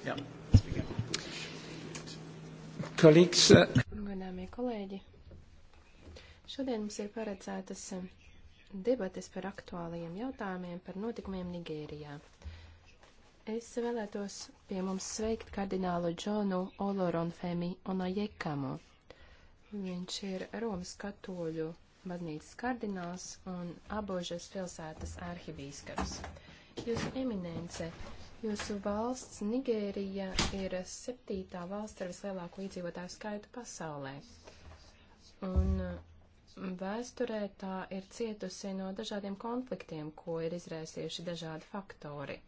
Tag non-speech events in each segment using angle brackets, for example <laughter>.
Jā. Kolīgs. Eh, Godāmie kolēģi, šodien mums ir paredzētas eh, debates par aktuālajiem jautājumiem par notikumiem Nigērijā. Es vēlētos pie mums sveikt kardinālu Džonu Oloronfemi Onajekamu. Viņš ir Romas katoļu baznīcas kardināls un abožas pilsētas arhibīskaps. Jūsu eminence, Jūsu valsts Nigērija ir septītā valsts ar vislielāko iedzīvotāju skaitu pasaulē. Un mm, vēsturē tā ir cietusi no dažādiem konfliktiem, ko ir izraisījuši dažādi faktori.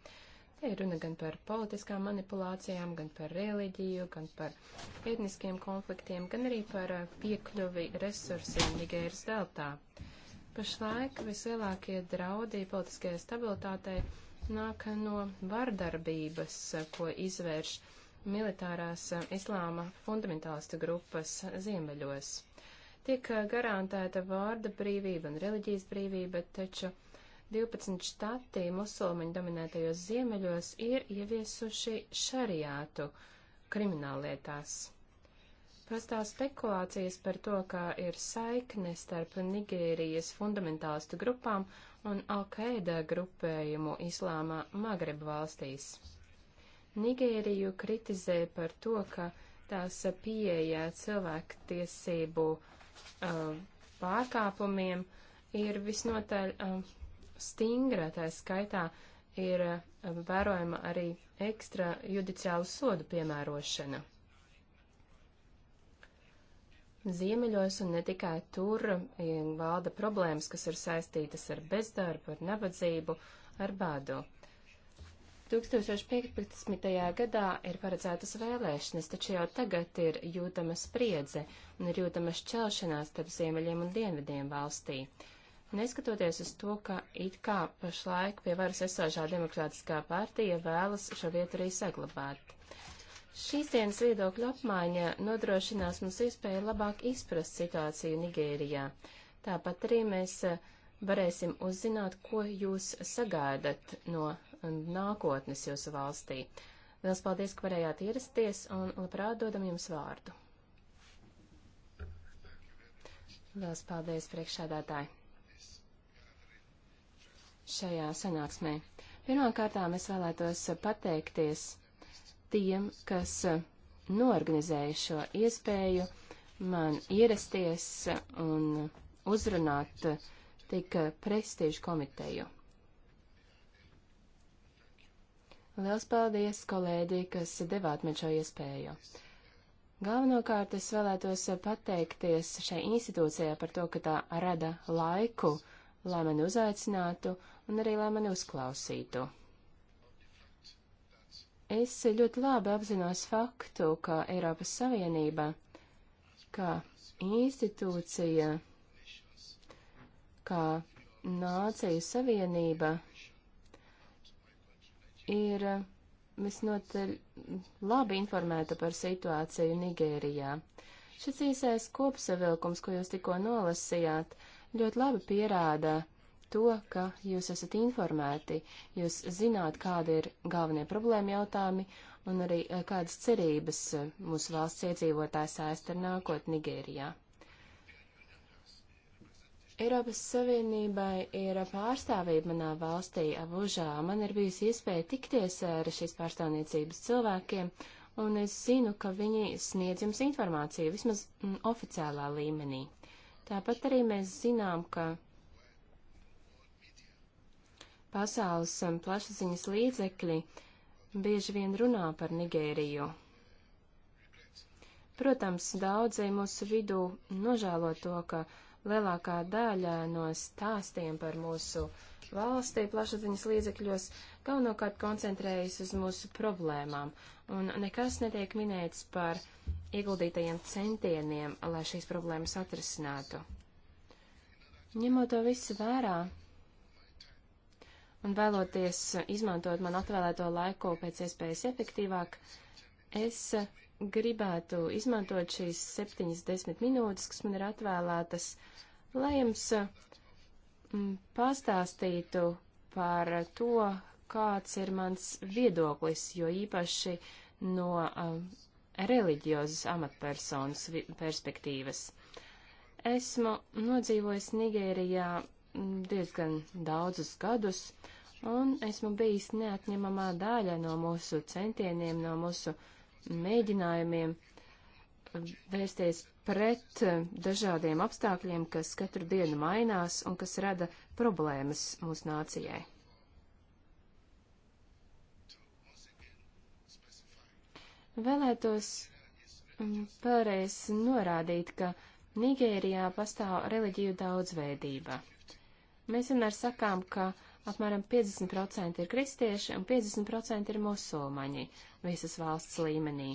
Te ir runa gan par politiskām manipulācijām, gan par reliģiju, gan par etniskiem konfliktiem, gan arī par eh, piekļuvi resursiem Nigēras deltā. Pašlaik vislielākie draudi politiskajai stabilitātei nāk no vardarbības, ko izvērš militārās eh, islāma fundamentālistu grupas ziemeļos. Tiek eh, garantēta vārda brīvība un reliģijas brīvība, taču 12 štati musulmaņu dominētajos ziemeļos ir ieviesuši šariātu krimināllietās. Pastāv spekulācijas par to, kā ir saikne starp Nigērijas fundamentālistu grupām un Al-Qaeda grupējumu islāma Magreb valstīs. Nigēriju kritizē par to, ka tās pieeja cilvēku tiesību uh, pārkāpumiem ir visnotaļ uh, stingra, tā skaitā ir uh, vērojama arī ekstra judiciālu sodu piemērošana. Ziemeļos un ne tikai tur e, valda problēmas, kas ir saistītas ar bezdarbu, ar nabadzību, ar bādu. 2015. gadā ir paredzētas vēlēšanas, taču jau tagad ir jūtama spriedze un ir jūtama šķelšanās starp ziemeļiem un dienvidiem valstī. Neskatoties uz to, ka it kā pašlaik pie varas esošā demokrātiskā partija vēlas šo vietu arī saglabāt. Šīs dienas viedokļu apmaiņa nodrošinās mums iespēju labāk izprast situāciju Nigērijā. Tāpat arī mēs eh, varēsim uzzināt, ko jūs sagaidat no eh, nākotnes jūsu valstī. Liels paldies, ka varējāt ierasties un labprāt dodam jums vārdu. Liels paldies, priekšsēdētāji. Šajā sanāksmē. Pirmkārtām es vēlētos pateikties tiem, kas uh, norganizēja šo iespēju man ierasties un uzrunāt uh, tik uh, prestīžu komiteju. Liels paldies, kolēģi, kas devāt man šo iespēju. Galvenokārt es vēlētos pateikties šai institūcijai par to, ka tā rada laiku, lai mani uzaicinātu un arī lai mani uzklausītu. Es ļoti labi apzinos faktu, ka Eiropas Savienība, kā institūcija, kā nāciju savienība, ir visnotaļ labi informēta par situāciju Nigērijā. Šis īsais kopsavilkums, ko jūs tikko nolasījāt, ļoti labi pierāda to, ka jūs esat informēti, jūs zināt, kādi ir galvenie problēma jautājumi un arī eh, kādas cerības eh, mūsu valsts iedzīvotāji saist ar nākotni Nigērijā. Eiropas Savienībai ir pārstāvība manā valstī Abužā. Man ir bijusi iespēja tikties ar šīs pārstāvniecības cilvēkiem, un es zinu, ka viņi sniedz jums informāciju vismaz mm, oficiālā līmenī. Tāpat arī mēs zinām, ka pasaules um, plašsaziņas līdzekļi bieži vien runā par Nigēriju. Protams, daudzi mūsu vidū nožēlo to, ka lielākā daļa no stāstiem par mūsu valstī plašsaziņas līdzekļos galvenokārt koncentrējas uz mūsu problēmām, un nekas netiek minēts par ieguldītajiem centieniem, lai šīs problēmas atrisinātu. Ņemot to visu vērā, un vēloties izmantot man atvēlēto laiku pēc iespējas efektīvāk, es gribētu izmantot šīs 70 minūtes, kas man ir atvēlētas, lai jums mm, pastāstītu par to, kāds ir mans viedoklis, jo īpaši no um, reliģiozas amatpersonas perspektīvas. Esmu nodzīvojis Nigērijā diezgan daudzus gadus, un esmu bijis neatņemamā daļa no mūsu centieniem, no mūsu mēģinājumiem vērsties pret dažādiem apstākļiem, kas katru dienu mainās un kas rada problēmas mūsu nācijai. Vēlētos mm, vēlreiz norādīt, ka Nigērijā pastāv reliģiju daudzveidība. Mēs vienmēr sakām, ka apmēram 50% ir kristieši un 50% ir musulmaņi visas valsts līmenī.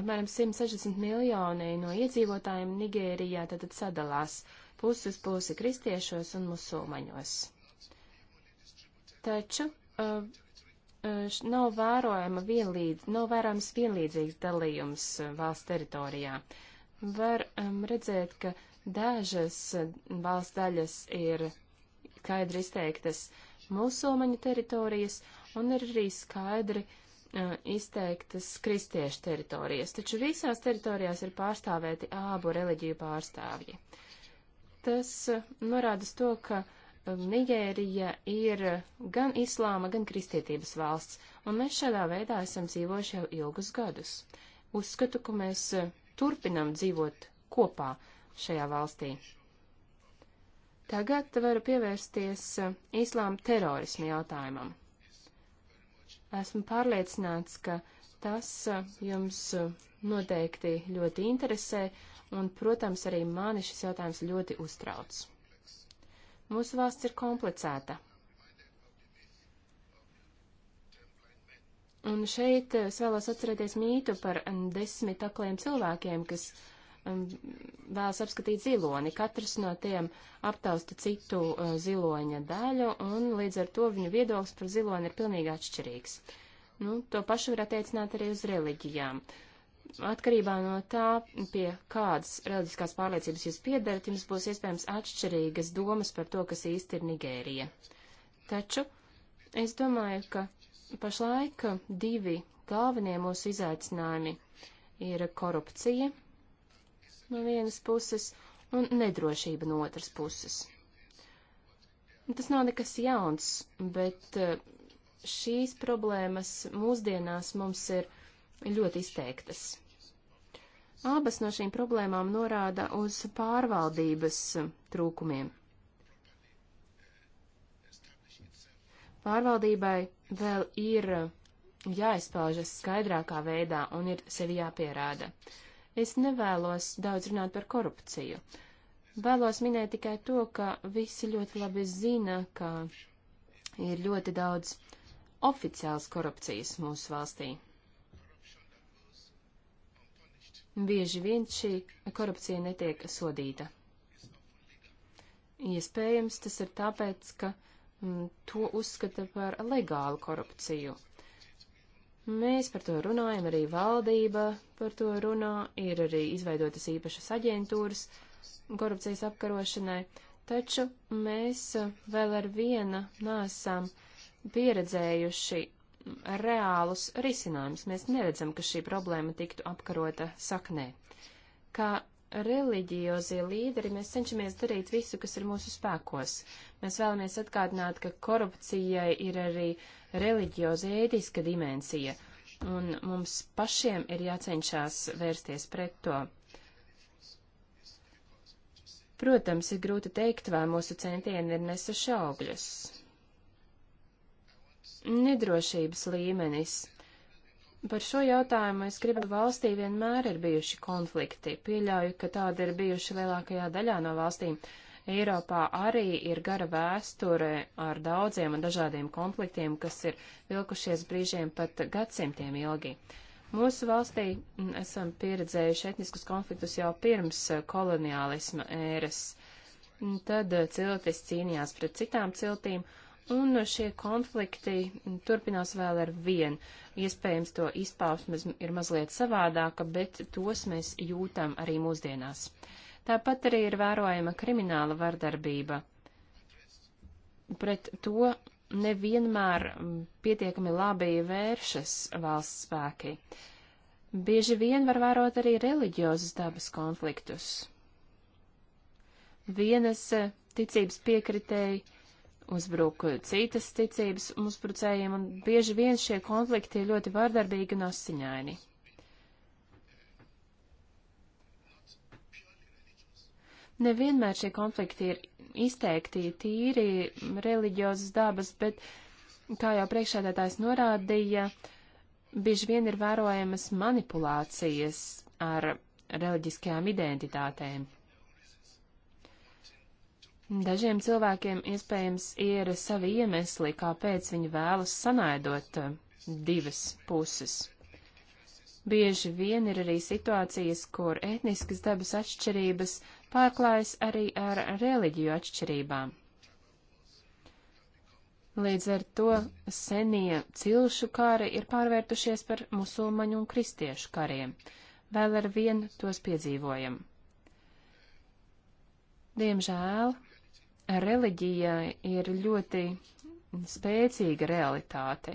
Apmēram 160 miljoni no iedzīvotājiem Nigērijā tad sadalās pusi uz pusi kristiešos un musulmaņos. Taču uh, uh, nav, vērojama vienlīdz, nav vērojams vienlīdzīgs dalījums uh, valsts teritorijā. Uh, var um, redzēt, ka dažas valsts daļas ir skaidri izteiktas musulmaņu teritorijas, un ir arī skaidri uh, izteiktas kristiešu teritorijas, taču visās teritorijās ir pārstāvēti abu reliģiju pārstāvji. Tas uh, norāda to, ka uh, Nigērija ir gan islāma, gan kristietības valsts, un mēs šādā veidā esam dzīvojuši jau ilgus gadus. Uzskatu, ka mēs uh, turpinam dzīvot kopā šajā valstī. Tagad varu pievērsties eh, islāma terorismu jautājumam. Esmu pārliecināts, ka tas eh, jums eh, noteikti ļoti interesē, un, protams, arī mani šis jautājums ļoti uztrauc. Mūsu valsts ir komplicēta. Un šeit eh, es vēlos atcerēties mītu par mm, desmit akliem cilvēkiem, kas mm, vēlas apskatīt ziloni. Katrs no tiem aptausta citu eh, ziloņa daļu, un līdz ar to viņu viedoklis par ziloni ir pilnīgi atšķirīgs. Nu, to pašu var attiecināt arī uz reliģijām. Atkarībā no tā, pie kādas reliģiskās pārliecības jūs piedarat, jums būs iespējams atšķirīgas domas par to, kas īsti ir Nigērija. Taču es domāju, ka Ja pašlaik divi galvenie mūsu izaicinājumi ir korupcija no vienas puses un nedrošība no otras puses. Tas nav nekas jauns, bet eh, šīs problēmas mūsdienās mums ir ļoti izteiktas. Abas no šīm problēmām norāda uz pārvaldības eh, trūkumiem. Pārvaldībai vēl ir jāizpaužas skaidrākā veidā un ir sevi jāpierāda. Es nevēlos daudz runāt par korupciju. Vēlos minēt tikai to, ka visi ļoti labi zina, ka ir ļoti daudz oficiāls korupcijas mūsu valstī. Bieži vien šī korupcija netiek sodīta. Iespējams, tas ir tāpēc, ka uh, Mm, to uzskata par legālu korupciju. Mēs par to runājam, arī valdība par to runā, ir arī izveidotas īpašas aģentūras korupcijas apkarošanai, taču mēs vēl ar viena nesam pieredzējuši reālus risinājumus. Mēs neredzam, ka šī problēma tiktu apkarota saknē. Kā reliģiozie līderi, mēs cenšamies darīt visu, kas ir mūsu spēkos. Mēs vēlamies atgādināt, ka korupcijai ir arī reliģioza ētiska dimensija, un mums pašiem ir jācenšas vērsties pret to. Protams, ir grūti teikt, vai mūsu centieni ir nesuši augļus. Nedrošības līmenis Par šo jautājumu es gribu valstī vienmēr ir bijuši konflikti. Pieļauju, ka tāda ir bijuši lielākajā daļā no valstīm. Eiropā arī ir gara vēsture ar daudziem un dažādiem konfliktiem, kas ir vilkušies brīžiem pat gadsimtiem ilgi. Mūsu valstī mm, esam pieredzējuši etniskus konfliktus jau pirms koloniālisma ēras. Tad eh, ciltis cīnījās pret citām ciltīm, un šie konflikti turpinās vēl ar vienu. Iespējams, to izpausmes ir mazliet savādāka, bet tos mēs jūtam arī mūsdienās. Tāpat arī ir vērojama krimināla vardarbība. Pret to nevienmēr pietiekami labi vēršas valsts spēki. Bieži vien var vērot arī reliģiozus dabas konfliktus. Vienas ticības piekritēji uzbruk citas ticības uzbrucējiem, un bieži vien šie konflikti ir ļoti vardarbīgi un asiņaini. Nevienmēr šie konflikti ir izteikti tīri reliģiozas dabas, bet, kā jau priekšādātājs norādīja, bieži vien ir vērojamas manipulācijas ar reliģiskajām identitātēm. Dažiem cilvēkiem iespējams ir savi iemesli, kāpēc viņi vēlas sanaidot eh, divas puses. Bieži vien ir arī situācijas, kur etniskas dabas atšķirības pārklājas arī ar reliģiju atšķirībām. Līdz ar to senie cilšu kari ir pārvērtušies par musulmaņu un kristiešu kariem. Vēl ar vienu tos piedzīvojam. Diemžēl reliģija ir ļoti spēcīga realitāte.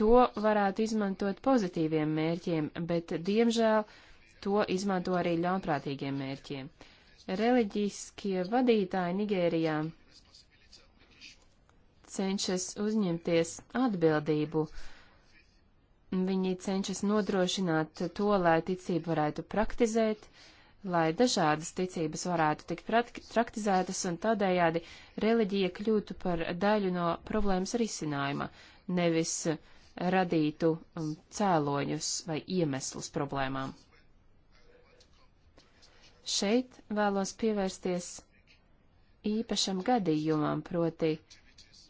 To varētu izmantot pozitīviem mērķiem, bet, diemžēl, to izmanto arī ļaunprātīgiem mērķiem. Reliģiskie vadītāji Nigērijā cenšas uzņemties atbildību. Viņi cenšas nodrošināt to, lai ticību varētu praktizēt, uh, lai dažādas ticības varētu tikt praktizētas un tādējādi reliģija kļūtu par daļu no problēmas risinājuma, nevis radītu um, cēloņus vai iemeslus problēmām. Šeit vēlos pievērsties īpašam gadījumam, proti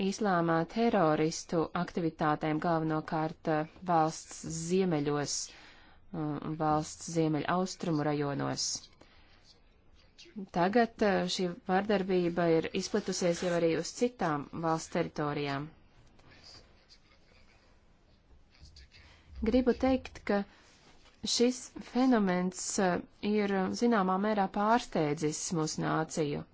islāmā teroristu aktivitātēm galvenokārt uh, valsts ziemeļos, uh, Uh, valsts ziemeļa austrumu rajonos. Tagad uh, šī vardarbība ir izplatusies jau arī uz citām valsts teritorijām. Gribu teikt, ka šis fenomens uh, ir zināmā mērā pārsteidzis mūsu nāciju.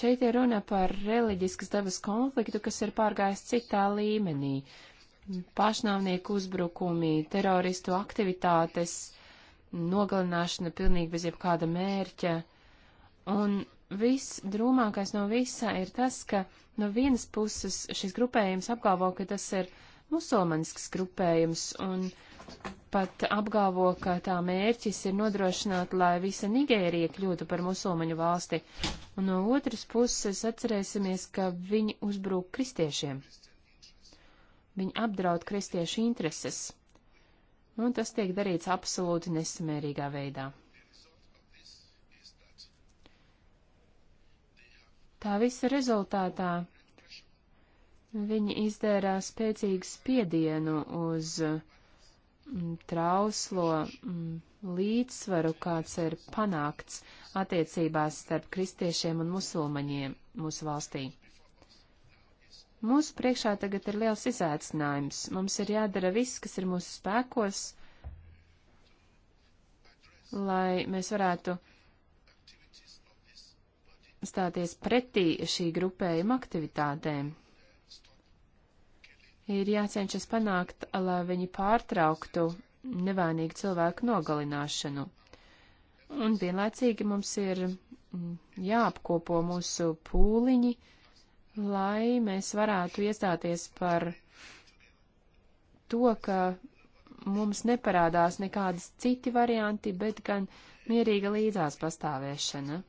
Šeit ir runa par reliģiskas dabas konfliktu, kas ir pārgājis citā līmenī. Uh, pašnāvnieku uzbrukumi, teroristu aktivitātes, nogalināšana pilnīgi bez jebkāda mērķa. Un viss drūmākais no visa ir tas, ka no vienas puses šis grupējums apgalvo, ka tas ir musulmanisks grupējums un pat apgalvo, ka tā mērķis ir nodrošināt, lai visa Nigērija kļūtu par musulmaņu valsti, un no otras puses atcerēsimies, ka viņi uzbrūk kristiešiem. Viņi apdraud kristiešu intereses, un tas tiek darīts absolūti nesamērīgā veidā. Tā visa rezultātā viņi izdērā spēcīgu spiedienu uz mm, trauslo mm, līdzsvaru, kāds ir panākts attiecībās starp kristiešiem un musulmaņiem mūsu valstī. Mūsu priekšā tagad ir liels izaicinājums. Mums ir jādara viss, kas ir mūsu spēkos, lai mēs varētu stāties pretī šī grupējuma aktivitātēm. Ir jācenšas panākt, lai viņi pārtrauktu nevainīgu cilvēku nogalināšanu. Un vienlaicīgi mums ir mm, jāapkopo mūsu pūliņi, uh, lai mēs varētu iestāties par to, ka mums neparādās nekādas citi varianti, bet gan mierīga līdzās pastāvēšana.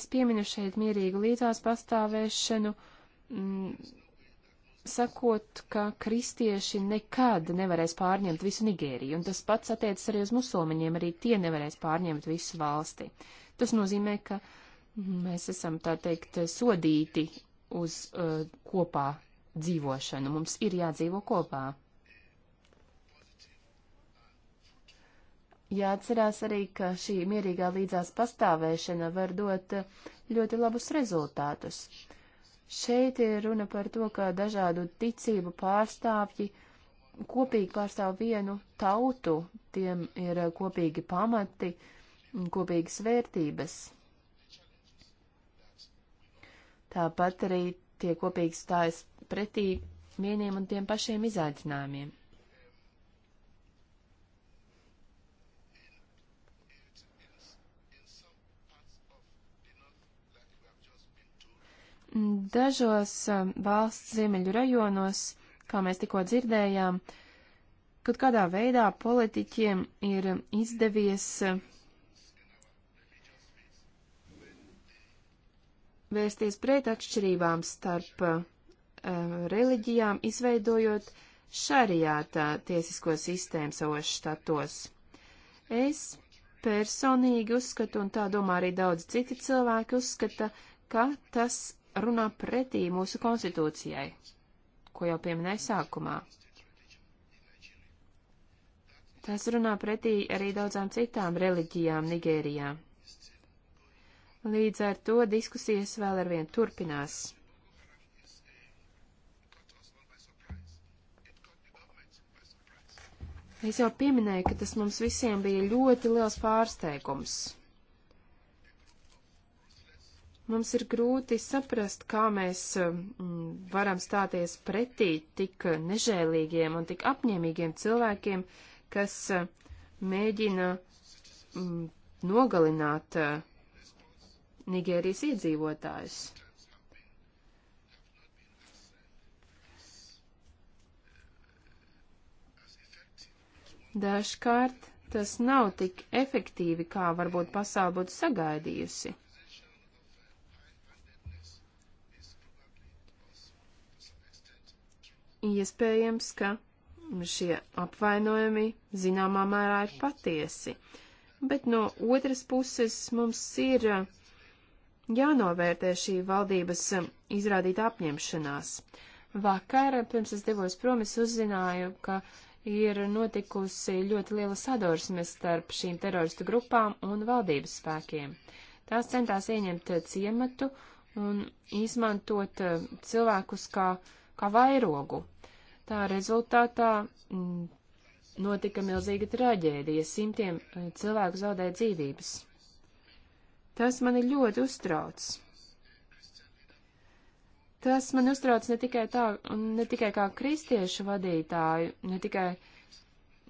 Es pieminu šeit mierīgu līdzās pastāvēšanu, mm, sakot, ka kristieši nekad nevarēs pārņemt visu Nigēriju, un tas pats attiecas arī uz musulmaņiem, arī tie nevarēs pārņemt visu valsti. Tas nozīmē, ka uh, Mēs esam, tā teikt, sodīti uz uh, kopā dzīvošanu. Mums ir jādzīvo kopā. Jāatcerās arī, ka šī mierīgā līdzās pastāvēšana var dot eh, ļoti labus rezultātus. Šeit ir runa par to, ka dažādu ticību pārstāvji kopīgi pārstāv vienu tautu, tiem ir eh, kopīgi pamati, kopīgas vērtības. Tāpat arī tie kopīgi stājas pretī vieniem un tiem pašiem izaicinājumiem. Dažos um, valsts ziemeļu rajonos, kā mēs tikko dzirdējām, kaut kādā veidā politiķiem ir izdevies uh, vērsties pret atšķirībām starp uh, reliģijām, izveidojot šarijātā tiesisko sistēmu savos štatos. Es personīgi uzskatu, un tā domā arī daudz citi cilvēki uzskata, ka tas runā pretī mūsu konstitūcijai, ko jau pieminēja sākumā. Tas runā pretī arī daudzām citām reliģijām Nigērijā. Līdz ar to diskusijas vēl arvien turpinās. Es jau pieminēju, ka tas mums visiem bija ļoti liels pārsteigums. Mums ir grūti saprast, kā mēs um, varam stāties pretī tik nežēlīgiem un tik apņēmīgiem cilvēkiem, kas uh, mēģina mm, nogalināt uh, Nigērijas iedzīvotājus. Dažkārt tas nav tik efektīvi, kā varbūt pasauli būtu sagaidījusi. Iespējams, ka šie apvainojumi zināmā mērā ir patiesi, bet no otras puses mums ir uh, jānovērtē šī valdības um, izrādīta apņemšanās. Vakar, pirms es devos prom, es uzzināju, ka ir notikusi ļoti liela sadursme starp šīm teroristu grupām un valdības spēkiem. Tās centās ieņemt ciematu un izmantot um, cilvēkus kā, kā vairogu. Tā rezultātā mm, notika milzīga traģēdija, simtiem uh, cilvēku zaudēja dzīvības. Tas mani ļoti uztrauc. Tas man uztrauc ne tikai tā, ne tikai kā kristiešu vadītāju, ne tikai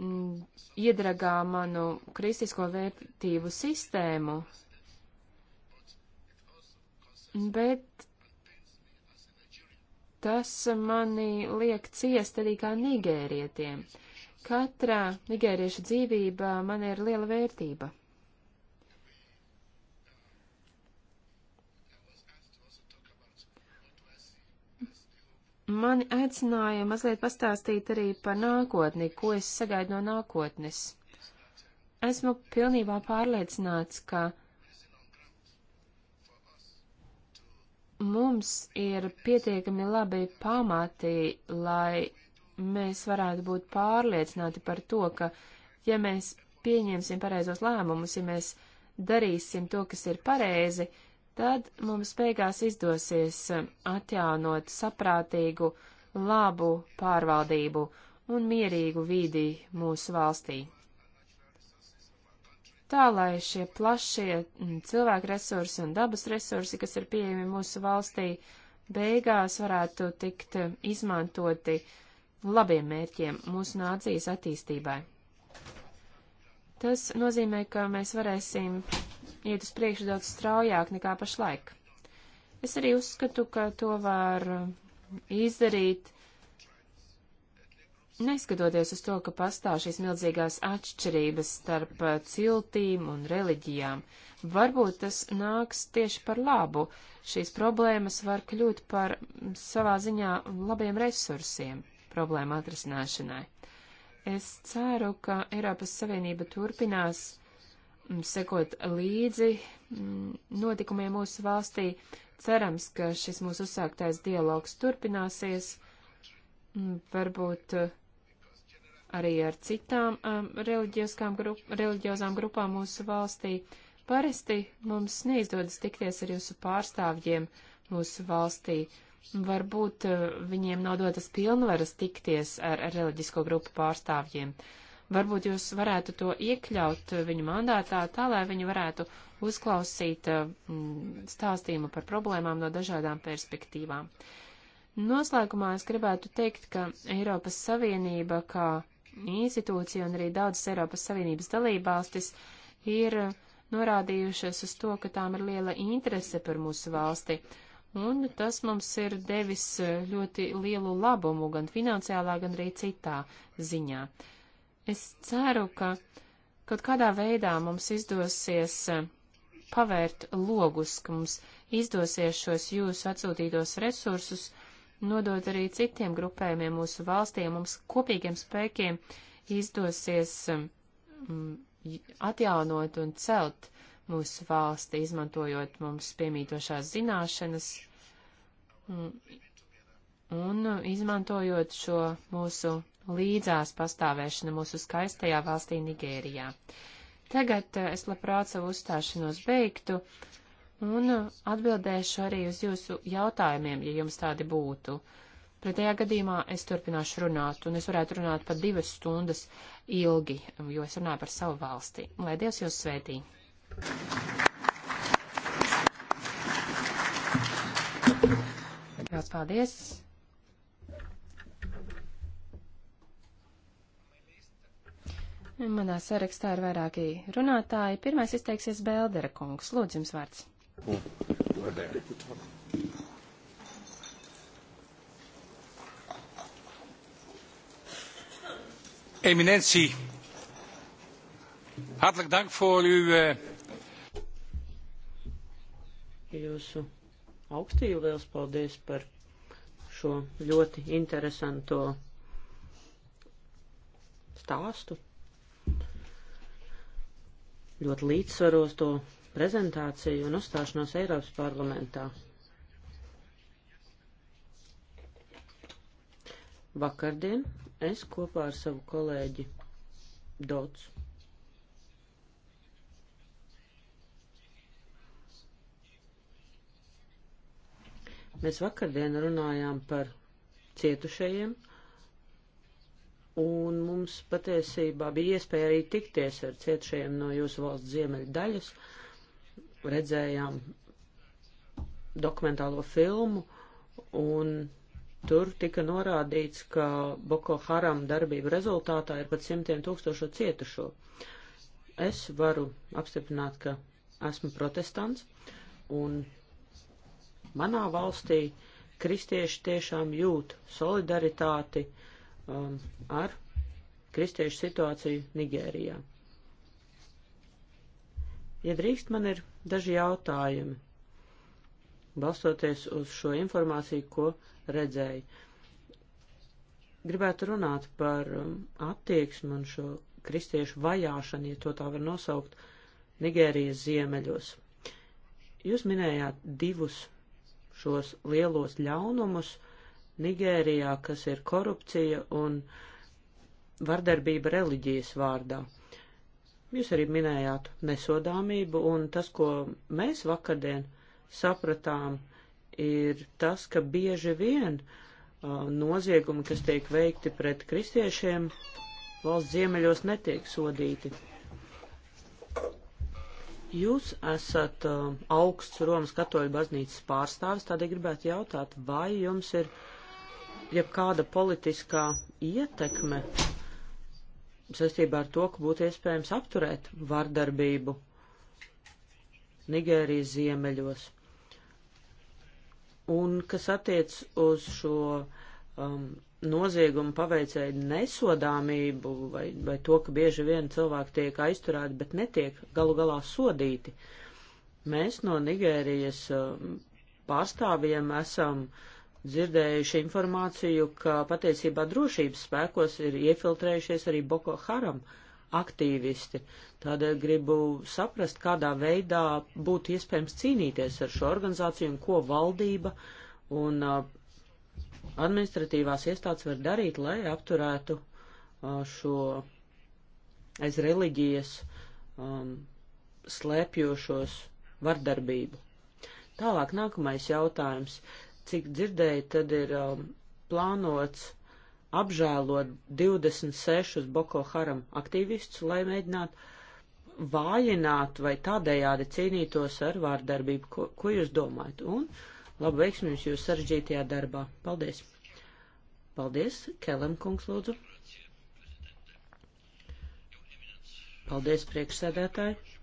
mm, iedragā manu kristisko vērtību sistēmu, bet tas mani liek ciest arī kā nigērietiem. Katra nigērieša dzīvība man ir liela vērtība. Mani aicināja mazliet pastāstīt arī par nākotni, ko es sagaidu no nākotnes. Esmu pilnībā pārliecināts, ka mums ir pietiekami labi pamati, lai mēs varētu būt pārliecināti par to, ka, ja mēs pieņemsim pareizos lēmumus, ja mēs darīsim to, kas ir pareizi, uh, tad mums beigās izdosies eh, atjaunot saprātīgu, labu pārvaldību un mierīgu vīdī mūsu valstī. Tā, lai šie plašie mm, cilvēku resursi un dabas resursi, kas ir pieejami mūsu valstī, beigās varētu tikt eh, izmantoti labiem mērķiem mūsu nācijas attīstībai. Tas nozīmē, ka mēs varēsim iet uz priekšu daudz straujāk nekā pašlaik. Es arī uzskatu, ka to var uh, izdarīt, neskatoties uz to, ka pastāv šīs milzīgās atšķirības starp uh, ciltīm un reliģijām. Varbūt tas nāks tieši par labu. Šīs problēmas var kļūt par mm, savā ziņā labiem resursiem problēmu atrisināšanai. Es ceru, ka Eiropas Savienība turpinās Mm, sekot līdzi mm, notikumiem mūsu valstī. Cerams, ka šis mūsu uzsāktais dialogs turpināsies, mm, varbūt eh, arī ar citām grup, reliģiozām grupām mūsu valstī. Parasti mums neizdodas tikties ar jūsu pārstāvjiem mūsu valstī. Varbūt eh, viņiem nav dotas pilnvaras tikties ar, ar reliģisko grupu pārstāvjiem. Uh, Varbūt jūs varētu to iekļaut uh, viņu mandātā tā, lai viņi varētu uzklausīt uh, stāstījumu par problēmām no dažādām perspektīvām. Noslēgumā es gribētu teikt, ka Eiropas Savienība kā institūcija un arī daudzas Eiropas Savienības dalībvalstis ir uh, norādījušas uz to, ka tām ir liela interese par mūsu valsti. Un tas mums ir devis ļoti lielu labumu gan finansiālā, gan arī citā ziņā. Es ceru, ka kaut kādā veidā mums izdosies eh, pavērt logus, ka mums izdosies šos jūsu atsūtītos resursus nodot arī citiem grupējumiem mūsu valstī, mums kopīgiem spēkiem izdosies um, atjaunot un celt mūsu valsti, izmantojot mums piemītošās zināšanas um, un eh, izmantojot šo mūsu līdzās pastāvēšana mūsu skaistajā valstī Nigērijā. Tagad eh, es labprāt savu uzstāšanos beigtu un eh, atbildēšu arī uz jūsu jautājumiem, ja jums tādi būtu. Pretējā gadījumā es turpināšu runāt, un es varētu runāt pat divas stundas ilgi, jo es runāju par savu valsti. Lai Dievs jūs svētī! Vēl paldies! Manā sarakstā ir vairāki runātāji. Pirmais izteiksies Bēldera kungs. Lūdzu, jums vārds. Eminentie, hartelijk dank voor uw. Uh... Jūsu augstību liels paldies par šo ļoti interesanto stāstu ļoti līdzsvaros to prezentāciju un uzstāšanos Eiropas parlamentā. Vakardien es kopā ar savu kolēģi Dots Mēs vakardien runājām par cietušajiem un mums patiesībā bija iespēja arī tikties ar cietušajiem no jūsu valsts ziemeļa daļas. Redzējām dokumentālo filmu, un tur tika norādīts, ka Boko Haram darbību rezultātā ir pat simtiem tūkstošo cietušo. Es varu apstiprināt, ka esmu protestants, un manā valstī kristieši tiešām jūt solidaritāti uh, um, ar kristiešu situāciju Nigērijā. Ja drīkst, man ir daži jautājumi, balstoties uz šo informāciju, ko redzēju. Gribētu runāt par um, attieksmi un šo kristiešu vajāšanu, ja to tā var nosaukt, Nigērijas ziemeļos. Jūs minējāt divus šos lielos ļaunumus, uh, Nigērijā, kas ir korupcija un vardarbība reliģijas vārdā. Jūs arī minējāt nesodāmību, un tas, ko mēs vakardien sapratām, ir tas, ka bieži vien uh, noziegumi, kas tiek veikti pret kristiešiem, valsts ziemeļos netiek sodīti. Jūs esat uh, augsts Romas katoļu baznīcas pārstāvis, tādēļ gribētu jautāt, vai jums ir uh, jebkāda politiskā ietekme saistībā ar to, ka būtu iespējams apturēt vardarbību Nigērijas ziemeļos. Un kas attiec uz šo um, noziegumu paveicēju nesodāmību vai, vai to, ka bieži vien cilvēki tiek aizturēti, bet netiek galu galā sodīti. Mēs no Nigērijas um, pārstāvjiem esam uh, dzirdējuši informāciju, ka patiesībā drošības spēkos ir iefiltrējušies arī Boko Haram aktīvisti. Tādēļ gribu saprast, kādā veidā būtu iespējams cīnīties ar šo organizāciju un ko valdība un uh, administratīvās iestādes var darīt, lai apturētu uh, šo aiz reliģijas um, slēpjošos vardarbību. Tālāk nākamais jautājums. Uh, Cik dzirdēju, tad ir um, plānots apžēlot 26 Boko Haram aktīvistus, lai mēģinātu vājināt vai tādējādi cīnītos ar vārdarbību. Ko, ko jūs domājat? Un labu veiksmi jums jūs sarežģītajā darbā. Paldies! Paldies, Kelem kungs, lūdzu. Paldies, priekšsēdētāji.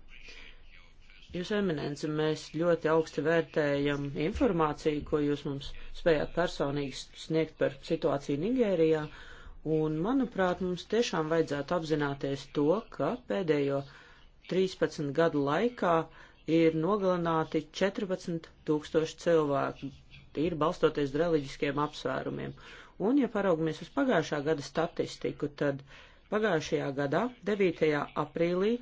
Jūs eminence, mēs ļoti augsti vērtējam informāciju, ko jūs mums spējāt personīgi sniegt par situāciju Nigērijā, un, manuprāt, mums tiešām vajadzētu apzināties to, ka pēdējo 13 gadu laikā ir nogalināti 14 tūkstoši cilvēku, ir balstoties reliģiskiem apsvērumiem. Un, ja paraugamies uz pagājušā gada statistiku, tad pagājušajā gadā, 9. aprīlī,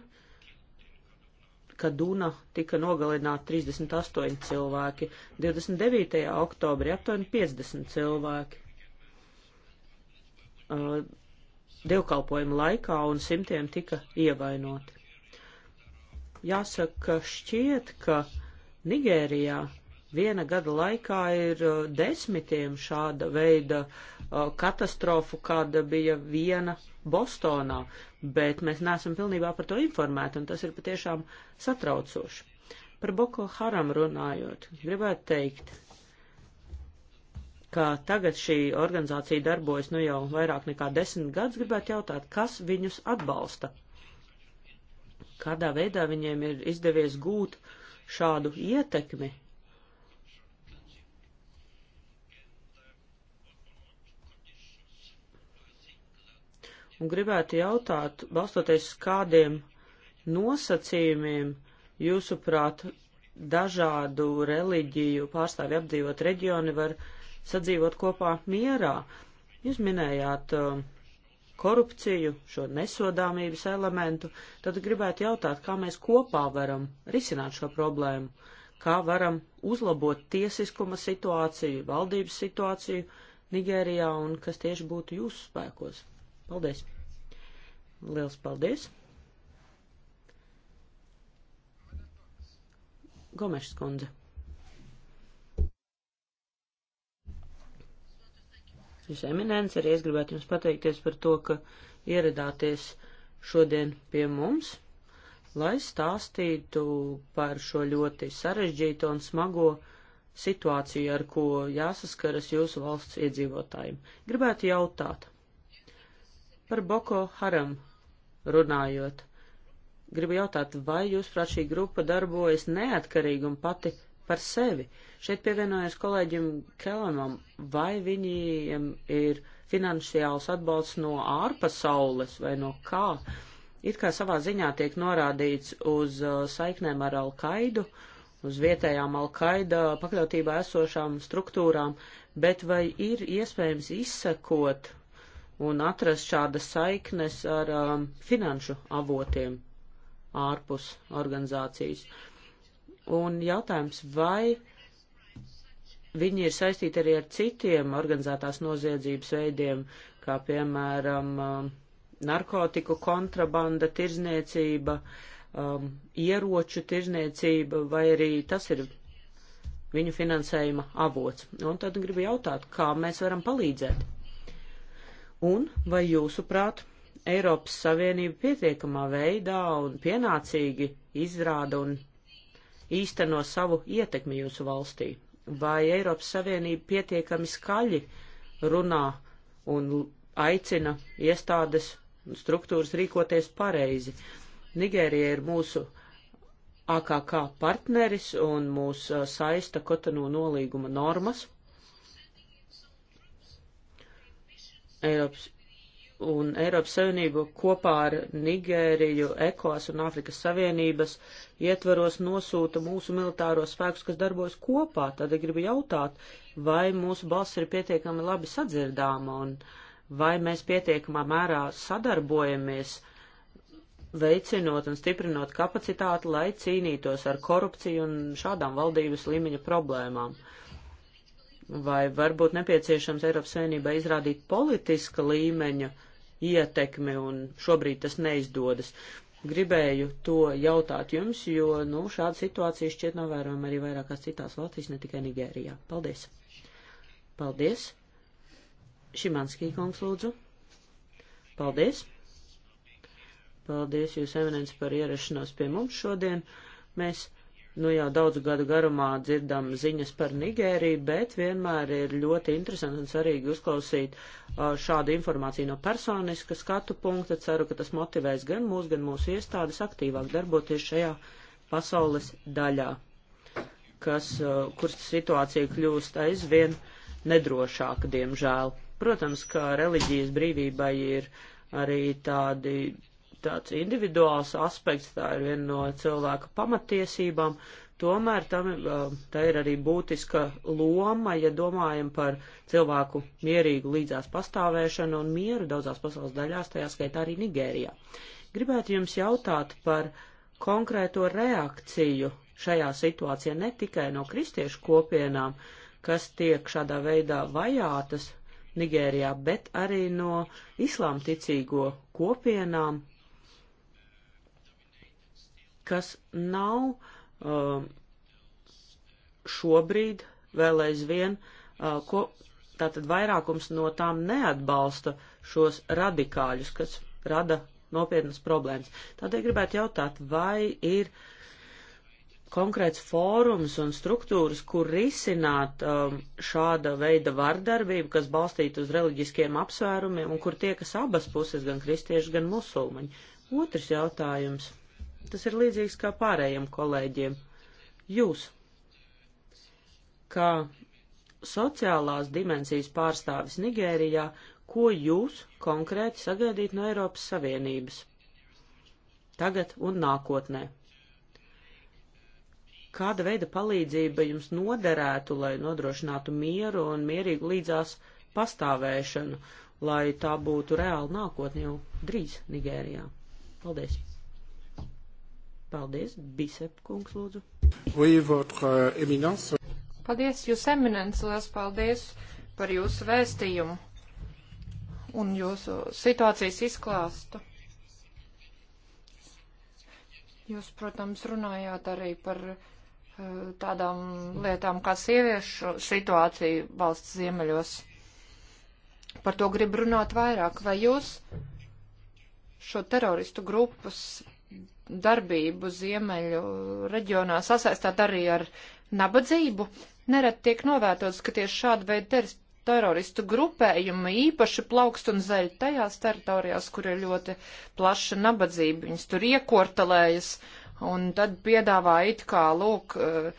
kad Duna tika nogalināti 38 cilvēki, 29. oktobrī aptuveni 50 cilvēki. Uh, dievkalpojuma laikā un simtiem tika ievainoti. Jāsaka, ka šķiet, ka Nigērijā viena gada laikā ir desmitiem šāda veida katastrofu, kāda bija viena Bostonā, bet mēs neesam pilnībā par to informēti, un tas ir patiešām satraucoši. Par Boko Haram runājot, gribētu teikt, ka tagad šī organizācija darbojas nu jau vairāk nekā desmit gadus, gribētu jautāt, kas viņus atbalsta? Kādā veidā viņiem ir izdevies gūt šādu ietekmi un gribētu jautāt, balstoties kādiem nosacījumiem, jūsuprāt, dažādu reliģiju pārstāvi apdzīvot reģioni var sadzīvot kopā mierā. Jūs minējāt uh, korupciju, šo nesodāmības elementu, tad gribētu jautāt, kā mēs kopā varam risināt šo problēmu, kā varam uzlabot tiesiskuma situāciju, valdības situāciju Nigērijā un kas tieši būtu jūsu spēkos. Paldies! Liels paldies! Gomešs kundze. Jūs eminence, arī es gribētu jums pateikties par to, ka ieradāties šodien pie mums, lai stāstītu par šo ļoti sarežģīto un smago situāciju, ar ko jāsaskaras jūsu valsts iedzīvotājiem. Gribētu jautāt, Par Boko Haram runājot, gribu jautāt, vai jūs, prāt, šī grupa darbojas neatkarīgi un pati par sevi? Šeit pievienojas kolēģim Kelamam, vai viņiem ir finansiāls atbalsts no ārpasaules vai no kā? It kā savā ziņā tiek norādīts uz uh, saiknēm ar Alkaidu, uz vietējām Alkaida pakļautībā esošām struktūrām, bet vai ir iespējams izsekot un atrast šādas saiknes ar um, finanšu avotiem ārpus organizācijas. Un jautājums, vai viņi ir saistīti arī ar citiem organizētās noziedzības veidiem, kā piemēram um, narkotiku kontrabanda, tirzniecība, um, ieroču tirzniecība, vai arī tas ir viņu finansējuma avots. Un tad gribu jautāt, kā mēs varam palīdzēt Un vai jūsuprāt, Eiropas Savienība pietiekamā veidā un pienācīgi izrāda un īsteno savu ietekmi jūsu valstī? Vai Eiropas Savienība pietiekami skaļi runā un aicina iestādes un struktūras rīkoties pareizi? Nigērija ir mūsu AKK partneris un mūs saista Kotanu nolīguma normas. Eiropas un Eiropas Savienību kopā ar Nigēriju, ECOAS un Āfrikas Savienības ietvaros nosūta mūsu militāro spēkus, kas darbojas kopā. Tad ja gribu jautāt, vai mūsu balss ir pietiekami labi sadzirdāma un vai mēs pietiekamā mērā sadarbojamies, veicinot un stiprinot kapacitāti, lai cīnītos ar korupciju un šādām valdības līmeņa problēmām. Uh, vai varbūt nepieciešams Eiropas Savienībai izrādīt politiska līmeņa ietekmi, un šobrīd tas neizdodas. Gribēju to jautāt jums, jo nu, šāda situācija šķiet novērojama arī vairākās citās valstīs, ne tikai Nigērijā. Paldies! Paldies! Šimanskī kungs lūdzu! Paldies! Paldies, jūs eminents, par ierašanos pie mums šodien! Mēs nu jau daudzu gadu garumā dzirdam ziņas par Nigēriju, bet vienmēr ir ļoti interesanti un svarīgi uzklausīt uh, šādu informāciju no personiska skatu punkta. Ceru, ka tas motivēs gan mūs, gan mūsu iestādes aktīvāk darboties šajā pasaules daļā, kas, uh, kur situācija kļūst aizvien nedrošāka, diemžēl. Protams, ka reliģijas brīvībai ir arī tādi tāds individuāls aspekts, tā ir viena no cilvēka pamatiesībām, tomēr tam, uh, tā ir arī būtiska loma, ja domājam par cilvēku mierīgu līdzās pastāvēšanu un mieru daudzās pasaules daļās, tajā skaitā arī Nigērijā. Gribētu jums jautāt par konkrēto reakciju šajā situācijā ne tikai no kristiešu kopienām, kas tiek šādā veidā vajātas Nigērijā, bet arī no islāmticīgo kopienām, kas nav um, šobrīd vēl aizvien, uh, ko tātad vairākums no tām neatbalsta šos radikāļus, kas rada nopietnas problēmas. Tādēļ gribētu jautāt, vai ir konkrēts fórums un struktūras, kur risināt um, šāda veida vardarbību, kas balstīta uz reliģiskiem apsvērumiem un kur tie, kas abas puses, gan kristieši, gan musulmaņi. Otrs jautājums Tas ir līdzīgs kā pārējiem kolēģiem. Jūs, kā sociālās dimensijas pārstāvis Nigērijā, ko jūs konkrēti sagaidīt no Eiropas Savienības tagad un nākotnē? Kāda veida palīdzība jums noderētu, lai nodrošinātu mieru un mierīgu līdzās pastāvēšanu, lai tā būtu reāli nākotnē jau drīz Nigērijā? Paldies! Paldies, Bisep kungs, lūdzu. Oui, votre euh, éminence. Paldies, jūs eminence, liels paldies par jūsu vēstījumu un jūsu situācijas izklāstu. Jūs, protams, runājāt arī par uh, tādām lietām kā sieviešu situācija valsts ziemeļos. Par to grib runāt vairāk. Vai jūs šo teroristu grupas darbību ziemeļu reģionā sasaistāt arī ar nabadzību, nerad tiek novērtots, ka tieši šāda veida teroristu grupējumi īpaši plaukst un zaļ tajās teritorijās, kur ir ļoti plaša nabadzība. Viņas tur iekortelējas un tad piedāvā it kā, lūk, eh,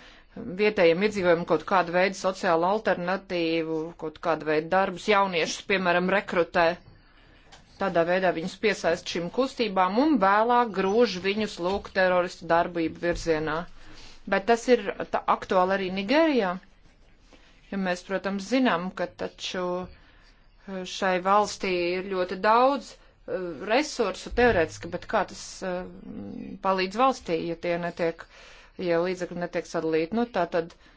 vietējiem iedzīvojumiem kaut kādu veidu sociālu alternatīvu, kaut kādu veidu darbus jauniešus, piemēram, rekrutē. Tādā veidā viņus piesaist šīm kustībām un vēlāk grūž viņus lūk teroristu darbību virzienā. Bet tas ir aktuāli arī Nigērijā. Jo mēs, protams, zinām, ka taču eh, šai valstī ir ļoti daudz eh, resursu teorētiski, bet kā tas eh, palīdz valstī, ja tie netiek, ja līdzekļi netiek sadalīti. Nu, tā tad. Uh,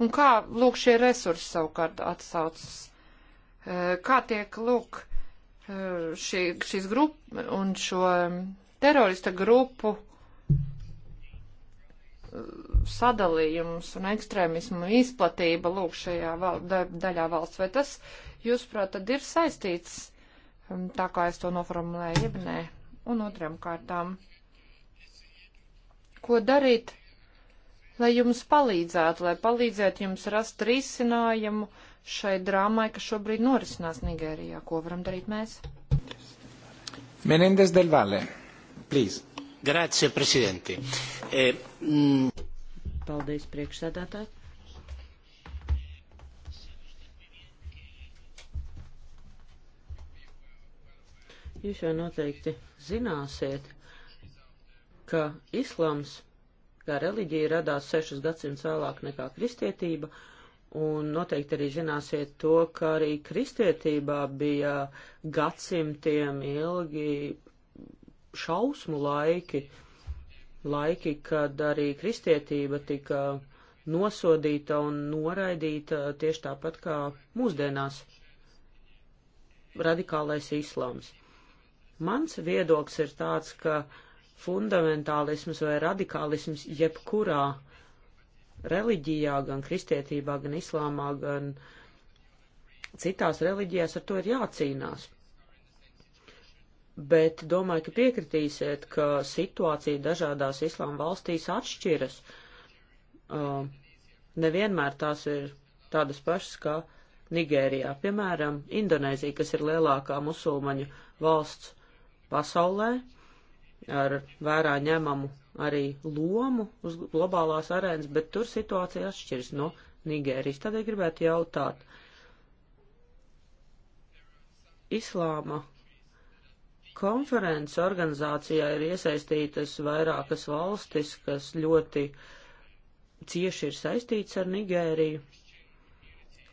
Un kā, lūk, šie resursi savukārt atsaucas? Eh, kā tiek, lūk, eh, šī, šīs grupas un šo mm, terorista grupu eh, sadalījums un ekstrēmismu izplatība, lūk, šajā val, da, daļā valsts? Vai tas, jūsuprāt, tad ir saistīts, mm, tā kā es to noformulēju, jeb nē? Un otram kārtām, ko darīt? lai jums palīdzētu, lai palīdzētu jums rast risinājumu šai drāmai, kas šobrīd norisinās Nigērijā. Ko varam darīt mēs? Menendez del Valle, please. Grazie, prezidenti. E, eh, mm. Paldies, priekšsēdētāji. Jūs jau noteikti zināsiet, ka islāms kā reliģija radās sešus gadsimtus vēlāk nekā kristietība, un noteikti arī zināsiet to, ka arī kristietībā bija gadsimtiem ilgi šausmu laiki, laiki, kad arī kristietība tika nosodīta un noraidīta tieši tāpat kā mūsdienās radikālais islāms. Mans viedoklis ir tāds, ka uh, fundamentālisms vai radikālisms jebkurā reliģijā, gan kristietībā, gan islāmā, gan citās reliģijās ar to ir jācīnās. Bet domāju, ka piekritīsiet, ka situācija dažādās islāma valstīs atšķiras. Uh, nevienmēr tās ir tādas pašas kā Nigērijā. Piemēram, Indonēzija, kas ir lielākā musulmaņu valsts pasaulē, uh, ar vērā ņemamu arī lomu uz globālās arēnas, bet tur situācija atšķiras no Nigērijas. Tādēļ gribētu jautāt, Islāma konferences organizācijā ir iesaistītas vairākas valstis, kas ļoti cieši ir saistīts ar Nigēriju.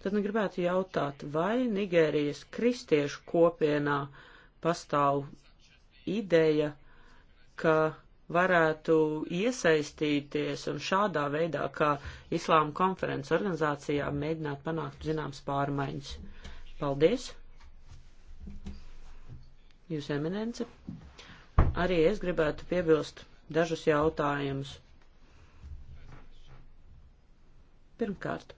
Tad nu gribētu jautāt, vai Nigērijas kristiešu kopienā pastāv ideja, ka varētu iesaistīties un šādā veidā, kā Islāma konferences organizācijā, mēģināt panākt zināmas pārmaiņas. Paldies! Jūs eminence. Arī es gribētu piebilst dažus jautājumus. Pirmkārt,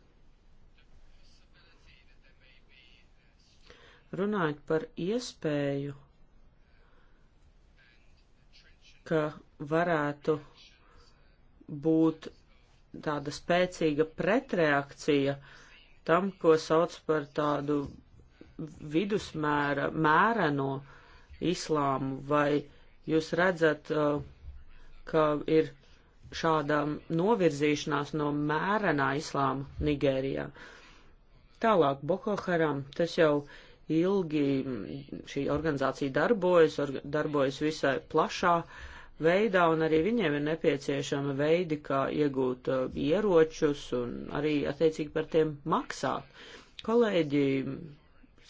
runājot par iespēju ka varētu būt tāda spēcīga pretreakcija tam, ko sauc par tādu vidusmēra, mēreno islāmu, vai jūs redzat, uh, ka ir šāda novirzīšanās no mērenā islāma Nigērijā. Tālāk Boko Haram, tas jau ilgi mm, šī organizācija darbojas, or, darbojas visai plašā uh, veidā, un arī viņiem ir nepieciešama veidi, kā iegūt uh, ieročus un arī attiecīgi par tiem maksāt. Kolēģi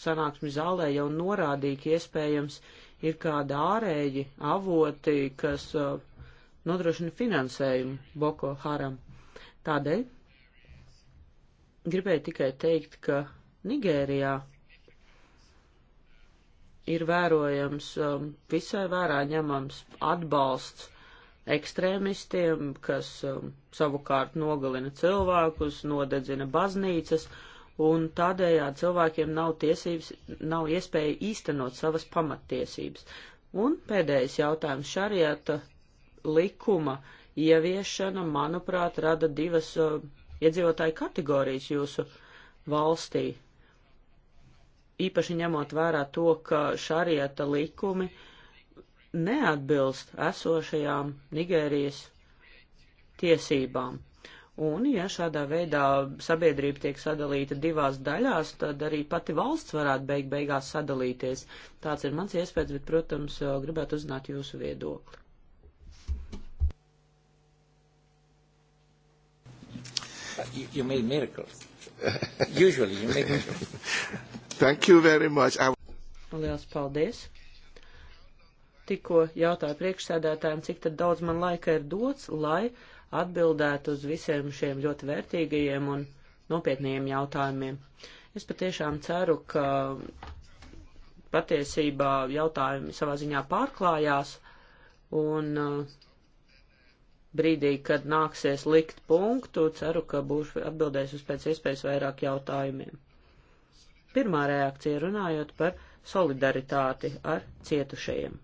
sanāksmi zālē jau norādīja, ka iespējams ir kādi ārēji avoti, kas uh, nodrošina finansējumu Boko Haram. Tādēļ gribēju tikai teikt, ka Nigērijā ir vērojams um, visai vērā ņemams atbalsts ekstrēmistiem, kas um, savukārt nogalina cilvēkus, nodedzina baznīcas, un tādējādi cilvēkiem nav tiesības, nav iespēja īstenot savas pamattiesības. Un pēdējais jautājums šarieta likuma ieviešana, manuprāt, rada divas uh, iedzīvotāju kategorijas jūsu valstī īpaši ņemot vērā to, ka šarieta likumi neatbilst esošajām Nigērijas tiesībām. Un, ja šādā veidā sabiedrība tiek sadalīta divās daļās, tad arī pati valsts varētu beig beigās sadalīties. Tāds ir mans iespējas, bet, protams, gribētu uzzināt jūsu viedokli. You, you made miracles. Usually you make miracles. <laughs> Thank you very much. I... Liels paldies. Tikko jautāju priekšsēdētājiem, cik tad daudz man laika ir dots, lai atbildētu uz visiem šiem ļoti vērtīgajiem un nopietniem jautājumiem. Es patiešām ceru, ka patiesībā jautājumi savā ziņā pārklājās un uh, brīdī, kad nāksies likt punktu, ceru, ka būšu atbildējis uz pēc iespējas vairāk jautājumiem. Pirmā reakcija runājot par solidaritāti ar cietušajiem.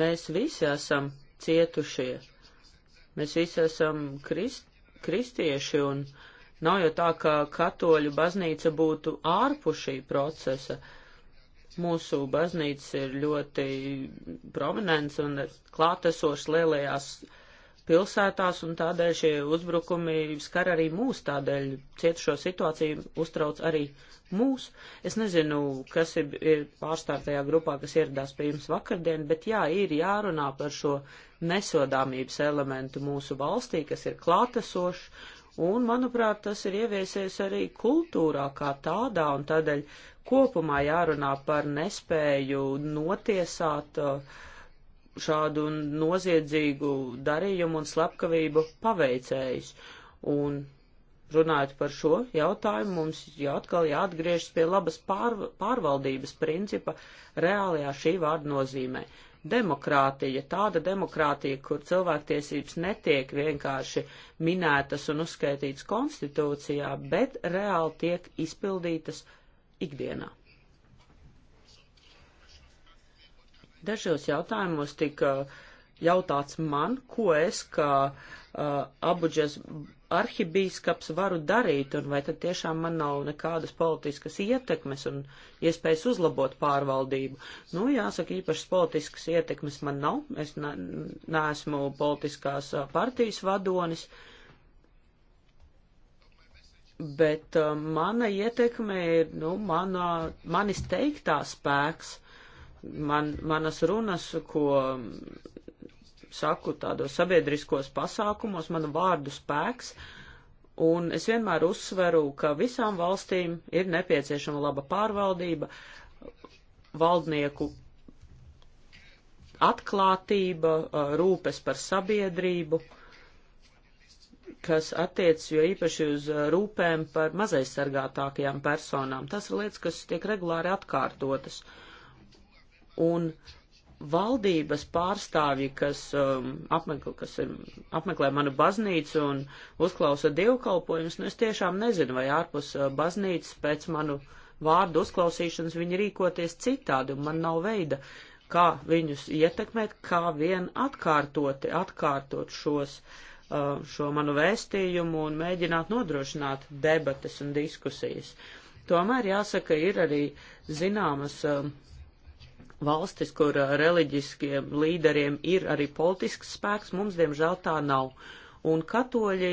Mēs visi esam cietušie, mēs visi esam krist, kristieši un nav jau tā, ka katoļu baznīca būtu ārpus šī procesa. Mūsu baznīca ir ļoti prominents un klātesošs lielajās pilsētās, un tādēļ šie uzbrukumi skar arī mūs, tādēļ cietušo situāciju uztrauc arī mūs. Es nezinu, kas ir, ir pārstāvtajā grupā, kas ieradās pie jums vakardien, bet jā, ir jārunā par šo nesodāmības elementu mūsu valstī, kas ir klātesošs, Un, manuprāt, tas ir ieviesies arī kultūrā kā tādā, un tādēļ kopumā jārunā par nespēju notiesāt uh, šādu noziedzīgu darījumu un slepkavību paveicējus. Un runājot par šo jautājumu, mums jau atkal jāatgriežas pie labas pārv pārvaldības principa reālajā šī vārda nozīmē. Demokrātija, tāda demokrātija, kur cilvēktiesības netiek vienkārši minētas un uzskaitītas konstitūcijā, bet reāli tiek izpildītas ikdienā. Dažos jautājumos tika jautāts man, ko es kā uh, Abuģas arhibīskaps varu darīt, un vai tad tiešām man nav nekādas politiskas ietekmes un iespējas uzlabot pārvaldību. Nu, jāsaka, īpašas politiskas ietekmes man nav, es ne, neesmu politiskās partijas vadonis, bet uh, mana ietekme ir, nu, manā, manis teiktā spēks man, manas runas, ko saku tādos sabiedriskos pasākumos, manu vārdu spēks, un es vienmēr uzsveru, ka visām valstīm ir nepieciešama laba pārvaldība, valdnieku atklātība, rūpes par sabiedrību, kas attiec jo īpaši uz rūpēm par mazaizsargātākajām personām. Tas ir lietas, kas tiek regulāri atkārtotas. Uh, un valdības pārstāvji, kas, um, apmeklē, kas ir, apmeklē manu baznīcu un uzklausa dievkalpojumus, nu es tiešām nezinu, vai ārpus uh, baznīcas pēc manu vārdu uzklausīšanas viņi rīkoties citādi, un man nav veida, kā viņus ietekmēt, kā vien atkārtoti, atkārtot šos, uh, šo manu vēstījumu un mēģināt nodrošināt debates un diskusijas. Tomēr jāsaka, ir arī zināmas. Um, valstis, kur reliģiskiem līderiem ir arī politisks spēks, mums diemžēl tā nav. Un katoļi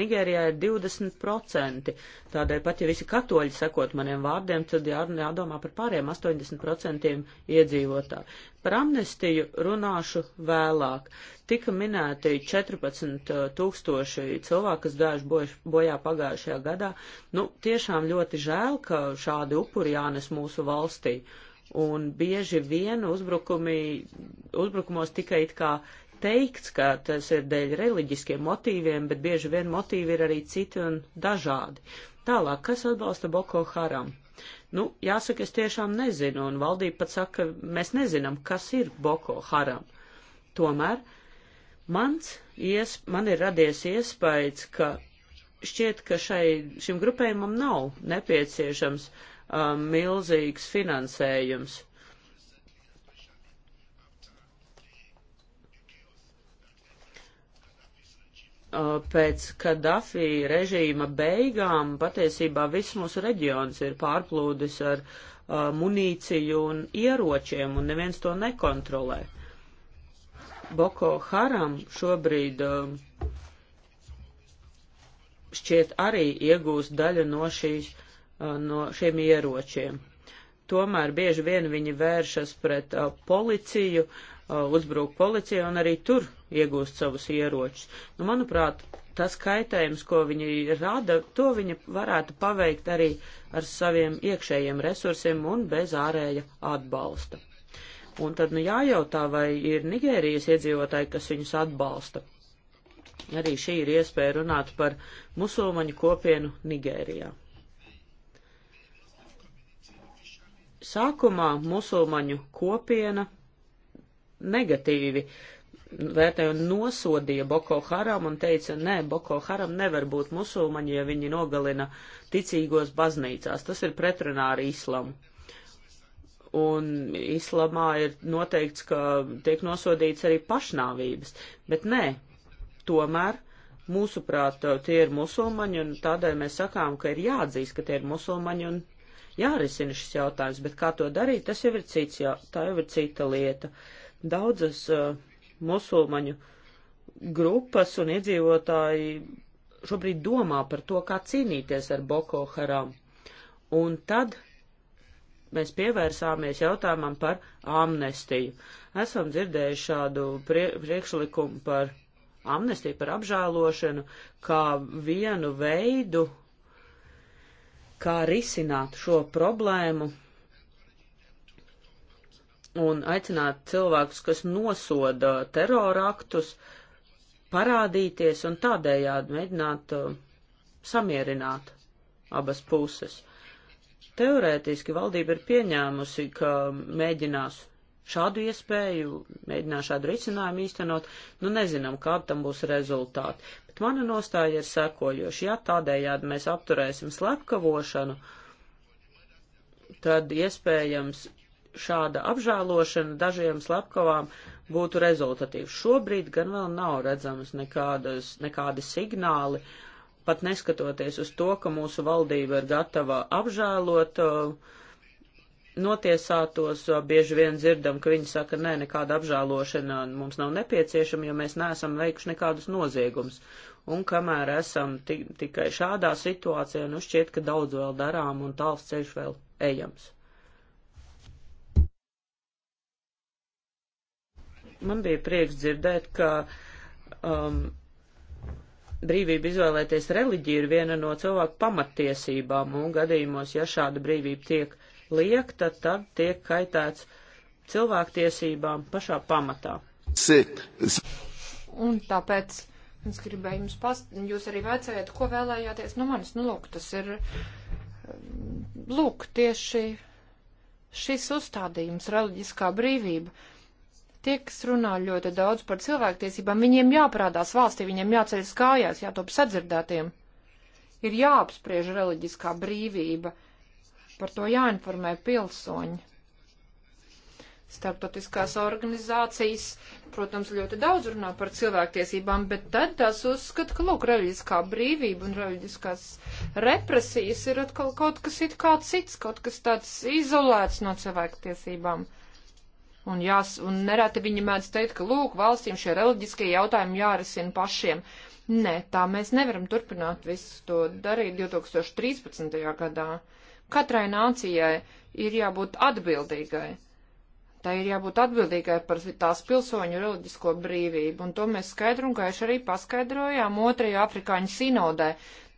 Nigērijā ir 20%. Tādēļ pat, ja visi katoļi sekot maniem vārdiem, tad jā, jādomā par pāriem 80% iedzīvotāju. Par amnestiju runāšu vēlāk. Tika minēti 14 tūkstoši cilvēki, kas gājuši bojā pagājušajā gadā. Nu, tiešām ļoti žēl, ka šādi upuri jānes mūsu valstī. Uh, un bieži vien uzbrukumi, uzbrukumos tikai it kā teikts, ka tas ir dēļ reliģiskiem motīviem, bet bieži vien motīvi ir arī citi un dažādi. Tālāk, kas atbalsta Boko Haram? Nu, jāsaka, es tiešām nezinu, un valdība pat saka, mēs nezinām, kas ir Boko Haram. Tomēr mans, ies, man ir radies iespējas, ka šķiet, ka šai, šim grupējumam nav nepieciešams uh, um, milzīgs finansējums. Uh, pēc Kadafi režīma beigām patiesībā viss mūsu reģions ir pārplūdis ar uh, munīciju un ieročiem, un neviens to nekontrolē. Boko Haram šobrīd uh, šķiet arī iegūst daļu no šīs uh, Uh, no šiem ieročiem. Tomēr bieži vien viņi vēršas pret uh, policiju, uh, uzbruk policiju un arī tur iegūst savus ieročus. Nu, manuprāt, tas kaitējums, ko viņi rada, to viņi varētu paveikt arī ar saviem iekšējiem resursiem un bez ārēja atbalsta. Un tad nu jājautā, vai ir Nigērijas iedzīvotāji, kas viņus atbalsta. Arī šī ir iespēja runāt par musulmaņu kopienu Nigērijā. Sākumā musulmaņu kopiena negatīvi vērtēja un nosodīja Boko Haram un teica, nē, Boko Haram nevar būt musulmaņi, ja viņi nogalina ticīgos baznīcās. Tas ir pretrunā ar islamu. Un islamā ir noteikts, ka tiek nosodīts arī pašnāvības, bet nē, tomēr mūsuprāt tie ir musulmaņi un tādēļ mēs sakām, ka ir jāatzīst, ka tie ir musulmaņi un jārisina šis jautājums, bet kā to darīt, tas jau ir cits, jā, tā jau ir cita lieta. Daudzas uh, musulmaņu grupas un iedzīvotāji šobrīd domā par to, kā cīnīties ar Boko Haram. Un tad mēs pievērsāmies jautājumam par amnestiju. Esam dzirdējuši šādu prie, priekšlikumu par amnestiju, par apžēlošanu, kā vienu veidu, kā risināt šo problēmu un aicināt cilvēkus, kas nosoda teroraktus, parādīties un tādējādi mēģināt uh, samierināt abas puses. Teorētiski valdība ir pieņēmusi, ka mēģinās šādu iespēju, mēģināt šādu risinājumu īstenot, nu nezinām, kāda tam būs rezultāti. Bet mana nostāja ir sekojoša. Ja tādējādi mēs apturēsim slepkavošanu, tad iespējams šāda apžēlošana dažiem slepkavām būtu rezultatīva. Šobrīd gan vēl nav redzamas nekādas, nekādi signāli, pat neskatoties uz to, ka mūsu valdība ir gatava apžēlot uh, notiesātos bieži vien dzirdam, ka viņi saka, nē, nekāda apžēlošana mums nav nepieciešama, jo mēs neesam veikuši nekādus noziegumus. Un kamēr esam tikai šādā situācijā, nu šķiet, ka daudz vēl darām un tāls ceļš vēl ejams. Man bija prieks dzirdēt, ka um, brīvība izvēlēties reliģiju ir viena no cilvēku pamatiesībām, un gadījumos, ja šāda brīvība tiek uh, liekta, tad tiek kaitēts cilvēktiesībām pašā pamatā. Un tāpēc es gribēju jums past, jūs arī vajadzējāt, ko vēlējāties no nu, manis. Nu, lūk, tas ir, um, lūk, tieši šis uzstādījums, reliģiskā brīvība tie, kas runā ļoti daudz par cilvēktiesībām, viņiem jāparādās valstī, viņiem jāceļas kājās, jātop sadzirdētiem. Ir jāapspriež reliģiskā brīvība, Par to jāinformē pilsoņi. Startautiskās organizācijas, protams, ļoti daudz runā par cilvēktiesībām, bet tad tās uzskata, ka, lūk, reliģiskā brīvība un reliģiskās represijas ir atkal kaut kas it kā cits, kaut kas tāds izolēts no cilvēktiesībām. Un, jās, un nereti viņi mēdz teikt, ka, lūk, valstīm šie reliģiskie jautājumi jārisina pašiem. Nē, tā mēs nevaram turpināt visu to darīt 2013. gadā. Katrai nācijai ir jābūt atbildīgai. Tā ir jābūt atbildīgai par tās pilsoņu reliģisko brīvību, un to mēs skaidru un gaišu arī paskaidrojām otrajā afrikāņu sinodē.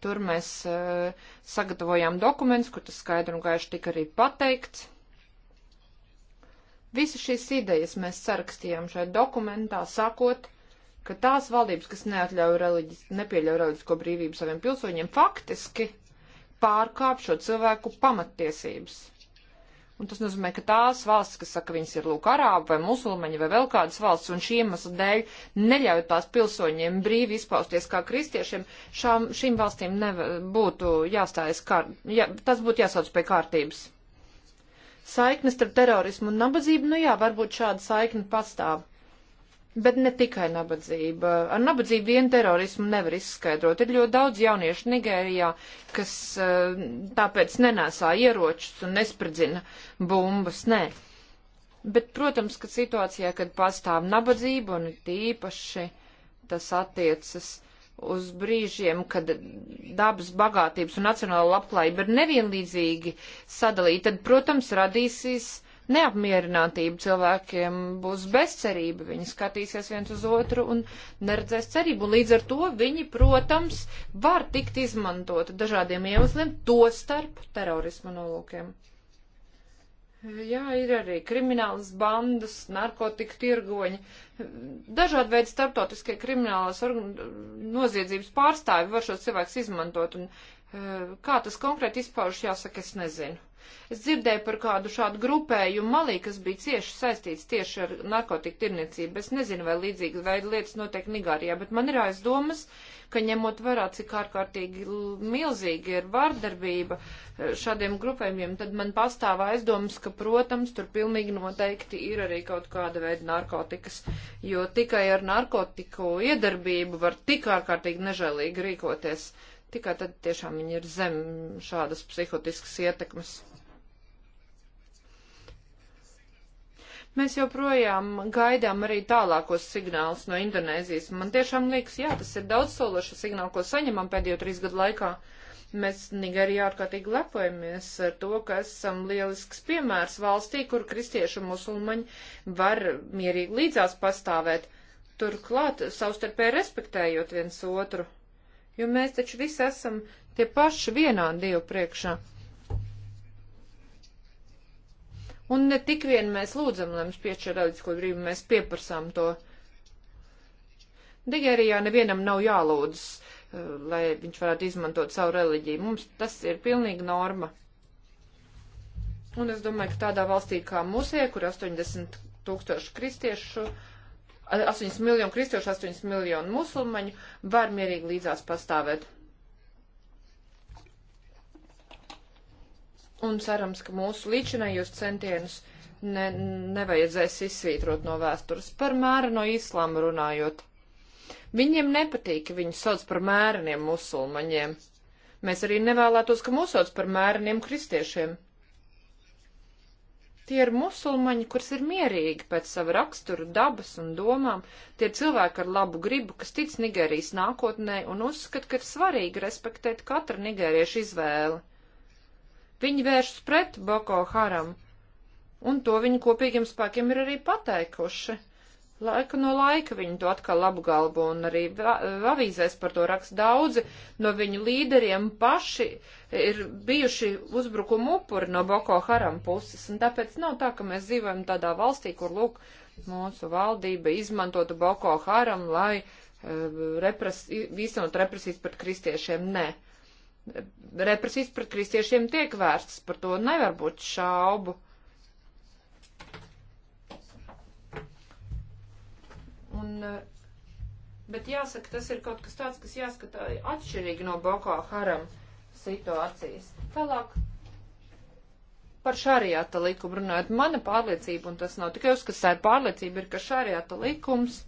Tur mēs uh, sagatavojām dokumentus, kur tas skaidru un gaišu tika arī pateikts. Visu šīs idejas mēs sarakstījām šajā dokumentā, sakot, ka tās valdības, kas neatļauj reliģis, nepieļauj reliģisko brīvību saviem pilsoņiem, faktiski pārkāp šo cilvēku pamattiesības. Un tas nozīmē, ka tās valsts, kas saka, viņas ir lūk arābi vai musulmaņi vai vēl kādas valsts, un šī iemesla dēļ neļauj tās pilsoņiem brīvi izpausties kā kristiešiem, šām, šīm valstīm nev, būtu jāstājas, kā, jā, tas būtu jāsauc pie kārtības. Saiknes starp terorismu un nabadzību, nu jā, varbūt šāda saikne pastāv. Bet ne tikai nabadzība. Ar nabadzību vien terorismu nevar izskaidrot. Ir ļoti daudz jauniešu Nigērijā, kas eh, tāpēc nenēsā ieročus un nespridzina bumbas. Nē. Bet, protams, ka situācijā, kad pastāv nabadzība un tīpaši tas attiecas uz brīžiem, kad dabas bagātības un nacionāla labklājība ir nevienlīdzīgi sadalīta, tad, protams, radīsies neapmierinātība, cilvēkiem būs bezcerība, viņi skatīsies viens uz otru un neredzēs cerību. Un līdz ar to viņi, protams, var tikt izmantoti dažādiem iemesliem, to starp terorisma nolūkiem. Jā, ir arī kriminālas bandas, narkotika tirgoņi, dažādi veidi starptautiskie kriminālās noziedzības pārstāvi var šos cilvēkus izmantot, un eh, kā tas konkrēti izpaužas, jāsaka, es nezinu. Es dzirdēju par kādu šādu grupējumu malī, kas bija cieši saistīts tieši ar narkotiku tirniecību. Es nezinu, vai līdzīgas veida lietas notiek Nigārijā, bet man ir aizdomas, ka ņemot vērā, cik ārkārtīgi milzīgi ir vārdarbība e, šādiem grupējumiem, tad man pastāv aizdomas, ka, protams, tur pilnīgi noteikti ir arī kaut kāda veida narkotikas, jo tikai ar narkotiku iedarbību var tik ārkārtīgi nežēlīgi rīkoties. Tikai tad tiešām viņi ir zem šādas psihotiskas ietekmes. Mēs joprojām gaidām arī tālākos signālus no Indonēzijas. Man tiešām liekas, jā, tas ir daudz sološa signāla, ko saņemam pēdējo trīs gadu laikā. Mēs Nigērijā ārkārtīgi lepojamies ar to, ka esam lielisks piemērs valstī, kur kristieši un musulmaņi var mierīgi līdzās pastāvēt, turklāt savstarpēji respektējot viens otru. Jo mēs taču visi esam tie paši vienādi Dievu priekšā. Un ne tik vien mēs lūdzam, lai mums piešķir reliģisko brīvību, mēs pieprasām to. Digērijā nevienam nav jālūdz, uh, lai viņš varētu izmantot savu reliģiju. Mums tas ir pilnīgi norma. Un es domāju, ka tādā valstī kā mūsē, kur 80 tūkstoši kristiešu 8 miljonu kristiešu, 8 miljonu musulmaņu var mierīgi līdzās pastāvēt. un cerams, ka mūsu līdzinējos centienus ne, nevajadzēs izsvītrot no vēstures. Par mēru no islāma runājot. Viņiem nepatīk, ka viņu sauc par mēreniem musulmaņiem. Mēs arī nevēlētos, ka mūs sauc par mēreniem kristiešiem. Tie ir musulmaņi, kuras ir mierīgi pēc sava rakstura, dabas un domām, tie cilvēki ar labu gribu, kas tic Nigērijas nākotnē un uzskata, ka ir svarīgi respektēt katra nigērieša izvēli. Viņi vēršas pret Boko Haram, un to viņi kopīgiem spēkiem ir arī pateikuši. Laika no laika viņi to atkal apgalvo, un arī avīzēs par to raksta daudzi no viņu līderiem paši ir bijuši uzbrukumu upuri no Boko Haram puses, un tāpēc nav tā, ka mēs dzīvojam tādā valstī, kur, lūk, mūsu valdība izmantotu Boko Haram, lai uh, repres, īstenot represijas pret kristiešiem. Nē represijas pret kristiešiem tiek vērstas, par to nevar būt šaubu. Un, eh, bet jāsaka, tas ir kaut kas tāds, kas jāskatā atšķirīgi no Boko Haram situācijas. Tālāk par šārijāta likumu runājot. Mana pārliecība, un tas nav tikai uzskatīt pārliecība, ir, ka šārijāta likums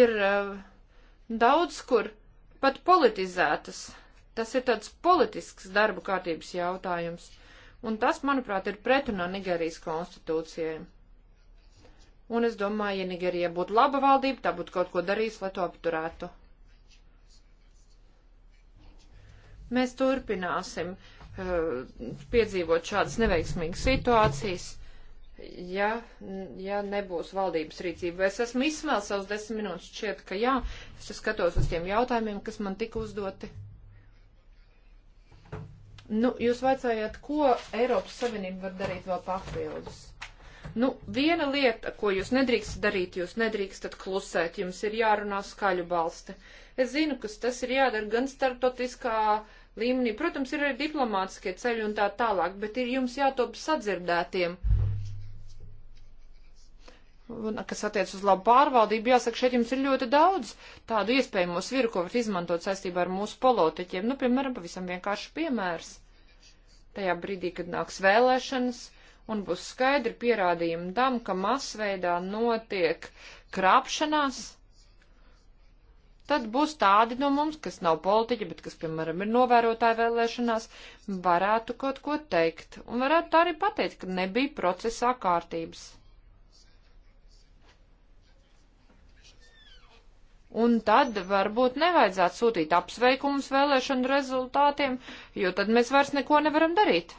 ir uh, daudz kur pat politizētas. Tas ir tāds politisks darba kārtības jautājums, un tas, manuprāt, ir pretrunā Nigērijas konstitūcijai. Un es domāju, ja Nigērija būtu laba valdība, tā būtu kaut ko darījis, lai to apturētu. Mēs turpināsim uh, piedzīvot šādas neveiksmīgas situācijas ja, ja nebūs valdības rīcība. Es esmu izsmēlis savus desmit minūtes, šķiet, ka jā, es skatos uz tiem jautājumiem, kas man tika uzdoti. Nu, jūs vaicājāt, ko Eiropas Savienība var darīt vēl papildus? Nu, viena lieta, ko jūs nedrīkstat darīt, jūs nedrīkstat klusēt, jums ir jārunā skaļu balsti. Es zinu, ka tas ir jādara gan startotiskā līmenī, protams, ir arī diplomātiskie ceļi un tā tālāk, bet ir jums jātop sadzirdētiem. Uh, Un, kas attiec uz labu pārvaldību, jāsaka, šeit jums ir ļoti daudz tādu iespējamo sviru, ko var izmantot saistībā ar mūsu politiķiem. Nu, piemēram, pavisam vienkārši piemērs. Tajā brīdī, kad nāks vēlēšanas un būs skaidri pierādījumi tam, ka masveidā notiek krāpšanās, tad būs tādi no mums, kas nav politiķi, bet kas, piemēram, ir novērotāji vēlēšanās, varētu kaut ko teikt un varētu tā arī pateikt, ka nebija procesā kārtības. Un tad varbūt nevajadzētu sūtīt apsveikumus vēlēšanu rezultātiem, jo tad mēs vairs neko nevaram darīt.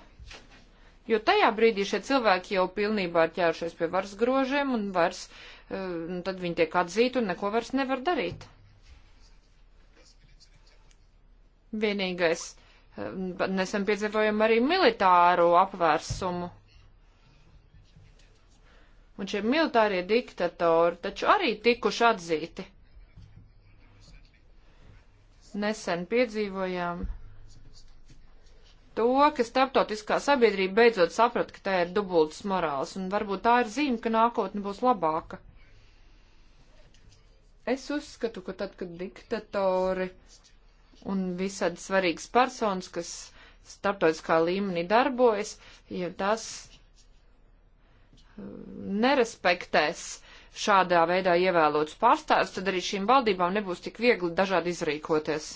Jo tajā brīdī šie cilvēki jau pilnībā ir ķērušies pie varas grožiem un vairs, eh, un tad viņi tiek atzīti un neko vairs nevar darīt. Vienīgais, eh, nesam piedzīvojam arī militāru apvērsumu. Un šie militārie diktatori taču arī tikuši atzīti nesen piedzīvojām to, ka starptautiskā sabiedrība beidzot saprata, ka tā ir dubultas morāls, un varbūt tā ir zīme, ka nākotne būs labāka. Es uzskatu, ka tad, kad diktatori un visādi svarīgas personas, kas starptautiskā līmenī darbojas, ja tas uh, nerespektēs šādā veidā ievēlots pārstāvs, tad arī šīm valdībām nebūs tik viegli dažādi izrīkoties.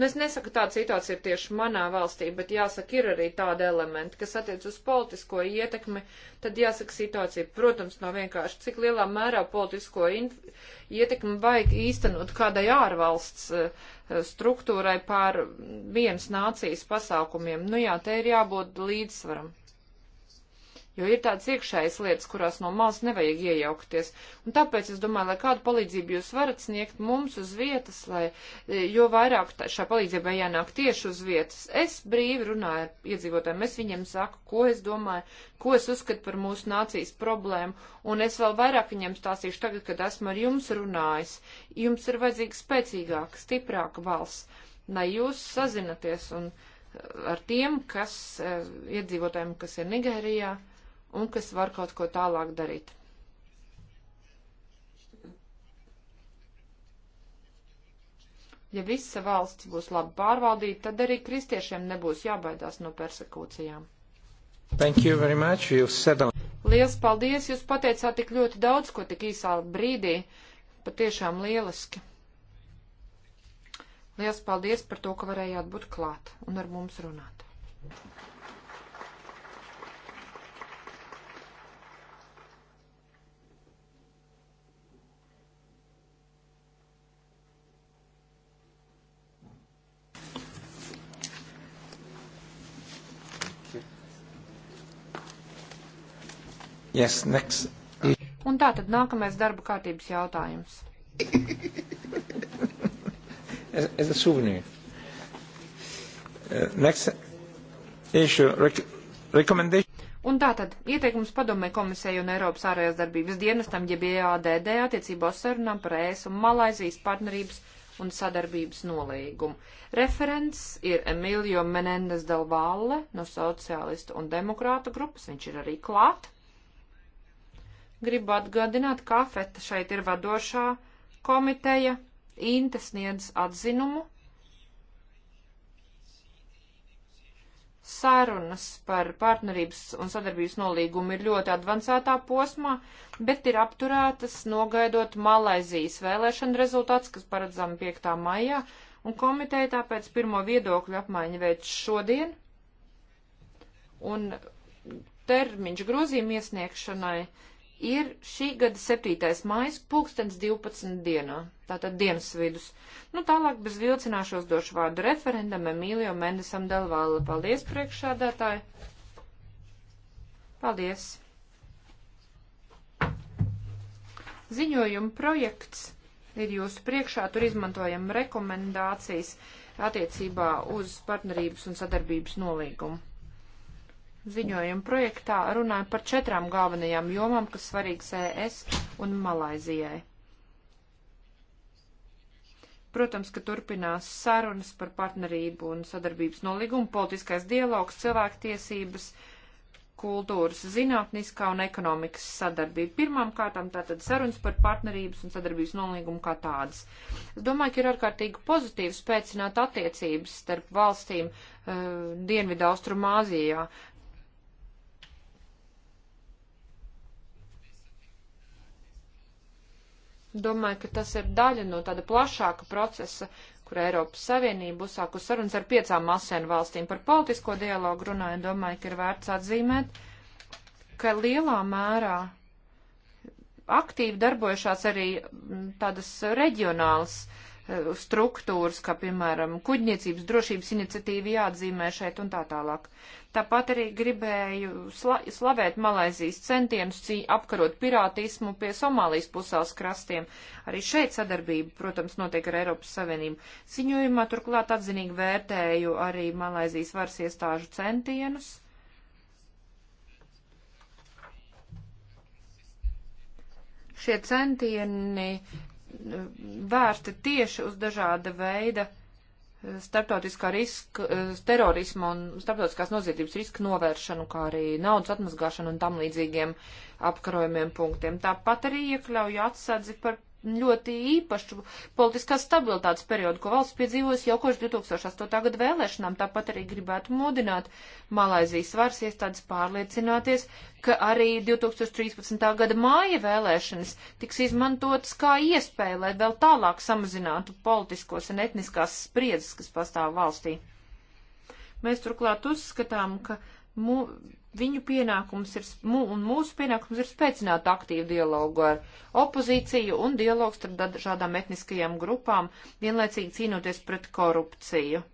Nu, es nesaku, ka tāda situācija ir tieši manā valstī, bet jāsaka, ir arī tāda elementa, kas attiec uz politisko ietekmi, tad jāsaka, situācija, protams, nav vienkārši, cik lielā mērā politisko ietekmi vajag īstenot kādai ārvalsts eh, struktūrai pār vienas nācijas pasākumiem. Nu jā, te ir jābūt līdzsvaram jo ir tādas iekšējas lietas, kurās no malas nevajag iejaukties. Un tāpēc es domāju, lai kādu palīdzību jūs varat sniegt mums uz vietas, lai e, jo vairāk tā, šā palīdzība jānāk tieši uz vietas. Es brīvi runāju ar iedzīvotājiem, es viņiem saku, ko es domāju, ko es uzskatu par mūsu nācijas problēmu, un es vēl vairāk viņiem stāstīšu tagad, kad esmu ar jums runājis. Jums ir vajadzīga spēcīgāka, stiprāka valsts, lai jūs sazinaties un e, ar tiem, kas e, iedzīvotājiem, kas ir Nigērijā, un kas var kaut ko tālāk darīt. Ja visa valsts būs labi pārvaldīta, tad arī kristiešiem nebūs jābaidās no persekūcijām. Thank you very much. You said on... Liels paldies! Jūs pateicāt tik ļoti daudz, ko tik īsā brīdī. Patiešām lieliski. Liels paldies par to, ka varējāt būt klāt un ar mums runāt. Yes, next. Un tā tad nākamais darba kārtības jautājums. as, as a souvenir. Uh, next issue, rec recommendation. Un tātad ieteikums padomē komisēju un Eiropas ārējās darbības dienestam, jeb EADD attiecībā uz sarunām par ES un Malaizijas partnerības un sadarbības nolīgumu. Referents ir Emilio Menendez del Valle no Sociālistu un Demokrātu grupas, viņš ir arī klāt. Gribu atgādināt, ka afeta šeit ir vadošā komiteja, Inte sniedz atzinumu. Sērunas par partnerības un sadarbības nolīgumu ir ļoti advancētā posmā, bet ir apturētas nogaidot Malaizijas vēlēšana rezultāts, kas paredzama 5. maijā, un komiteja tāpēc pirmo viedokļu apmaiņu veids šodien. Un termiņš grozījuma iesniegšanai uh, ir šī gada 7. mājas, pulkstens 12 dienā, tātad dienas vidus. Nu, tālāk bez vilcināšos došu vārdu referendam Emīlio Mendesam Delvāla. Paldies, priekšādātāji! Paldies! Ziņojuma projekts ir jūsu priekšā, tur izmantojam rekomendācijas attiecībā uz partnerības un sadarbības nolīgumu ziņojuma projektā runāja par četrām galvenajām jomām, kas svarīgas ES un Malaizijai. Protams, ka turpinās sarunas par partnerību un sadarbības nolīgumu, politiskais dialogs, cilvēktiesības, kultūras, zinātniskā un ekonomikas sadarbība. Pirmām kārtām tātad sarunas par partnerības un sadarbības nolīgumu kā tādas. Es domāju, ka ir ārkārtīgi pozitīvi spēcināt attiecības starp valstīm uh, Dienvidu Austrumāzijā. Domāju, ka tas ir daļa no tāda plašāka procesa, kur Eiropas Savienība uzsāku sarunas ar piecām ASEAN valstīm par politisko dialogu runāju. Domāju, ka ir vērts atzīmēt, ka lielā mērā aktīvi darbojušās arī tādas reģionālas uh, Eh, struktūras, kā piemēram kuģniecības drošības iniciatīva jāatzīmē šeit un tā tālāk. Tāpat arī gribēju sla slavēt Malaizijas centienus apkarot pirātismu pie Somālijas pusēls krastiem. Arī šeit sadarbība, protams, notiek ar Eiropas Savienību. Ziņojumā turklāt atzinīgi vērtēju arī Malaizijas varas iestāžu centienus. Šie centieni vērsti tieši uz dažāda veida eh, starptautiskā riska, eh, terorisma un starptautiskās noziedzības riska novēršanu, kā arī naudas atmazgāšanu un tam līdzīgiem apkarojumiem punktiem. Tāpat arī iekļauju atsadzi par ļoti īpašu politiskās stabilitātes periodu, ko valsts piedzīvos jau kopš 2008. gada vēlēšanām. Tāpat arī gribētu modināt Malaizijas varas iestādes pārliecināties, ka arī 2013. gada māja vēlēšanas tiks izmantotas kā iespēja, lai vēl tālāk samazinātu politiskos un etniskās spriedzes, kas pastāv valstī. Mēs turklāt uzskatām, ka mu, Viņu pienākums ir, un mūsu pienākums ir spēcināt aktīvu dialogu ar opozīciju un dialogu starp dažādām etniskajām grupām, vienlaicīgi cīnoties pret korupciju.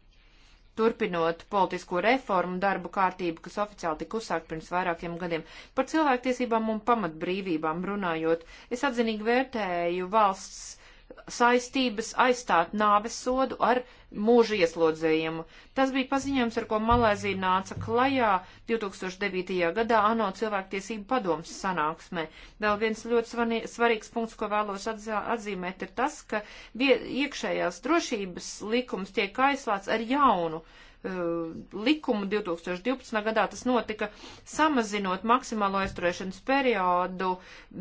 Turpinot politisko reformu darbu kārtību, kas oficiāli tika uzsākt pirms vairākiem gadiem, par cilvēktiesībām un pamatbrīvībām runājot, es atzinīgi vērtēju valsts saistības aizstāt nāves sodu ar mūža ieslodzījumu. Tas bija paziņojums, ar ko Malēzija nāca klajā 2009. gadā ANO cilvēktiesību padomas sanāksmē. Vēl viens ļoti svarīgs punkts, ko vēlos atzā, atzīmēt, ir tas, ka iekšējās drošības likums tiek aizslēgts ar jaunu uh, Uh, likumu 2012. gadā tas notika samazinot maksimālo aizturēšanas periodu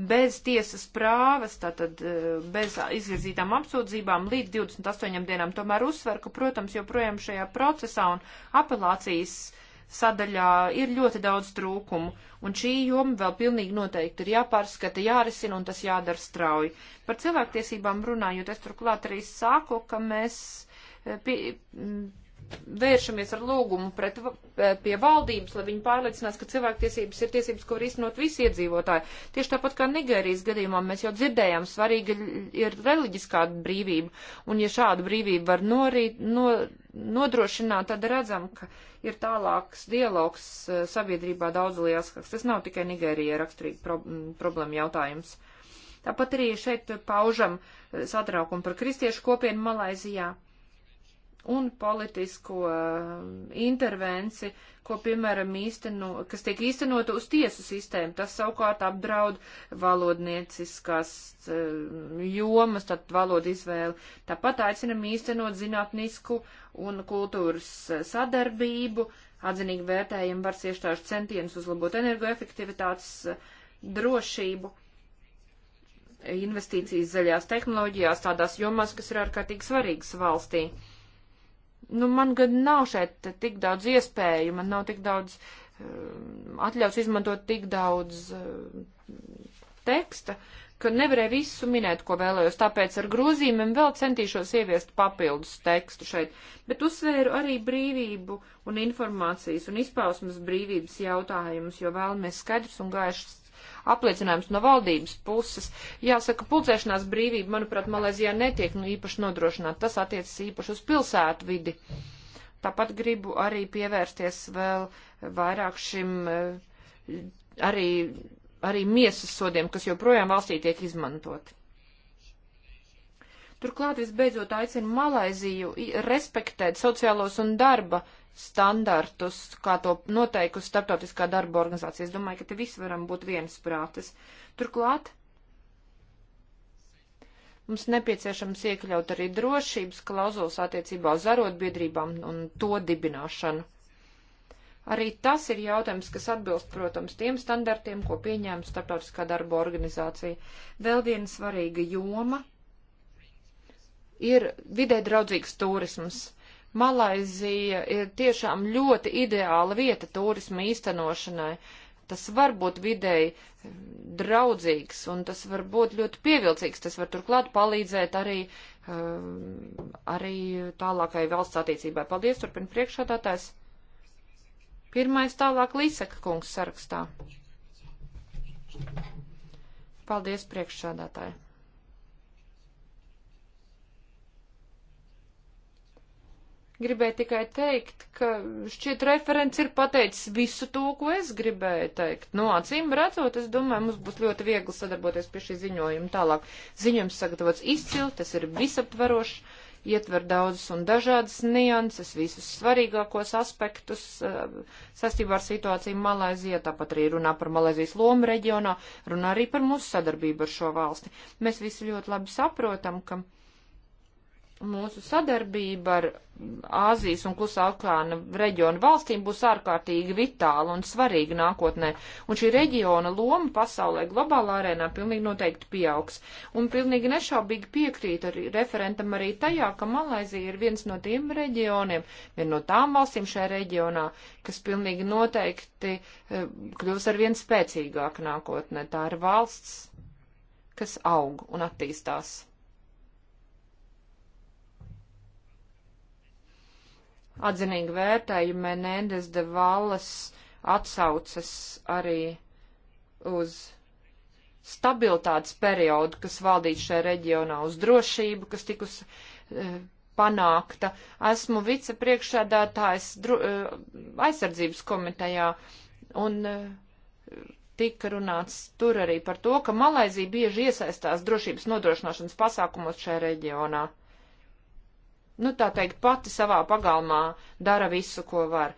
bez tiesas prāvas, tātad uh, bez izvirzītām apsūdzībām līdz 28 dienām. Tomēr uzsver, ka, protams, joprojām šajā procesā un apelācijas sadaļā ir ļoti daudz trūkumu, un šī joma vēl pilnīgi noteikti ir jāpārskata, jārisina, un tas jādara strauji. Par cilvēktiesībām runājot, es turklāt arī sāku, ka mēs eh, pie, vēršamies ar lūgumu pret, eh, pie valdības, lai viņi pārliecinās, ka cilvēktiesības ir tiesības, ko var iznot visi iedzīvotāji. Tieši tāpat kā Nigērijas gadījumā mēs jau dzirdējām, svarīga ir reliģiskā brīvība, un ja šāda brīvība var norīt, no, nodrošināt, tad redzam, ka ir tālāks dialogs eh, sabiedrībā daudz lielāks. Tas nav tikai Nigērija raksturīga pro, problēma jautājums. Tāpat arī šeit paužam eh, satraukumu par kristiešu kopienu Malaizijā un politisko eh, intervenci, ko, piemēram, īsteno, kas tiek īstenota uz tiesu sistēmu. Tas savukārt apdraud valodnieciskās eh, jomas, tad valodu izvēli. Tāpat aicinam īstenot zinātnisku un kultūras eh, sadarbību, atzinīgi vērtējam varas iestāžu centienus uzlabot energoefektivitātes drošību investīcijas zaļās tehnoloģijās, tādās jomās, kas ir ārkārtīgi svarīgas valstī. Uh, Nu, man gan nav šeit tik daudz iespēju, man nav tik daudz eh, atļauts izmantot tik daudz eh, teksta, ka nevarēju visu minēt, ko vēlējos, tāpēc ar grozījumiem vēl centīšos ieviest papildus tekstu šeit, bet uzsvēru arī brīvību un informācijas un izpausmas brīvības jautājumus, jo vēlamies skaidrs un gaišs apliecinājums no valdības puses. Jāsaka, pulcēšanās brīvība, manuprāt, Malēzijā netiek nu, īpaši nodrošināta. Tas attiecas īpaši uz pilsētu vidi. Tāpat gribu arī pievērsties vēl vairāk šim eh, arī, arī miesas sodiem, kas joprojām valstī tiek izmantoti. Turklāt visbeidzot aicina Malaiziju respektēt sociālos un darba standartus, kā to noteikusi starptautiskā darba organizācija. Es domāju, ka te visi varam būt vienas prātes. Turklāt mums nepieciešams iekļaut arī drošības klauzulas attiecībā uz arotbiedrībām un to dibināšanu. Arī tas ir jautājums, kas atbilst, protams, tiem standartiem, ko pieņēma starptautiskā darba organizācija. Vēl viena svarīga joma ir vidē draudzīgs turisms Malaizija ir tiešām ļoti ideāla vieta turisma īstenošanai. Tas var būt videi mm, draudzīgs un tas var būt ļoti pievilcīgs. Tas var turklāt palīdzēt arī, um, arī tālākai valsts attīstībai. Paldies, turpin priekšādātājs. Pirmais tālāk Līseka kungs sarakstā. Paldies priekšādātājai. Gribēju tikai teikt, ka šķiet referents ir pateicis visu to, ko es gribēju teikt. No nu, acīm redzot, es domāju, mums būs ļoti viegli sadarboties pie šī ziņojuma tālāk. Ziņojums sagatavots izcili, tas ir visaptverošs, ietver daudzas un dažādas nianses, visus svarīgākos aspektus eh, sastībā ar situāciju Malaizijā, tāpat arī runā par Malaizijas lomu reģionā, runā arī par mūsu sadarbību ar šo valsti. Mēs visi ļoti labi saprotam, ka mūsu sadarbība ar Āzijas un Klusā okeāna reģionu valstīm būs ārkārtīgi vitāla un svarīga nākotnē, un šī reģiona loma pasaulē globālā arēnā pilnīgi noteikti pieaugs. Un pilnīgi nešaubīgi piekrīt arī referentam arī tajā, ka Malaizija ir viens no tiem reģioniem, viena no tām valstīm šajā reģionā, kas pilnīgi noteikti eh, kļūs ar vien spēcīgāk nākotnē. Tā ir valsts, kas aug un attīstās. atzinīgi vērtēju Menendes de Valles atsaucas arī uz stabilitātes periodu, kas valdīja šajā reģionā, uz drošību, kas tikus uh, panākta. Esmu vicepriekšsēdētājs uh, aizsardzības komitejā un uh, tika runāts tur arī par to, ka Malaizija bieži iesaistās drošības nodrošināšanas pasākumos šajā reģionā. Uh, nu tā teikt, pati savā pagalmā dara visu, ko var.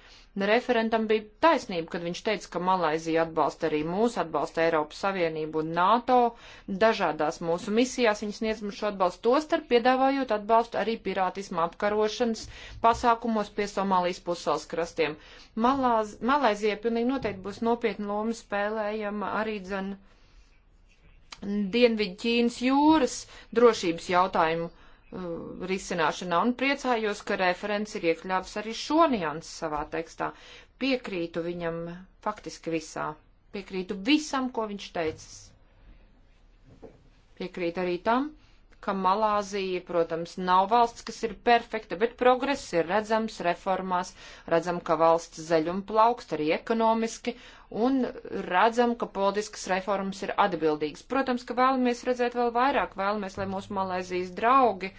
Referentam bija taisnība, kad viņš teica, ka Malaizija atbalsta arī mūsu, atbalsta Eiropas Savienību un NATO. Dažādās mūsu misijās viņas sniedz mums šo atbalstu, tostarp piedāvājot atbalstu arī pirātismu apkarošanas pasākumos pie Somālijas pussalas krastiem. Malāz, Malaizija pilnīgi noteikti būs nopietna loma spēlējama arī dzen Dienvidķīnas jūras drošības jautājumu Uh, risināšanā un priecājos, ka referents ir iekļāvis arī šo niansu savā tekstā. Piekrītu viņam faktiski visā. Piekrītu visam, ko viņš teicis. Piekrītu arī tam, ka Malāzija, protams, nav valsts, kas ir perfekta, bet progress ir redzams reformās, redzam, ka valsts zaļuma plaukst arī ekonomiski un redzam, ka politiskas reformas ir atbildīgas. Protams, ka vēlamies redzēt vēl vairāk, vēlamies, lai mūsu Malāzijas draugi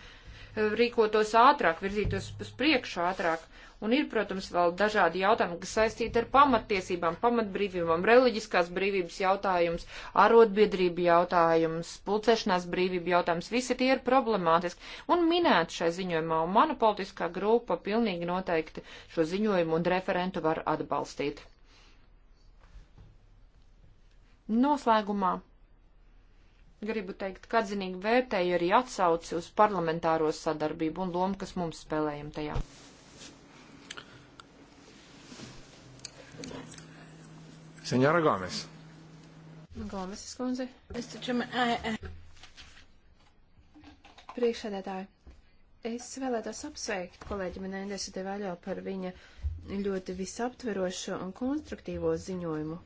rīkotos ātrāk, virzītos uz priekšu ātrāk. Un ir, protams, vēl dažādi jautājumi, kas saistīti ar pamattiesībām, pamatbrīvībām, reliģiskās brīvības jautājums, arotbiedrību jautājums, pulcēšanās brīvību jautājums. Visi tie ir problemātiski un minēti šai ziņojumā, un mana politiskā grupa pilnīgi noteikti šo ziņojumu un referentu var atbalstīt. Noslēgumā gribu teikt, ka atzinīgi vērtēju arī atsauci uz parlamentāro sadarbību un lomu, kas mums spēlējam tajā. Senjora Gomes. Gomes, skundze. Es taču... Priekšsēdētāji, es vēlētos apsveikt kolēģi Menendesu Devaļo par viņa ļoti visaptverošo un konstruktīvo ziņojumu.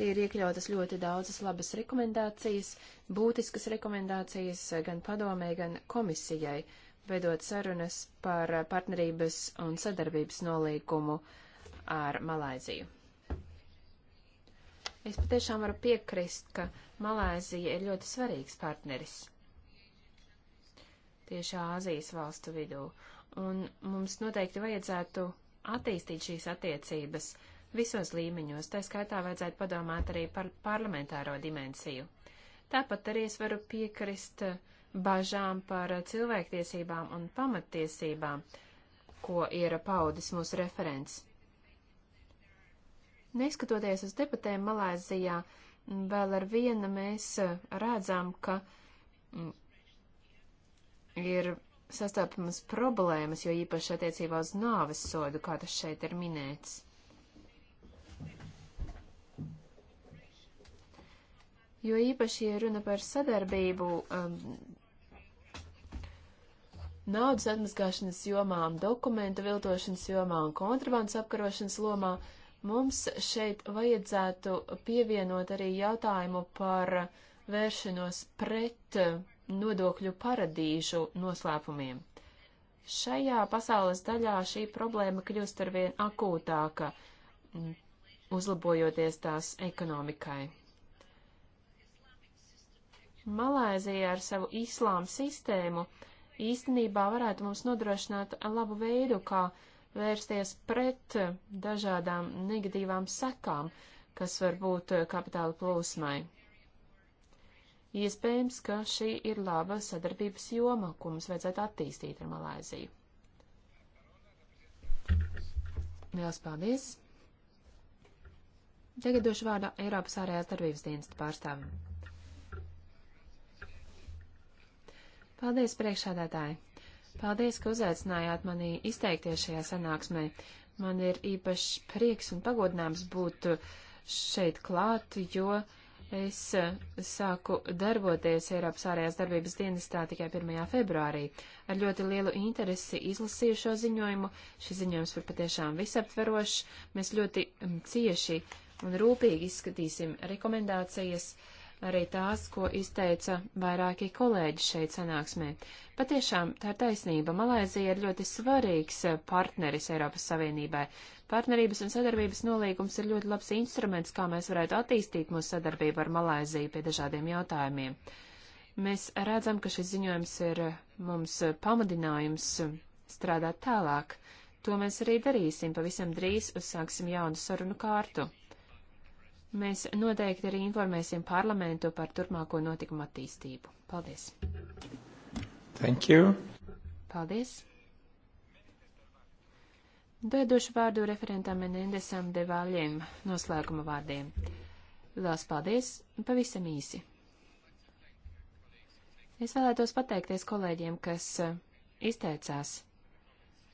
Tie ir iekļautas ļoti daudzas labas rekomendācijas, būtiskas rekomendācijas gan padomē, gan komisijai, vedot sarunas par partnerības un sadarbības nolīgumu ar Malaiziju. Es patiešām varu piekrist, ka Malēzija ir ļoti svarīgs partneris tieši Āzijas valstu vidū, un mums noteikti vajadzētu attīstīt šīs attiecības visos līmeņos, tā skaitā vajadzētu padomāt arī par parlamentāro dimensiju. Tāpat arī es varu piekrist bažām par cilvēktiesībām un pamattiesībām, ko ir paudis mūsu referents. Neskatoties uz debatēm Malāzijā, vēl ar vienu mēs eh, redzam, ka mm, ir sastopamas problēmas, jo īpaši attiecībā uz nāves sodu, kā tas šeit ir minēts. Jo īpaši, ja runa par sadarbību um, naudas atmaskāšanas jomā, dokumentu viltošanas jomā un kontrabandas apkarošanas lomā, uh, Mums šeit vajadzētu pievienot arī jautājumu par vēršanos pret nodokļu paradīžu noslēpumiem. Šajā pasaules daļā šī problēma kļūst arvien akūtāka, uzlabojoties tās ekonomikai. Malēzija ar savu islāmu sistēmu īstenībā varētu mums nodrošināt labu veidu, kā vērsties pret dažādām negatīvām sekām, kas var būt kapitāla plūsmai. Iespējams, ka šī ir laba sadarbības joma, ko mums vajadzētu attīstīt ar Malāziju. Lielas paldies! Tagad došu vārdu Eiropas ārējās darbības dienesta pārstāvim. Paldies, priekšādātāji! Paldies, ka uzaicinājāt mani izteikties šajā sanāksmē. Man ir īpašs prieks un pagodinājums būt šeit klāt, jo es sāku darboties Eiropas ārējās darbības dienestā tikai 1. februārī. Ar ļoti lielu interesi izlasīju šo ziņojumu. Šis ziņojums ir patiešām visaptverošs. Mēs ļoti mm, cieši un rūpīgi izskatīsim rekomendācijas arī tās, ko izteica vairāki kolēģi šeit sanāksmē. Patiešām tā ir taisnība. Malēzija ir ļoti svarīgs eh, partneris Eiropas Savienībai. Partnerības un sadarbības nolīgums ir ļoti labs instruments, kā mēs varētu attīstīt mūsu sadarbību ar Malēziju pie dažādiem jautājumiem. Mēs redzam, ka šis ziņojums ir eh, mums eh, pamudinājums strādāt tālāk. To mēs arī darīsim, pavisam drīz uzsāksim jaunu sarunu kārtu. Mēs noteikti arī informēsim parlamentu par turpmāko notikumu attīstību. Paldies! Thank you! Paldies! Dodošu vārdu referentam Menendesam de Vaļiem noslēguma vārdiem. Lielas paldies! Pavisam īsi! Es vēlētos pateikties kolēģiem, kas izteicās.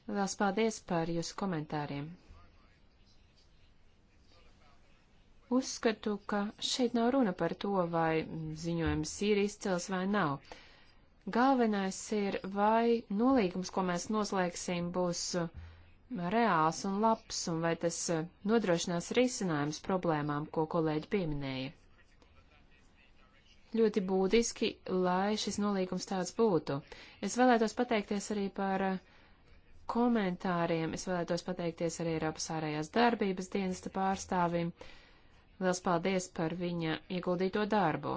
Lielas paldies par jūsu komentāriem! Uzskatu, ka šeit nav runa par to, vai ziņojums ir izcils vai nav. Galvenais ir, vai nolīgums, ko mēs noslēgsim, būs uh, reāls un labs, un vai tas uh, nodrošinās risinājums problēmām, ko kolēģi pieminēja. Ļoti būtiski, lai šis nolīgums tāds būtu. Es vēlētos pateikties arī par uh, komentāriem. Es vēlētos pateikties arī Eiropas ārējās darbības dienesta pārstāvim. Uh, Liels paldies par viņa ieguldīto darbu.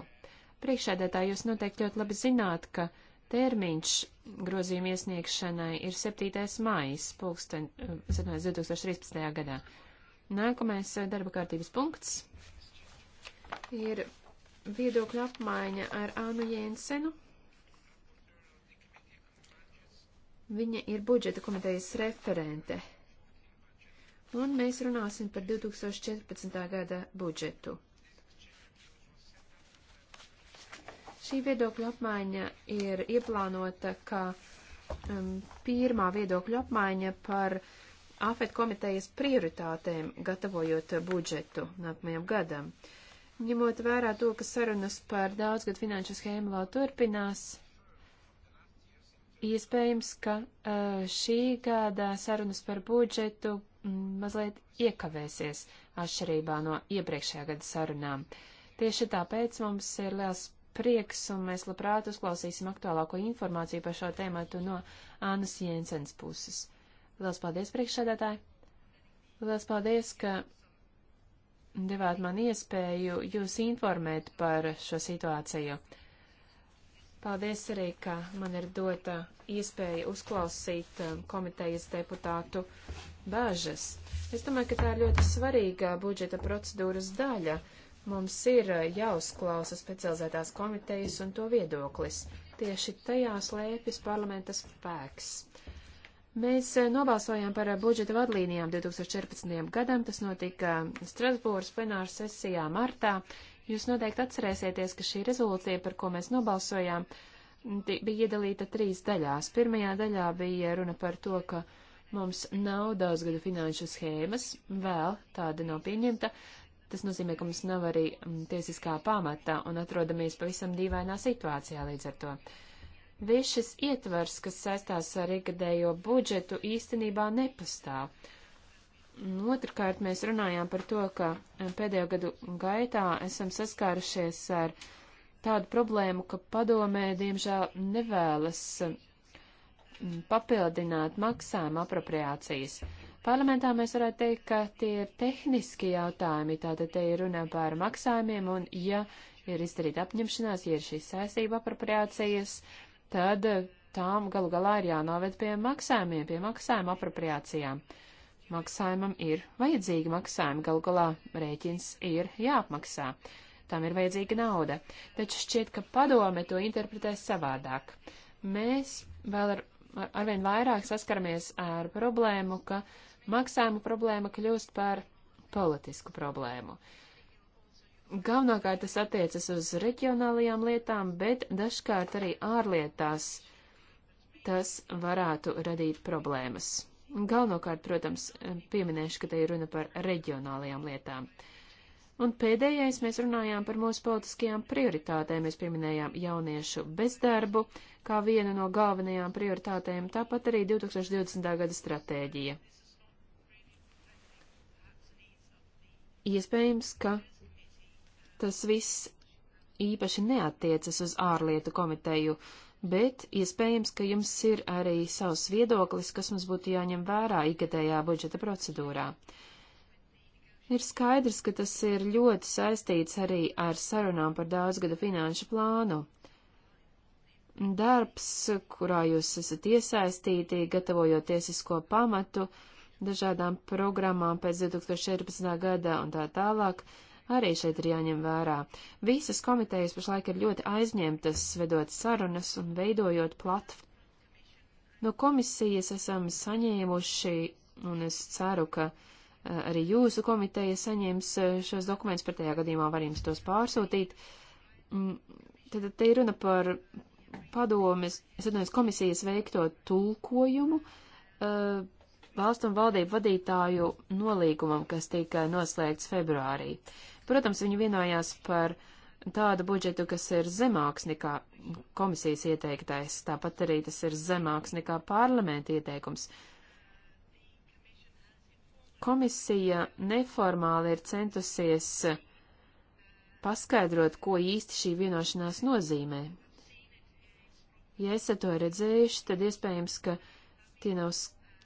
Priekšēdētāji jūs noteikti ļoti labi zināt, ka termiņš grozījuma iesniegšanai ir 7. maijas, pulksten, 2013. Eh, gadā. Nākamais eh, darba kārtības punkts ir viedokļu apmaiņa ar Ānu Jensenu. Viņa ir budžeta komitejas referente un mēs runāsim par 2014. gada budžetu. Šī viedokļa apmaiņa ir ieplānota, ka um, pirmā viedokļa apmaiņa par AFET komitejas prioritātēm, gatavojot budžetu nākamajam gadam. Ņemot vērā to, ka sarunas par daudzgad finanšu schēmu vēl turpinās, iespējams, ka uh, šī gada sarunas par budžetu Mm, mazliet iekavēsies atšķirībā no iepriekšējā gada sarunām. Tieši tāpēc mums ir liels prieks, un mēs labprāt uzklausīsim aktuālāko informāciju par šo tēmatu no Ānas Jensens puses. Liels paldies, priekšsēdētāji! Liels paldies, ka devāt man iespēju jūs informēt par šo situāciju. Paldies arī, ka man ir dota iespēja uzklausīt um, komitejas deputātu bāžas. Es domāju, ka tā ir ļoti svarīga budžeta procedūras daļa. Mums ir eh, jāuzklausa specializētās komitejas un to viedoklis. Tieši tajā slēpjas parlamenta spēks. Mēs eh, nobalsojām par eh, budžeta vadlīnijām 2014. gadam, tas notika Strasbūras plenāra sesijā martā. Jūs noteikti atcerēsieties, ka šī rezolūcija, par ko mēs nobalsojām, bija iedalīta trīs daļās. Pirmajā daļā bija runa par to, ka Mums nav daudzgadu finanšu schēmas, vēl tāda nav pieņemta. Tas nozīmē, ka mums nav arī mm, tiesiskā pamata un atrodamies pavisam dīvainā situācijā līdz ar to. Viss šis ietvers, kas saistās ar ikgadējo budžetu, īstenībā nepastāv. Otrkārt, mēs runājām par to, ka mm, pēdējo gadu gaitā esam saskārušies ar tādu problēmu, ka padomē, diemžēl, nevēlas mm, papildināt maksājuma apropriācijas. Parlamentā mēs varētu teikt, ka tie ir tehniski jautājumi, tātad te ir runā par maksājumiem, un ja ir izdarīta apņemšanās, ja ir šīs saistība apropriācijas, tad eh, tām galu galā ir jānoved pie maksājumiem, pie maksājuma apropriācijām. Maksājumam ir vajadzīgi maksājumi, galu galā rēķins ir jāapmaksā tam ir vajadzīga nauda, taču šķiet, ka padome to interpretē savādāk. Mēs vēl ar arvien vairāk saskaramies ar problēmu, ka maksājumu problēma kļūst par politisku problēmu. Galvenokārt tas attiecas uz reģionālajām lietām, bet dažkārt arī ārlietās tas varētu radīt problēmas. Galvenokārt, protams, pieminēšu, ka te ir runa par reģionālajām lietām. Uh, Un pēdējais mēs runājām par mūsu politiskajām prioritātēm. Mēs pieminējām jauniešu bezdarbu kā vienu no galvenajām prioritātēm, tāpat arī 2020. gada stratēģija. Iespējams, ka tas viss īpaši neatiecas uz ārlietu komiteju, bet iespējams, ka jums ir arī savs viedoklis, kas mums būtu jāņem vērā ikgadējā budžeta procedūrā. Uh, Ir skaidrs, ka tas ir ļoti saistīts arī ar sarunām par daudzgada finanšu plānu. Darbs, kurā jūs esat iesaistīti, gatavojot tiesisko pamatu dažādām programmām pēc 2014. gada un tā tālāk, arī šeit ir jāņem vērā. Visas komitejas pašlaik ir ļoti aizņemtas, vedot sarunas un veidojot platformu. No komisijas esam saņēmuši, un es ceru, ka uh, Eh, arī jūsu komiteja saņems eh, šos dokumentus, pretējā gadījumā var jums tos pārsūtīt. Mm, tad te ir runa par padomes, es atvainojos, komisijas veikto tulkojumu eh, valstu un valdību vadītāju nolīgumam, kas tika noslēgts februārī. Protams, viņi vienojās par tādu budžetu, kas ir zemāks nekā komisijas ieteiktais, tāpat arī tas ir zemāks nekā parlamenta ieteikums. Uh, Komisija neformāli ir centusies paskaidrot, ko īsti šī vienošanās nozīmē. Ja esat to redzējuši, tad iespējams, ka tie nav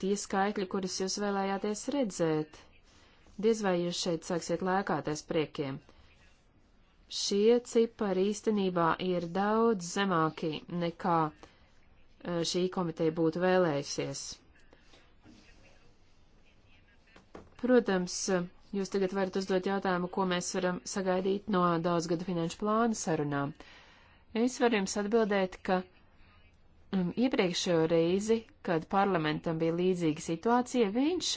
tie skaitļi, kurus jūs vēlējāties redzēt. Diez vai jūs šeit sāksiet lēkāties priekiem. Šie cipari īstenībā ir daudz zemāki nekā eh, šī komiteja būtu vēlējusies. Protams, jūs tagad varat uzdot jautājumu, ko mēs varam sagaidīt no daudzgada finanšu plāna sarunām. Es varu jums atbildēt, ka mm, iepriekšējo reizi, kad parlamentam bija līdzīga situācija, viņš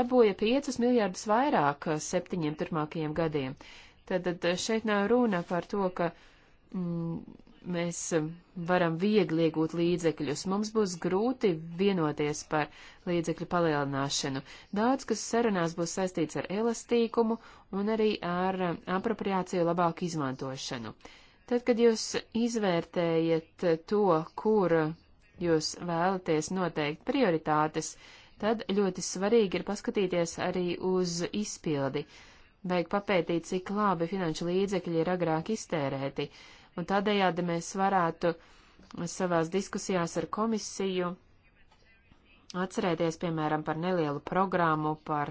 dabūja 5 miljārdus vairāk septiņiem turpmākajiem gadiem. Tad šeit nav runa par to, ka mm, mēs um, varam viegli iegūt līdzekļus. Mums būs grūti vienoties par līdzekļu palielināšanu. Daudz, kas sarunās būs saistīts ar elastīkumu un arī ar um, apropriāciju labāku izmantošanu. Tad, kad jūs izvērtējat to, kur jūs vēlaties noteikt prioritātes, tad ļoti svarīgi ir paskatīties arī uz izpildi. Vajag papētīt, cik labi finanšu līdzekļi ir agrāk iztērēti, un tādējādi mēs varētu savās diskusijās ar komisiju atcerēties, piemēram, par nelielu programmu, par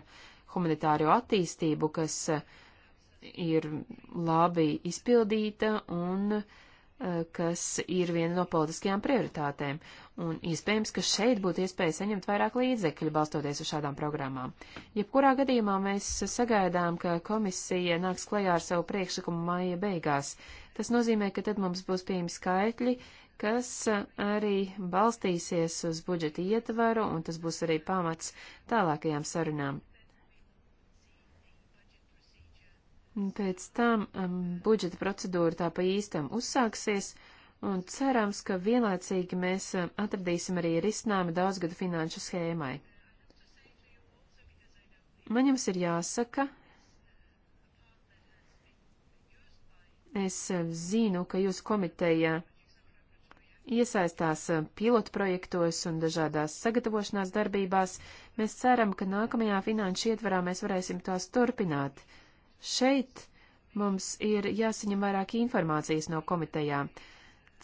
humanitāro attīstību, kas eh, ir labi izpildīta un eh, kas ir viena no politiskajām prioritātēm. Un iespējams, ka šeit būtu iespēja saņemt vairāk līdzekļu, balstoties uz šādām programmām. Jebkurā gadījumā mēs sagaidām, ka komisija nāks klajā ar savu priekšlikumu maija beigās. Uh, Tas nozīmē, ka tad mums būs pieejami skaitļi, kas eh, arī balstīsies uz budžeta ietvaru, un tas būs arī pamats tālākajām sarunām. Pēc tam um, budžeta procedūra tā pa īstam uzsāksies, un cerams, ka vienlaicīgi mēs atradīsim arī risinājumu daudzgadu finanšu schēmai. Man jums ir jāsaka, Es zinu, ka jūs komiteja iesaistās eh, pilotprojektos un dažādās sagatavošanās darbībās. Mēs ceram, ka nākamajā finanšu ietvarā mēs varēsim tās turpināt. Šeit mums ir jāsaņem vairāk informācijas no komitejām.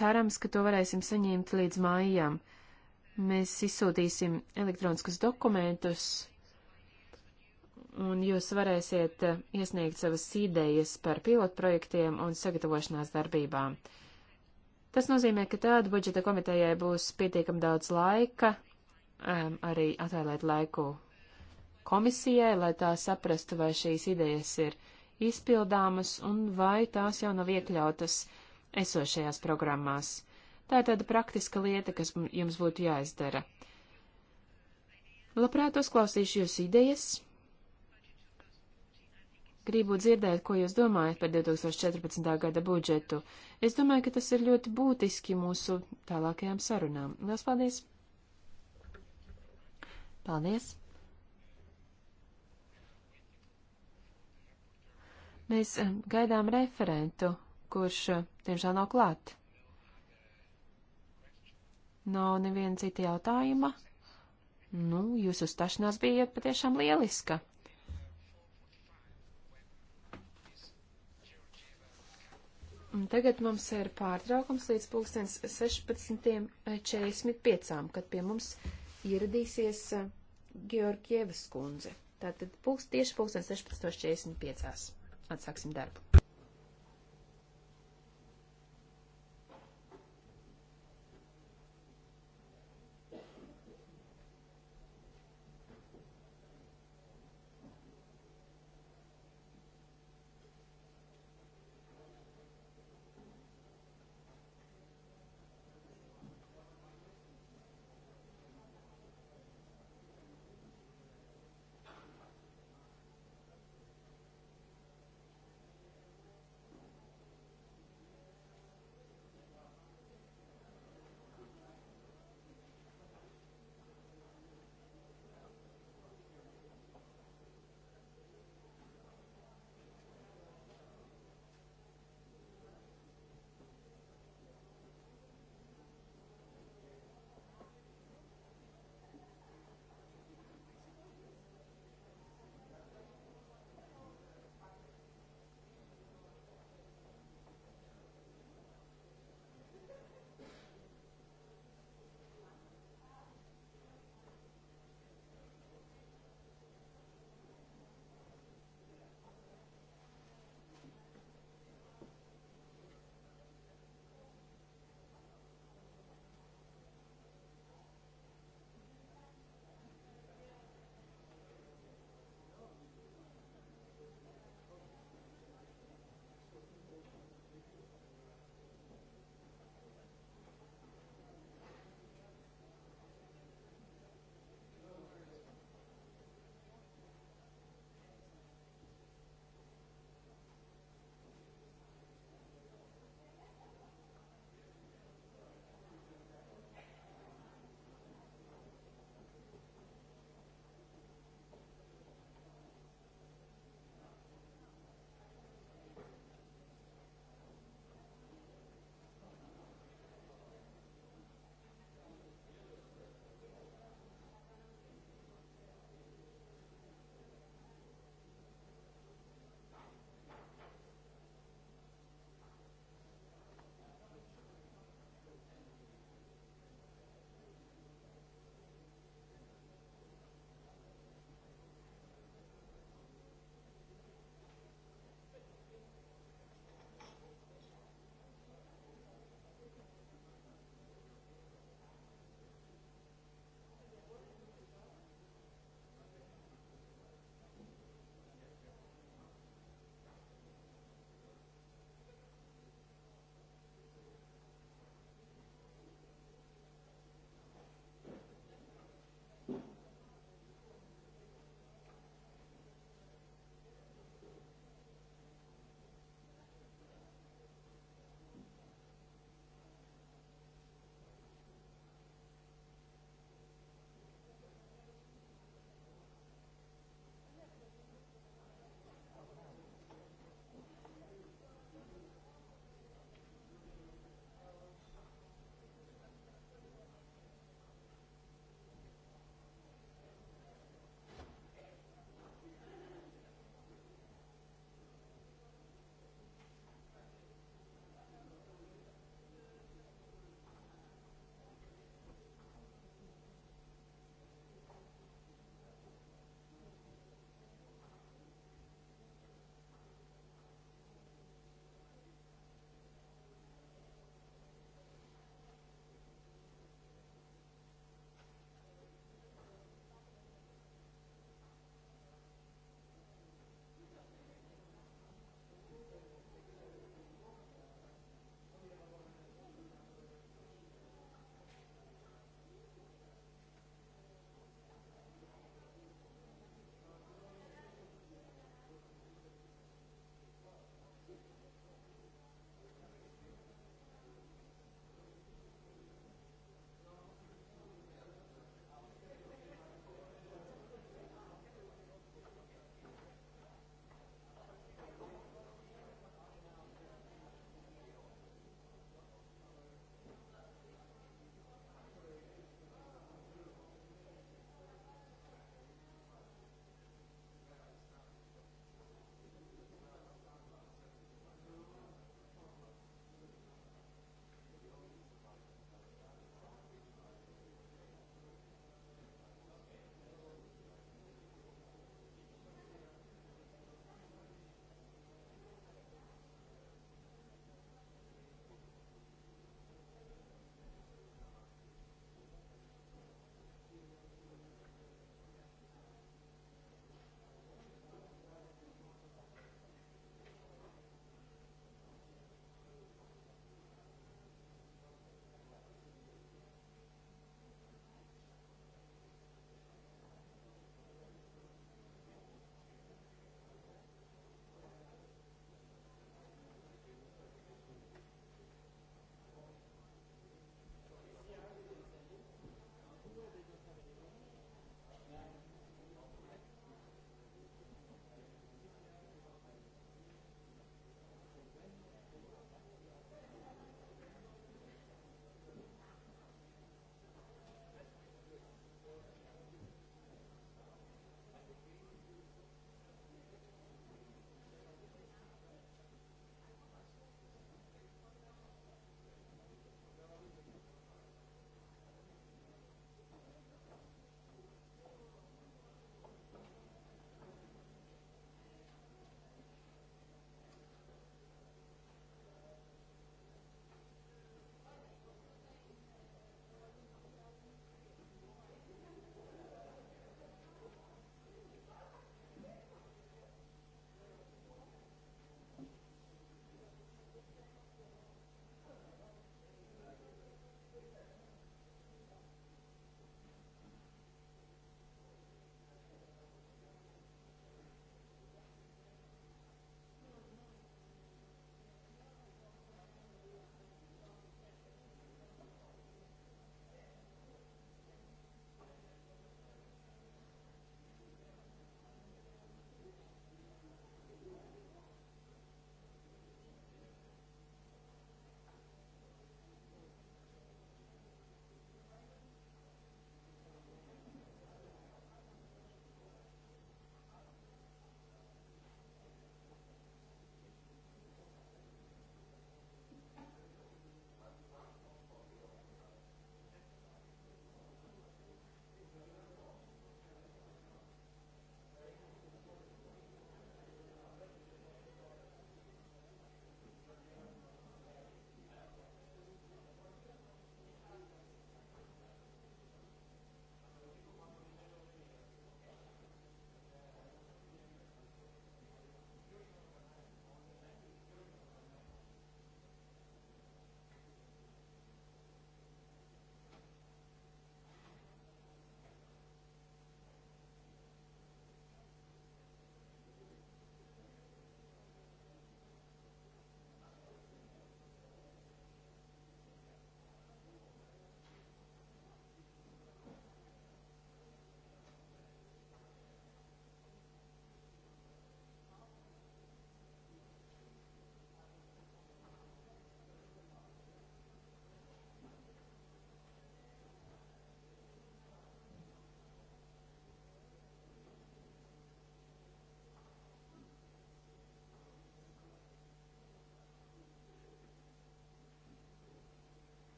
Cerams, ka to varēsim saņemt līdz mājām. Mēs izsūtīsim elektroniskus dokumentus un jūs varēsiet eh, iesniegt savas idejas par pilotprojektiem un sagatavošanās darbībām. Tas nozīmē, ka tāda budžeta komitejai būs pietiekami daudz laika, um, arī atvēlēt laiku komisijai, lai tā saprastu, vai šīs idejas ir izpildāmas un vai tās jau nav iekļautas esošajās programmās. Tā ir tāda praktiska lieta, kas jums būtu jāizdara. Labprāt uzklausīšu jūs idejas, Gribu dzirdēt, ko jūs domājat par 2014. gada budžetu. Es domāju, ka tas ir ļoti būtiski mūsu tālākajām sarunām. Lielas paldies! Paldies! Mēs eh, gaidām referentu, kurš, eh, diemžēl, nav klāt. Nav neviena cita jautājuma. Nu, jūsu stašanās bija patiešām lieliska. Un tagad mums ir pārtraukums līdz pulkstens 16.45, kad pie mums ieradīsies eh, Georgievas kundze. Tātad pulkst, tieši pulkstens 16.45. Atsāksim darbu.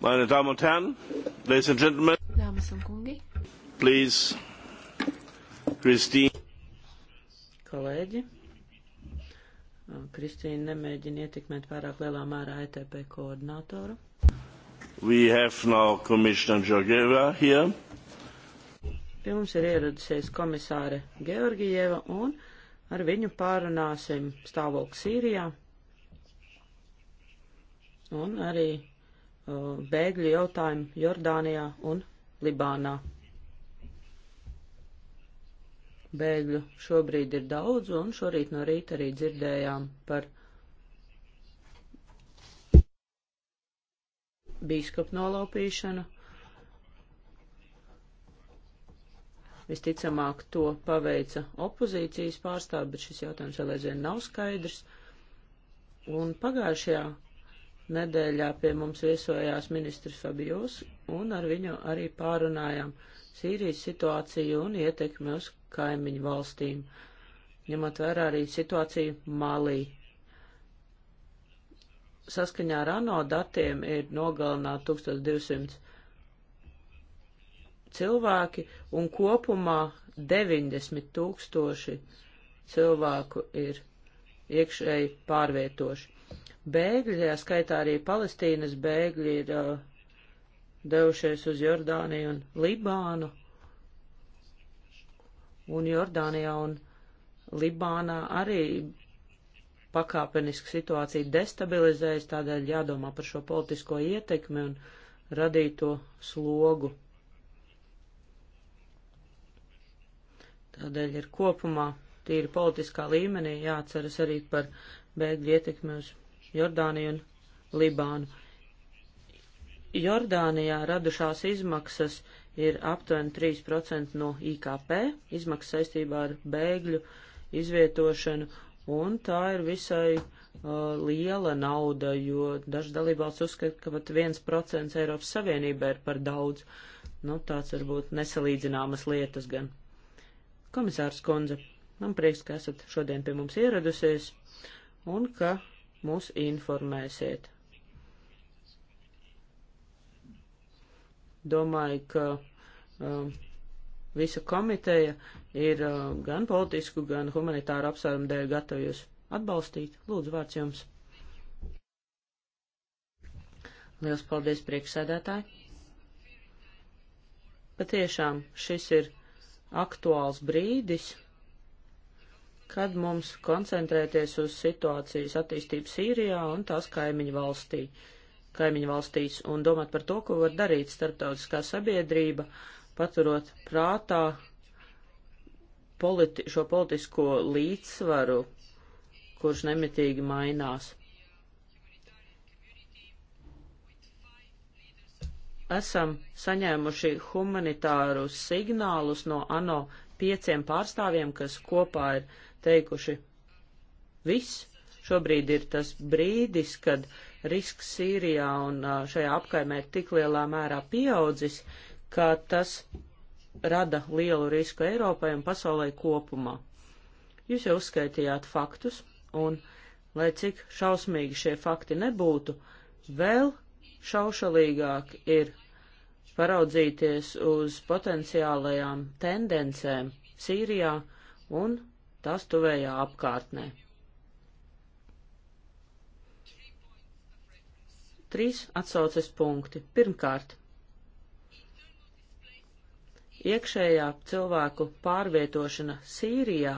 Meine Damen und Herren, Ladies and Gentlemen, Dāmas un kungi, please, Christine. Kolēģi, Kristīna nemēģina ietekmēt pārāk lielā mērā ETP koordinātoru. We have now Commissioner Georgieva here. Pie mums ir ieradusies komisāre Georgieva un ar viņu pārunāsim stāvokli Sīrijā un arī Uh, bēgļu jautājumu Jordānijā un Libānā. Bēgļu šobrīd ir daudz, un šorīt no rīta arī dzirdējām par bīskapu nolaupīšanu. Visticamāk, to paveica opozīcijas pārstāvi, bet šis jautājums vēl aizvien nav skaidrs. Un pagājušajā nedēļā pie mums viesojās ministrs Fabijos, un ar viņu arī pārunājām Sīrijas situāciju un ietekmi uz kaimiņu valstīm, ņemot vērā arī situāciju Malī. Saskaņā ar ANO datiem ir nogalināti 1200 cilvēki, un kopumā 90 tūkstoši cilvēku ir iekšēji pārvietoši. Bēgļi, tajā skaitā arī Palestīnas bēgļi, ir uh, devušies uz Jordāniju un Libānu. Un Jordānijā un Libānā arī pakāpeniski situācija destabilizējas, tādēļ jādomā par šo politisko ietekmi un radīto slogu. Tādēļ ir kopumā tīri politiskā līmenī jāatceras arī par bēgļu ietekmi uz Jordāniju un Libānu. Jordānijā radušās izmaksas ir aptuveni 3% no IKP, izmaksas saistībā ar bēgļu izvietošanu, un tā ir visai uh, liela nauda, jo daži dalībvalsts uzskata, ka pat 1% Eiropas Savienībā ir par daudz. Nu, tāds varbūt nesalīdzināmas lietas gan. Komisārs Konze, man prieks, ka esat šodien pie mums ieradusies un ka mūs informēsiet. Domāju, ka um, visa komiteja ir uh, gan politisku, gan humanitāru apsvērumu dēļ gatava jūs atbalstīt. Lūdzu, vārds jums. Liels paldies, priekšsēdētāji. Patiešām šis ir aktuāls brīdis kad mums koncentrēties uz situācijas attīstību Sīrijā un tās kaimiņu valstī, kaimiņu valstīs un domāt par to, ko var darīt starptautiskā sabiedrība, paturot prātā politi šo politisko līdzsvaru, kurš nemitīgi mainās. Esam saņēmuši humanitārus signālus no ANO pieciem pārstāvjiem, kas kopā ir uh, teikuši, viss šobrīd ir tas brīdis, kad risks Sīrijā un šajā apkaimē ir tik lielā mērā pieaudzis, ka tas rada lielu risku Eiropai un pasaulē kopumā. Jūs jau uzskaitījāt faktus, un, lai cik šausmīgi šie fakti nebūtu, vēl šaušalīgāk ir paraudzīties uz potenciālajām tendencēm Sīrijā un tās tuvējā apkārtnē. Trīs atsauces punkti. Pirmkārt, iekšējā cilvēku pārvietošana Sīrijā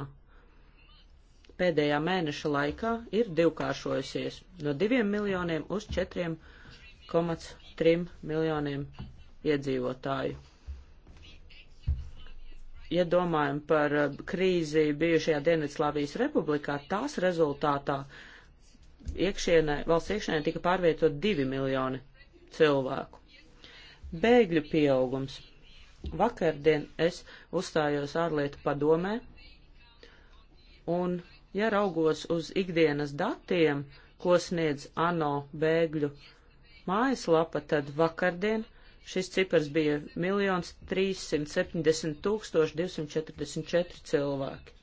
pēdējā mēneša laikā ir divkāršojusies no diviem miljoniem uz 4,3 miljoniem iedzīvotāju ja domājam par eh, krīzi bijušajā Dienvidslāvijas republikā, tās rezultātā iekšienē, valsts iekšienē tika pārvietot divi miljoni cilvēku. Bēgļu pieaugums. Vakardien es uzstājos ārlietu padomē, un, ja raugos uz ikdienas datiem, ko sniedz ANO bēgļu mājaslapa, tad vakardien Šis cipars bija 1 370 244 cilvēki.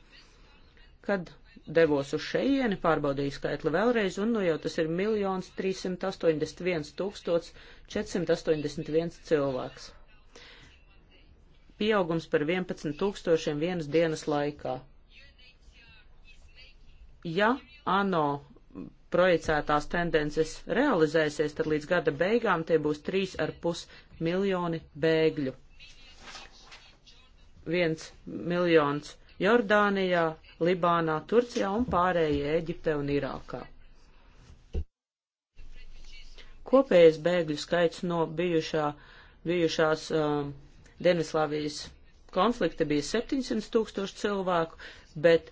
Kad devos uz šeieni, pārbaudīju skaitli vēlreiz, un nu jau tas ir 1 381 481 cilvēks. Pieaugums par 11 tūkstošiem vienas dienas laikā. Ja ANO projicētās tendences realizēsies, tad līdz gada beigām tie būs 3,5 miljoni bēgļu. 1 miljons Jordānijā, Libānā, Turcijā un pārējie Eģipte un Irākā. Kopējais bēgļu skaits no bijušā, bijušās um, Dienvidslāvijas konflikta bija 700 tūkstoši cilvēku, bet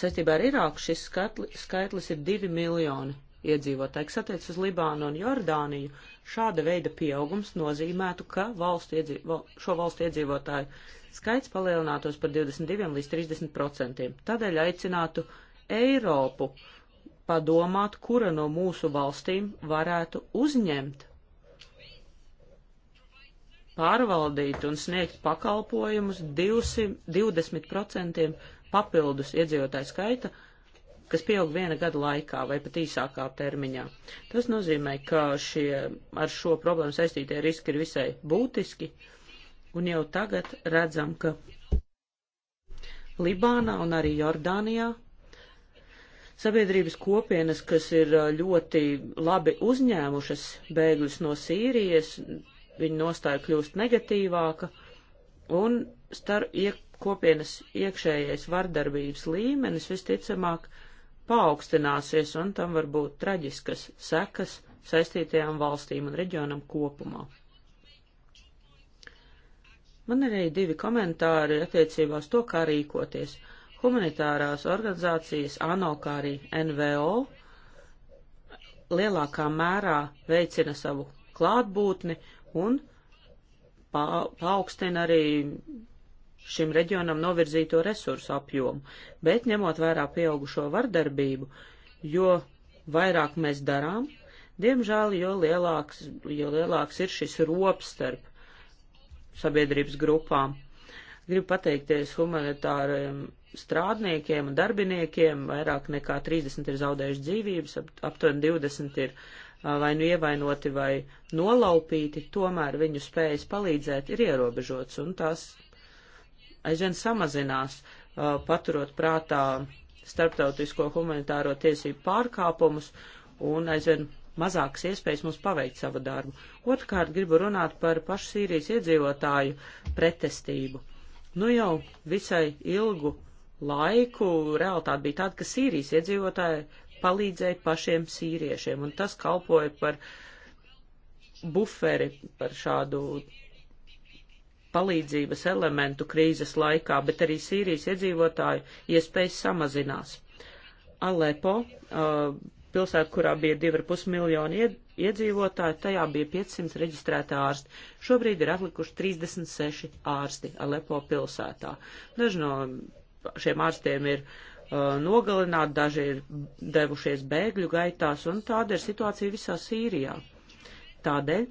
saistībā ar Irāku šis skatli, skaitlis ir 2 miljoni iedzīvotāji, kas attiec uz Libānu un Jordāniju. Šāda veida pieaugums nozīmētu, ka valstu iedzīv, val, šo valstu iedzīvotāju skaits palielinātos par 22 līdz 30 procentiem. Tādēļ aicinātu Eiropu padomāt, kura no mūsu valstīm varētu uzņemt, pārvaldīt un sniegt pakalpojumus 200, 20% papildus iedzīvotāju skaita, kas pieaug viena gada laikā vai pat īsākā termiņā. Tas nozīmē, ka šie ar šo problēmu saistītie riski ir visai būtiski, un jau tagad redzam, ka Libānā un arī Jordānijā sabiedrības kopienas, kas ir ļoti labi uzņēmušas bēgļus no Sīrijas, viņu nostāja kļūst negatīvāka, un star, iek, kopienas iekšējais vardarbības līmenis visticamāk paaugstināsies, un tam var būt traģiskas sekas saistītajām valstīm un reģionam kopumā. Man arī divi komentāri attiecībās to, kā rīkoties. Humanitārās organizācijas ANO, kā arī NVO, lielākā mērā veicina savu klātbūtni un paaugstina arī šim reģionam novirzīto resursu apjomu, bet ņemot vērā pieaugušo vardarbību, jo vairāk mēs darām, diemžēl, jo lielāks, jo lielāks ir šis rops starp sabiedrības grupām. Gribu pateikties humanitāriem strādniekiem un darbiniekiem, vairāk nekā 30 ir zaudējuši dzīvības, ap, aptuveni 20 ir vai nu ievainoti vai nolaupīti, tomēr viņu spējas palīdzēt ir ierobežots, un tās aizvien samazinās, uh, paturot prātā starptautisko humanitāro tiesību pārkāpumus un aizvien mazākas iespējas mums paveikt savu darbu. Otrkārt, gribu runāt par pašu Sīrijas iedzīvotāju pretestību. Nu jau visai ilgu laiku realitāte bija tāda, ka Sīrijas iedzīvotāji palīdzēja pašiem sīriešiem, un tas kalpoja par buferi, par šādu palīdzības elementu krīzes laikā, bet arī Sīrijas iedzīvotāju iespējas samazinās. Alepo, uh, pilsēta, kurā bija 2,5 miljoni iedzīvotāji, tajā bija 500 reģistrēta ārsti. Šobrīd ir atlikuši 36 ārsti Alepo pilsētā. Daži no šiem ārstiem ir uh, nogalināti, daži ir devušies bēgļu gaitās, un tāda ir situācija visā Sīrijā. Tādēļ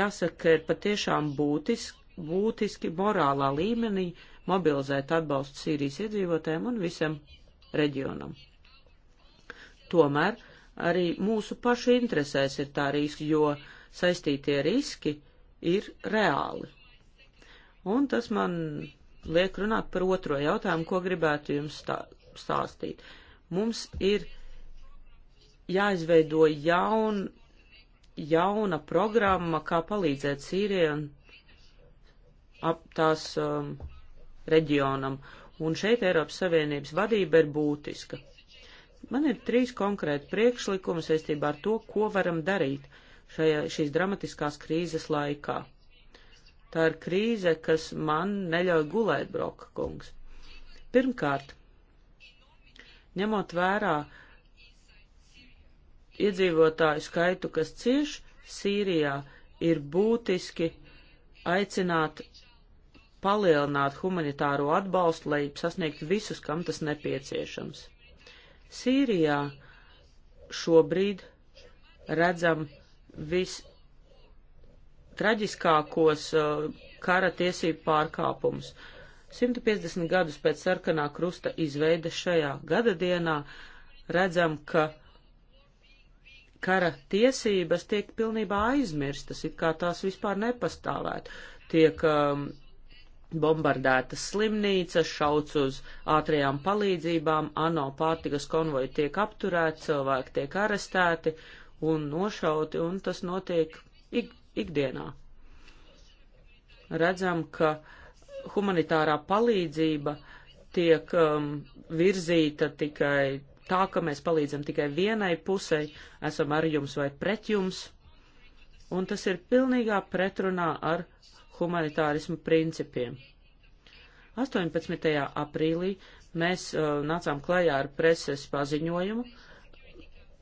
jāsaka, ka ir patiešām būtiski būtiski morālā līmenī mobilizēt atbalstu Sīrijas iedzīvotēm un visam reģionam. Tomēr arī mūsu pašu interesēs ir tā riska, jo saistītie riski ir reāli. Un tas man liek runāt par otro jautājumu, ko gribētu jums stā, stāstīt. Mums ir jāizveido jaun, jauna programma, kā palīdzēt Sīrijai un ap tās um, reģionam. Un šeit Eiropas Savienības vadība ir būtiska. Man ir trīs konkrēti priekšlikumi saistībā ar to, ko varam darīt šajā, šīs dramatiskās krīzes laikā. Tā ir krīze, kas man neļauj gulēt, Broka kungs. Pirmkārt, ņemot vērā iedzīvotāju skaitu, kas cieš Sīrijā, ir būtiski aicināt palielināt humanitāro atbalstu, lai sasniegtu visus, kam tas nepieciešams. Sīrijā šobrīd redzam vistraģiskākos uh, kara tiesību pārkāpumus. 150 gadus pēc sarkanā krusta izveida šajā gada dienā redzam, ka kara tiesības tiek pilnībā aizmirstas, it kā tās vispār nepastāvētu. Tiek um, bombardētas slimnīcas, šauc uz ātrajām palīdzībām, ANO pārtikas konvoji tiek apturēti, cilvēki tiek arestēti un nošauti, un tas notiek ik, ikdienā. Redzam, ka humanitārā palīdzība tiek um, virzīta tikai tā, ka mēs palīdzam tikai vienai pusei, esam ar jums vai pret jums, un tas ir pilnīgā pretrunā ar humanitārismu principiem. 18. aprīlī mēs uh, nācām klajā ar preses paziņojumu.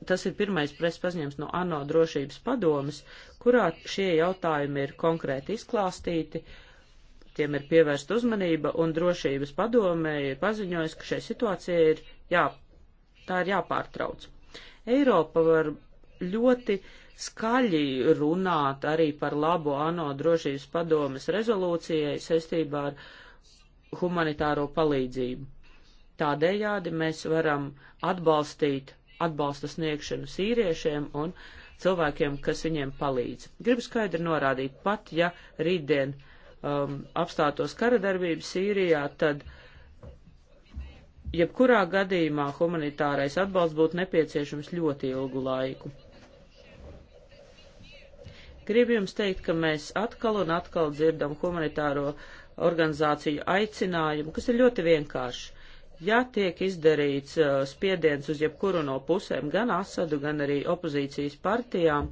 Tas ir pirmais preses paziņojums no ANO drošības padomas, kurā šie jautājumi ir konkrēti izklāstīti, tiem ir pievērsta uzmanība, un drošības padome ir paziņojusi, ka šai situācijai ir jā, tā ir jāpārtrauc. Eiropa var ļoti uh, skaļi runāt arī par labu ANO drošības padomes rezolūcijai saistībā ar humanitāro palīdzību. Tādējādi mēs varam atbalstīt atbalsta sniegšanu sīriešiem un cilvēkiem, kas viņiem palīdz. Gribu skaidri norādīt, pat ja rītdien um, apstātos karadarbība Sīrijā, tad jebkurā gadījumā humanitārais atbalsts būtu nepieciešams ļoti ilgu laiku. Gribu jums teikt, ka mēs atkal un atkal dzirdam humanitāro organizāciju aicinājumu, kas ir ļoti vienkārši. Ja tiek izdarīts uh, spiediens uz jebkuru no pusēm, gan Asadu, gan arī opozīcijas partijām,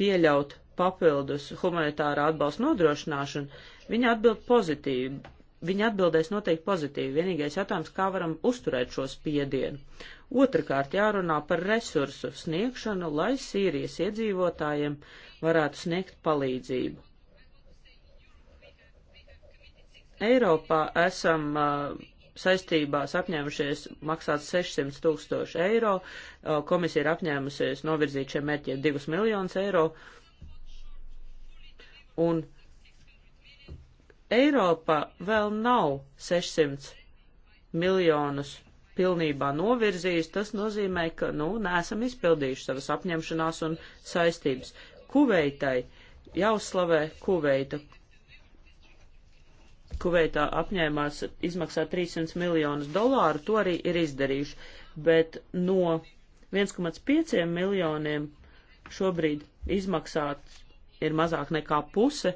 pieļaut papildus humanitārā atbalsta nodrošināšanu, viņi atbild pozitīvi. Viņi atbildēs noteikti pozitīvi. Vienīgais jautājums, kā varam uzturēt šo spiedienu. Otrakārt jārunā par resursu sniegšanu, lai Sīrijas iedzīvotājiem varētu sniegt palīdzību. Eiropā esam uh, saistībās apņēmušies maksāt 600 tūkstoši eiro, uh, komisija ir apņēmusies novirzīt šiem mērķiem 2 miljonus eiro, un Eiropa vēl nav 600 miljonus eiro pilnībā novirzījis, tas nozīmē, ka, nu, neesam izpildījuši savas apņemšanās un saistības. Kuveitai jāuzslavē Kuveita. Kuveitā apņēmās izmaksāt 300 miljonus dolāru, to arī ir izdarījuši, bet no 1,5 miljoniem šobrīd izmaksāts ir mazāk nekā puse,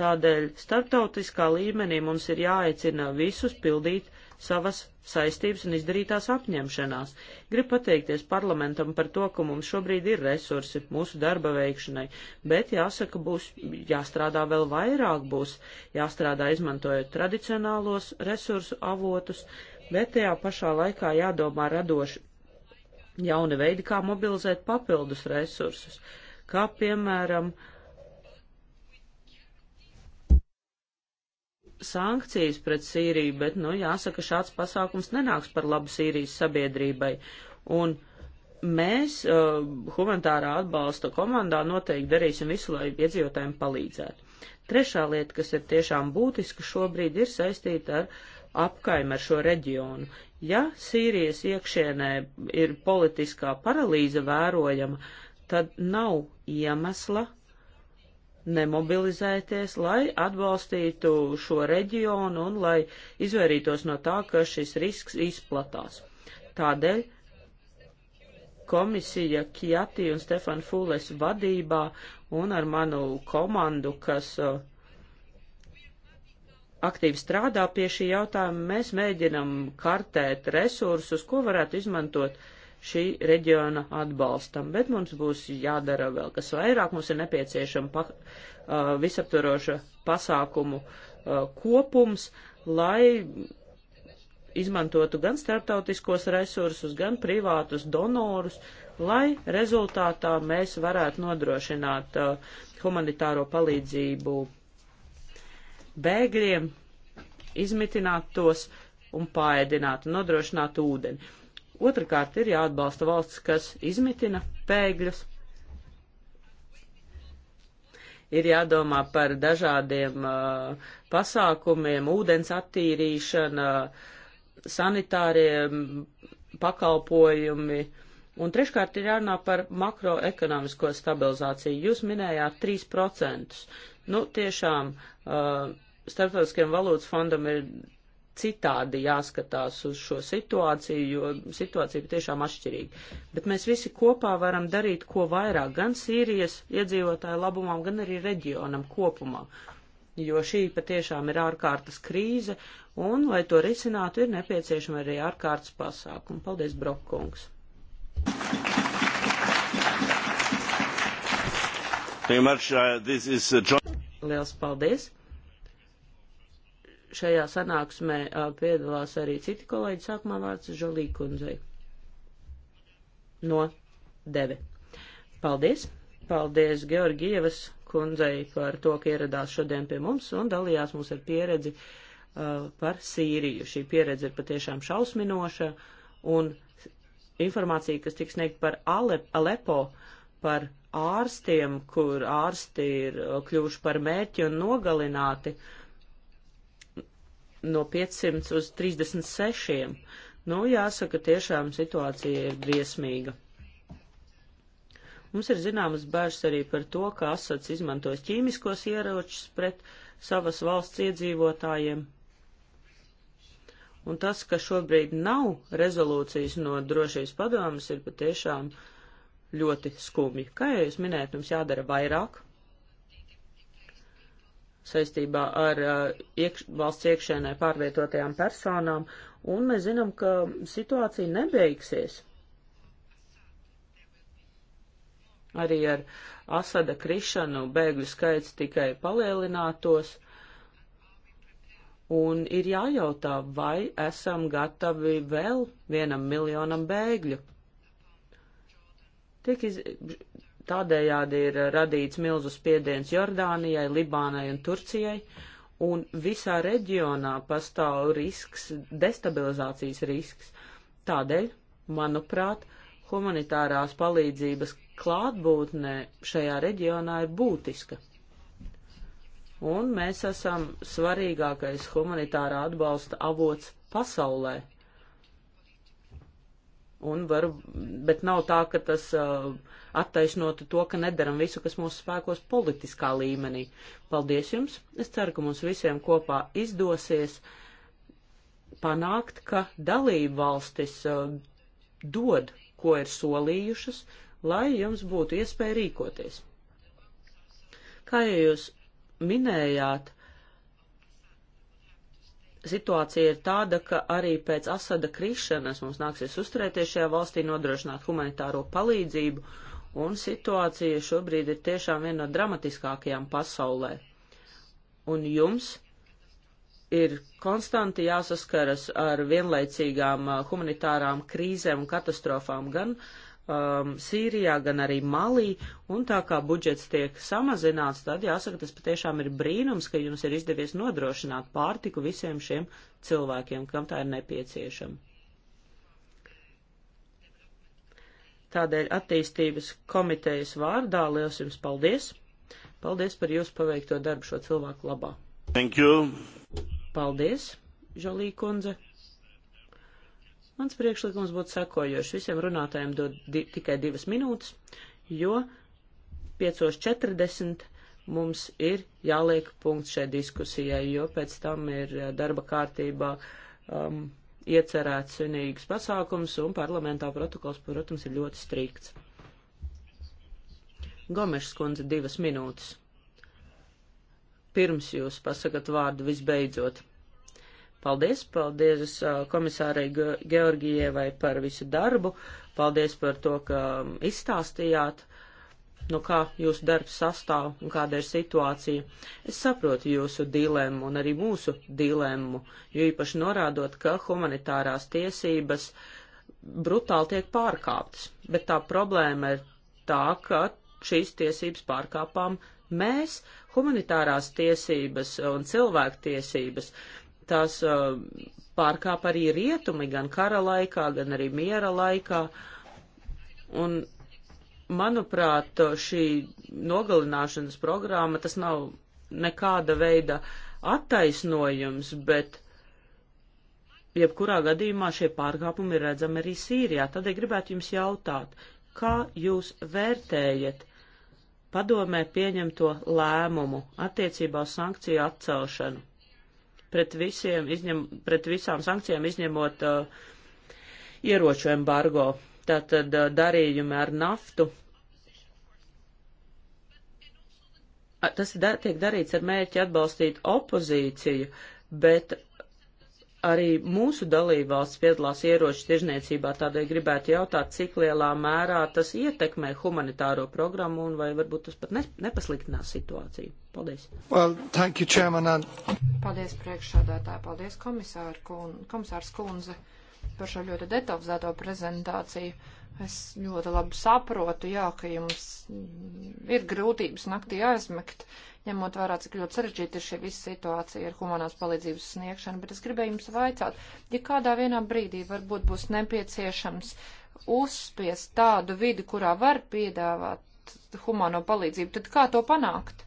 tādēļ starptautiskā līmenī mums ir jāaicina visus pildīt savas saistības un izdarītās apņemšanās. Gribu pateikties parlamentam par to, ka mums šobrīd ir resursi mūsu darba veikšanai, bet jāsaka, būs jāstrādā vēl vairāk, būs jāstrādā izmantojot tradicionālos resursu avotus, bet tajā pašā laikā jādomā radoši jauni veidi, kā mobilizēt papildus resursus, kā piemēram, uh, sankcijas pret Sīriju, bet, nu, jāsaka, šāds pasākums nenāks par labu Sīrijas sabiedrībai. Un mēs uh, humanitārā atbalsta komandā noteikti darīsim visu, lai iedzīvotājiem palīdzētu. Trešā lieta, kas ir tiešām būtiska šobrīd, ir saistīta ar apkaim ar šo reģionu. Ja Sīrijas iekšienē ir politiskā paralīze vērojama, tad nav iemesla nemobilizēties, lai atbalstītu šo reģionu un lai izvairītos no tā, ka šis risks izplatās. Tādēļ komisija Kjati un Stefan Fūles vadībā un ar manu komandu, kas uh, aktīvi strādā pie šī jautājuma, mēs mēģinam kartēt resursus, ko varētu izmantot uh, šī reģiona atbalstam, bet mums būs jādara vēl kas vairāk, mums ir nepieciešama pa, uh, visaptvaroša pasākumu uh, kopums, lai izmantotu gan starptautiskos resursus, gan privātus donorus, lai rezultātā mēs varētu nodrošināt uh, humanitāro palīdzību bēgļiem, izmitināt tos un pāēdināt un nodrošināt ūdeni. Otrakārt ir jāatbalsta valsts, kas izmitina pēgļus. Ir jādomā par dažādiem uh, pasākumiem, ūdens attīrīšana, sanitāriem pakalpojumi. Un treškārt ir jārunā par makroekonomisko stabilizāciju. Jūs minējāt 3%. Nu, tiešām uh, starptautiskajam valūtas fondam ir citādi jāskatās uz šo situāciju, jo situācija patiešām atšķirīga. Bet mēs visi kopā varam darīt ko vairāk gan Sīrijas iedzīvotāju labumam, gan arī reģionam kopumā. Jo šī patiešām ir ārkārtas krīze, un, lai to risinātu, ir nepieciešama arī ārkārtas pasākuma. Paldies, Brokkungs! Uh, uh, Liels paldies! šajā sanāksmē piedalās arī citi kolēģi. Sākumā vārds Žalī kundzei. No deve. Paldies! Paldies Georgievas kundzei par to, ka ieradās šodien pie mums un dalījās mums ar pieredzi uh, par Sīriju. Šī pieredze ir patiešām šausminoša un informācija, kas tiks sniegt par Alep, Alepo, par ārstiem, kur ārsti ir kļuvuši par mērķi un nogalināti. Uh, no 500 uz 36. Nu, jāsaka, tiešām situācija ir briesmīga. Mums ir zināmas bāžas arī par to, ka Asats izmantos ķīmiskos ieročus pret savas valsts iedzīvotājiem. Un tas, ka šobrīd nav rezolūcijas no drošības padomas, ir patiešām ļoti skumji. Kā jau jūs minējat, mums jādara vairāk, saistībā ar uh, iekš, valsts iekšēnē pārvietotajām personām, un mēs zinām, ka situācija nebeigsies. Arī ar Asada krišanu bēgļu skaits tikai palielinātos, un ir jājautā, vai esam gatavi vēl vienam miljonam bēgļu. Tiek iz, Tādējādi ir radīts milzu spiediens Jordānijai, Libānai un Turcijai, un visā reģionā pastāv risks, destabilizācijas risks. Tādēļ, manuprāt, humanitārās palīdzības klātbūtne šajā reģionā ir būtiska. Un mēs esam svarīgākais humanitārā atbalsta avots pasaulē, Un var, bet nav tā, ka tas uh, attaisnotu to, ka nedaram visu, kas mūsu spēkos politiskā līmenī. Paldies jums! Es ceru, ka mums visiem kopā izdosies panākt, ka dalību valstis uh, dod, ko ir solījušas, lai jums būtu iespēja rīkoties. Kā jau jūs minējāt, situācija ir tāda, ka arī pēc Asada krišanas mums nāksies uzturēties šajā valstī, nodrošināt humanitāro palīdzību, un situācija šobrīd ir tiešām viena no dramatiskākajām pasaulē. Un jums ir konstanti jāsaskaras ar vienlaicīgām uh, humanitārām krīzēm un katastrofām gan uh, um, Sīrijā, gan arī Malī, un tā kā budžets tiek samazināts, tad jāsaka, tas patiešām ir brīnums, ka jums ir izdevies nodrošināt pārtiku visiem šiem cilvēkiem, kam tā ir nepieciešama. Tādēļ attīstības komitejas vārdā liels jums paldies! Paldies par jūsu paveikto darbu šo cilvēku labā! Thank you! Paldies, Žalī kundze! Mans priekšlikums būtu sekojošs. Visiem runātājiem dod di tikai divas minūtes, jo 5.40 mums ir jāliek punkts šai diskusijai, jo pēc tam ir eh, darba kārtībā um, iecerēts svinīgs pasākums un parlamentā protokols, protams, ir ļoti strikts. Gomešs kundze divas minūtes. Pirms jūs pasakat vārdu visbeidzot. Paldies, paldies uh, komisārai Georgijievai par visu darbu, paldies par to, ka izstāstījāt, no nu, kā jūsu darbs sastāv un kāda ir situācija. Es saprotu jūsu dilemmu un arī mūsu dilemmu, jo īpaši norādot, ka humanitārās tiesības brutāli tiek pārkāptas, bet tā problēma ir tā, ka šīs tiesības pārkāpām mēs, humanitārās tiesības un cilvēktiesības, tās uh, pārkāpa arī rietumi gan kara laikā, gan arī miera laikā. Un, manuprāt, šī nogalināšanas programma tas nav nekāda veida attaisnojums, bet jebkurā gadījumā šie pārkāpumi ir redzami arī Sīrijā. Tādēļ gribētu jums jautāt, kā jūs vērtējat padomē pieņemto lēmumu attiecībā uz sankciju atcelšanu? pret, visiem, izņem, pret visām sankcijām izņemot uh, ieroču embargo, tātad uh, darījumi ar naftu. Tas da tiek darīts ar mērķi atbalstīt opozīciju, bet arī mūsu dalībvalsts piedalās ieroču tirzniecībā, tādēļ gribētu jautāt, cik lielā mērā tas ietekmē humanitāro programmu un vai varbūt tas pat ne, nepasliktinās situāciju. Paldies. Well, thank you, Chairman. Paldies, priekšsādātāji, paldies, komisār kun, komisārs Kunze, par šo ļoti detalizēto prezentāciju. Es ļoti labi saprotu, jā, ka jums ir grūtības naktī aizmigt, ņemot vērā, cik ļoti sarežģīta ir šī visa situācija ar humanās palīdzības sniegšanu, bet es gribēju jums vaicāt, ja kādā vienā brīdī varbūt būs nepieciešams uzspiest tādu vidi, kurā var piedāvāt humano palīdzību, tad kā to panākt?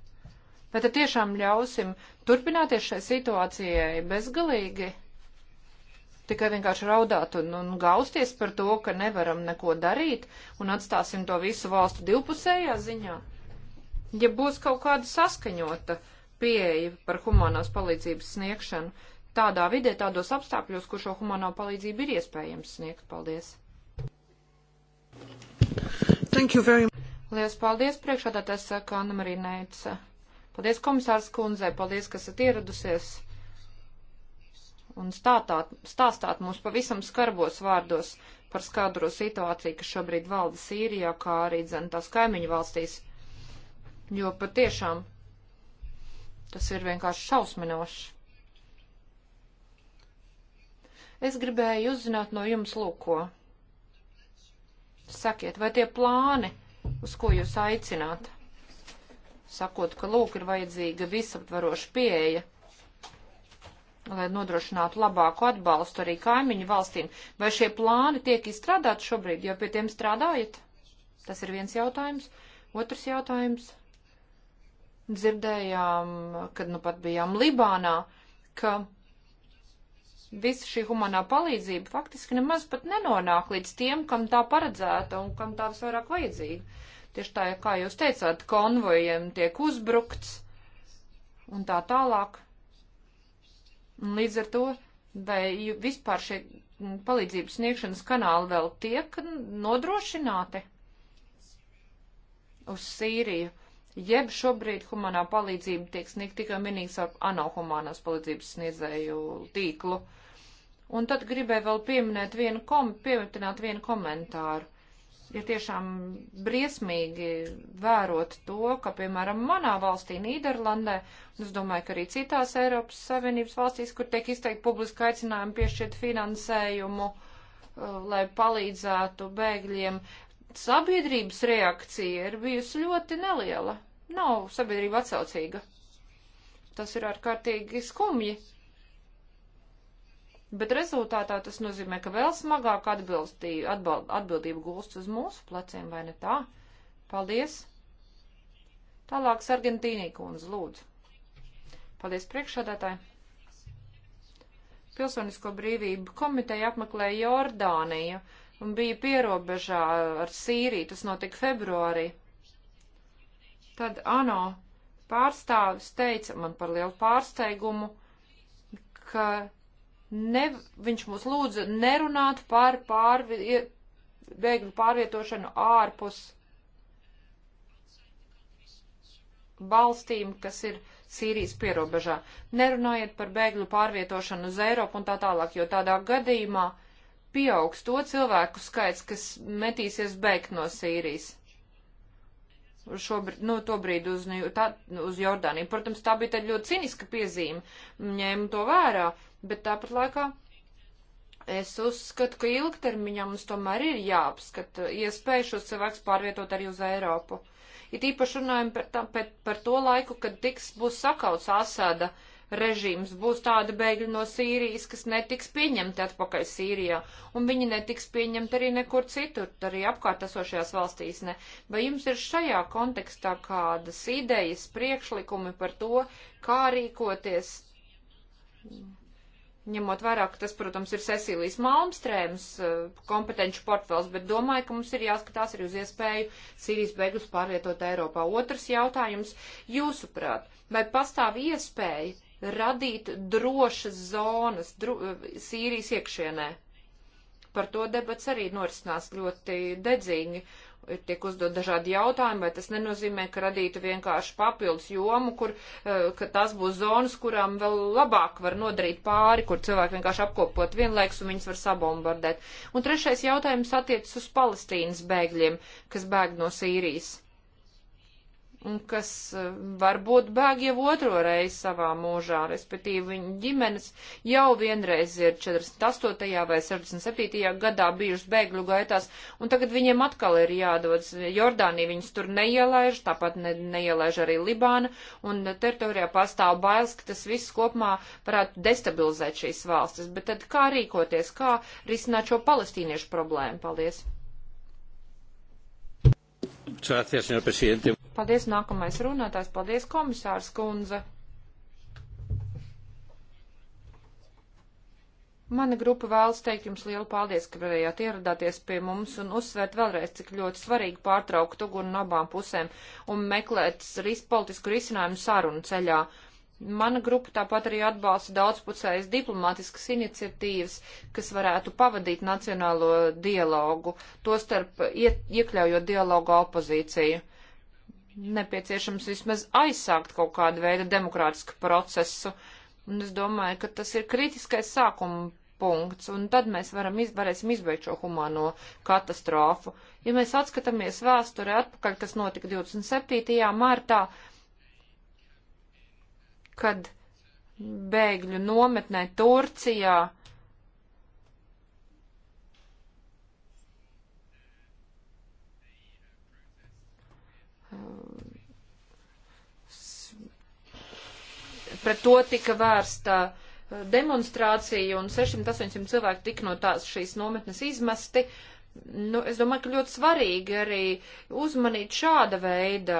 Vai tad tiešām ļausim turpināties šai situācijai bezgalīgi? tikai vienkārši raudāt un, un gausties par to, ka nevaram neko darīt un atstāsim to visu valstu divpusējā ziņā. Ja būs kaut kāda saskaņota pieeja par humanās palīdzības sniegšanu, tādā vidē, tādos apstākļos, kur šo humanā palīdzību ir iespējams sniegt. Paldies! Thank you very much. Lielas paldies priekšādātājs saka Anna Marinēca. Paldies komisārs kundzē, paldies, ka esat ieradusies un stātāt, stāstāt mums pavisam skarbos vārdos par skādro situāciju, kas šobrīd valda Sīrijā, kā arī dzen tās kaimiņu valstīs jo patiešām tas ir vienkārši šausminoši. Es gribēju uzzināt no jums lūko. Sakiet, vai tie plāni, uz ko jūs aicināt? Sakot, ka lūk ir vajadzīga visaptvaroša pieeja, lai nodrošinātu labāku atbalstu arī kaimiņu valstīm. Vai šie plāni tiek izstrādāti šobrīd, jo pie tiem strādājat? Tas ir viens jautājums. Otrs jautājums. Dzirdējām, kad nu pat bijām Libānā, ka visa šī humanā palīdzība faktiski nemaz pat nenonāk līdz tiem, kam tā paredzēta un kam tā visvairāk vajadzīga. Tieši tā, kā jūs teicāt, konvojiem tiek uzbrukts un tā tālāk. Un līdz ar to, vai vispār šie palīdzības sniegšanas kanāli vēl tiek nodrošināti uz Sīriju? jeb šobrīd humanā palīdzība tiek sniegt tikai un vienīgi ar anohumānās palīdzības sniedzēju tīklu. Un tad gribēju vēl pieminēt vienu, kom, pieminēt vienu komentāru. Ir tiešām briesmīgi vērot to, ka, piemēram, manā valstī, Nīderlandē, un es domāju, ka arī citās Eiropas Savienības valstīs, kur tiek izteikti publiski aicinājumi piešķirt finansējumu, uh, lai palīdzētu bēgļiem, sabiedrības reakcija ir bijusi ļoti neliela. Nav sabiedrība atsaucīga. Tas ir ārkārtīgi skumji. Bet rezultātā tas nozīmē, ka vēl smagāk atbald, atbildība gulst uz mūsu pleciem, vai ne tā? Paldies! Tālāk Sargentīnī kundze lūdzu. Paldies priekšādātāji! Pilsonisko brīvību komiteja apmeklēja Jordāniju un bija pierobežā ar Sīriju, tas notika februārī. Tad ANO pārstāvis teica man par lielu pārsteigumu, ka ne, viņš mūs lūdza nerunāt par pārvi, bēgļu pārvietošanu ārpus valstīm, kas ir Sīrijas pierobežā. Nerunājiet par bēgļu pārvietošanu uz Eiropu un tā tālāk, jo tādā gadījumā uh, pieaugs to cilvēku skaits, kas metīsies bēgt no Sīrijas. Šobrīd, nu, to brīdi uz, tā, uz Jordāniju. Protams, tā bija tad ļoti ciniska piezīme, ņēma to vērā, bet tāpat laikā es uzskatu, ka ilgtermiņā mums tomēr ir jāapskata iespēja šos cilvēkus pārvietot arī uz Eiropu. It īpaši runājam par, tā, par, par to laiku, kad tiks būs sakauts Asada uh, režīms. Būs tādi bēgļi no Sīrijas, kas netiks pieņemti atpakaļ Sīrijā, un viņi netiks pieņemti arī nekur citur, arī apkārt esošajās valstīs. Ne. Vai jums ir šajā kontekstā kādas idejas, priekšlikumi par to, kā rīkoties? ņemot vērā, ka tas, protams, ir Cecīlijas Malmstrēmas eh, kompetenci portfels, bet domāju, ka mums ir jāskatās arī uz iespēju Sīrijas beigus pārvietot Eiropā. Otrs jautājums, jūsuprāt, vai pastāv iespēja radīt drošas zonas dro, Sīrijas iekšienē. Par to debats arī norisinās ļoti dedzīgi. Tiek uzdot dažādi jautājumi, vai tas nenozīmē, ka radītu vienkārši papildus jomu, kur, eh, ka tās būs zonas, kurām vēl labāk var nodarīt pāri, kur cilvēki vienkārši apkopot vienlaiks un viņas var sabombardēt. Un trešais jautājums attiecas uz Palestīnas bēgļiem, kas bēg no Sīrijas un kas eh, varbūt bēg jau otro reizi savā mūžā, respektīvi viņa ģimenes jau vienreiz ir 48. vai 67. gadā bijušas bēgļu gaitās, un tagad viņiem atkal ir jādodas. Jordānija viņus tur neielaiž, tāpat ne, neielaiž arī Libāna, un teritorijā pastāv bailes, ka tas viss kopumā varētu destabilizēt šīs valstis. Bet tad kā rīkoties, kā risināt šo palestīniešu problēmu? Paldies! Paldies, nākamais runātājs. Paldies, komisārs Kunze. Mana grupa vēlas teikt jums lielu paldies, ka varējāt ieradāties pie mums un uzsvērt vēlreiz, cik ļoti svarīgi pārtraukt uguni no abām pusēm un meklēt ris politisku risinājumu sarunu ceļā. Uh, Mana grupa tāpat arī atbalsta daudzpusējas diplomātiskas iniciatīvas, kas varētu pavadīt nacionālo dialogu, tostarp iekļaujot dialogu opozīciju. Nepieciešams vismaz aizsākt kaut kādu veidu demokrātisku procesu, un es domāju, ka tas ir kritiskais sākuma punkts, un tad mēs varam iz, varēsim izbeigt šo humāno katastrofu. Ja mēs atskatāmies vēsturē atpakaļ, kas notika 27. martā, kad bēgļu nometnē Turcijā pret to tika vērsta demonstrācija un 600-800 cilvēki tika no tās šīs nometnes izmesti. Uh, Nu, es domāju, ka ļoti svarīgi arī uzmanīt šāda veida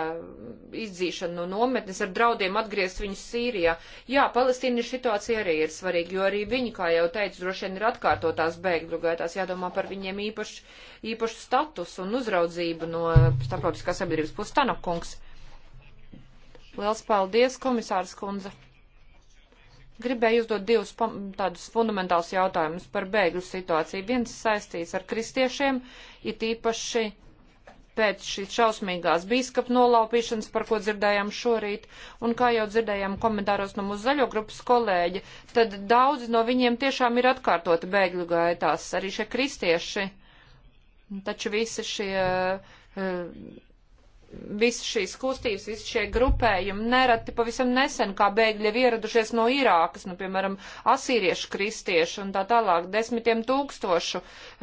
izdzīšanu no nometnes ar draudiem atgriezt viņus Sīrijā. Jā, palestīniešu situācija arī ir svarīga, jo arī viņi, kā jau teicu, droši vien ir atkārtotās bēgļu gaitās, jādomā par viņiem īpašu, īpašu statusu un uzraudzību no starptautiskās sabiedrības puses. Tanakungs. Liels paldies, komisārs Kunze. Gribēju uzdot divus tādus fundamentālus jautājumus par bēgļu situāciju. Viens saistīts ar kristiešiem, it īpaši pēc šīs šausmīgās bīskapa nolaupīšanas, par ko dzirdējām šorīt, un kā jau dzirdējām komentāros no mūsu zaļo grupas kolēģi, tad daudzi no viņiem tiešām ir atkārtoti bēgļu gaitās, arī šie kristieši. Taču visi šie uh, visas šīs kustības, visi šie grupējumi nereti pavisam nesen kā bēgļi ir ieradušies no Irākas, nu, piemēram, asīriešu kristieši un tā tālāk, desmitiem tūkstošu uh,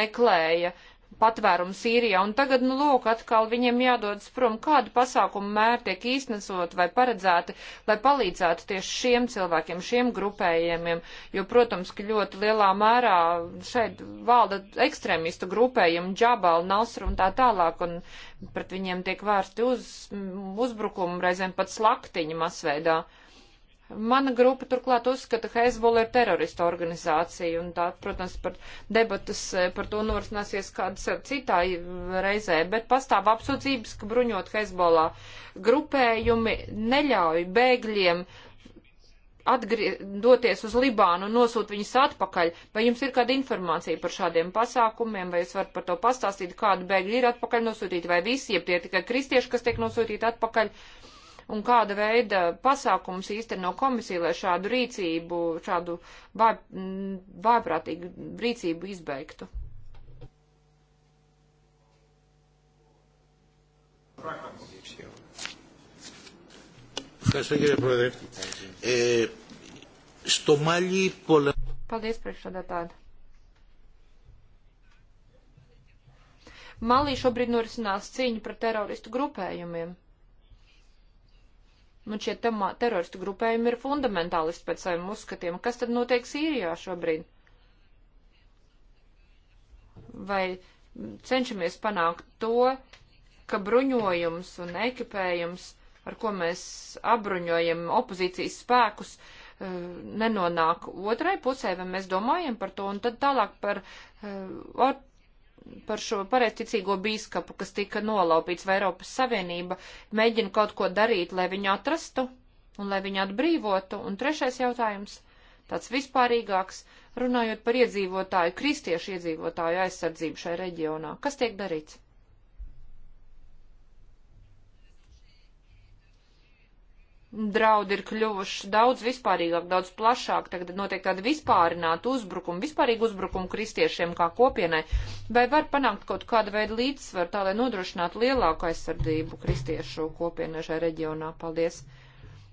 meklēja patvērumu Sīrijā, un tagad, nu, lūk, atkal viņiem jādodas prom, kādu pasākumu mēr tiek īstensot vai paredzēti, lai palīdzētu tieši šiem cilvēkiem, šiem grupējumiem, jo, protams, ka ļoti lielā mērā šeit valda ekstrēmistu grupējumi, džabal, nasru un tā tālāk, un pret viņiem tiek vērsti uz, uzbrukumi, reizēm pat slaktiņa masveidā. Uh, Mana grupa turklāt uzskata, ka Hezbollah ir terorista organizācija, un tā, protams, par debatas eh, par to norisināsies kādas citā reizē, bet pastāv apsūdzības, ka bruņot Hezbollah grupējumi neļauj bēgļiem atgrie, doties uz Libānu un nosūt viņus atpakaļ. Vai jums ir kāda informācija par šādiem pasākumiem, vai jūs varat par to pastāstīt, kādi bēgļi ir atpakaļ nosūtīti, vai visi, ja tie ir tikai kristieši, kas tiek nosūtīti atpakaļ? Uh, un kāda veida pasākums īsteno komisija, lai šādu rīcību, šādu vājprātīgu rīcību izbeigtu? Paldies, priekšsādātāji. Malī šobrīd norisinās cīņa pret teroristu grupējumiem. Nu, šie teroristu grupējumi ir fundamentālisti pēc saviem uzskatiem. Kas tad notiek Sīrijā šobrīd? Vai cenšamies panākt to, ka bruņojums un ekipējums, ar ko mēs apbruņojam opozīcijas spēkus, eh, nenonāk otrai pusē, vai mēs domājam par to, un tad tālāk par uh, par šo pareizticīgo bīskapu, kas tika nolaupīts, vai Eiropas Savienība mēģina kaut ko darīt, lai viņu atrastu un lai viņu atbrīvotu. Un trešais jautājums, tāds vispārīgāks, runājot par iedzīvotāju, kristiešu iedzīvotāju aizsardzību šajā reģionā. Kas tiek darīts? draudi ir kļuvuši daudz vispārīgāk, daudz plašāk, tagad notiek tāda vispārināta uzbrukuma, vispārīga uzbrukuma kristiešiem kā kopienai, vai var panākt kaut kādu veidu līdzsvaru tā, lai nodrošinātu lielāku aizsardzību kristiešu kopienai šajā reģionā. Paldies!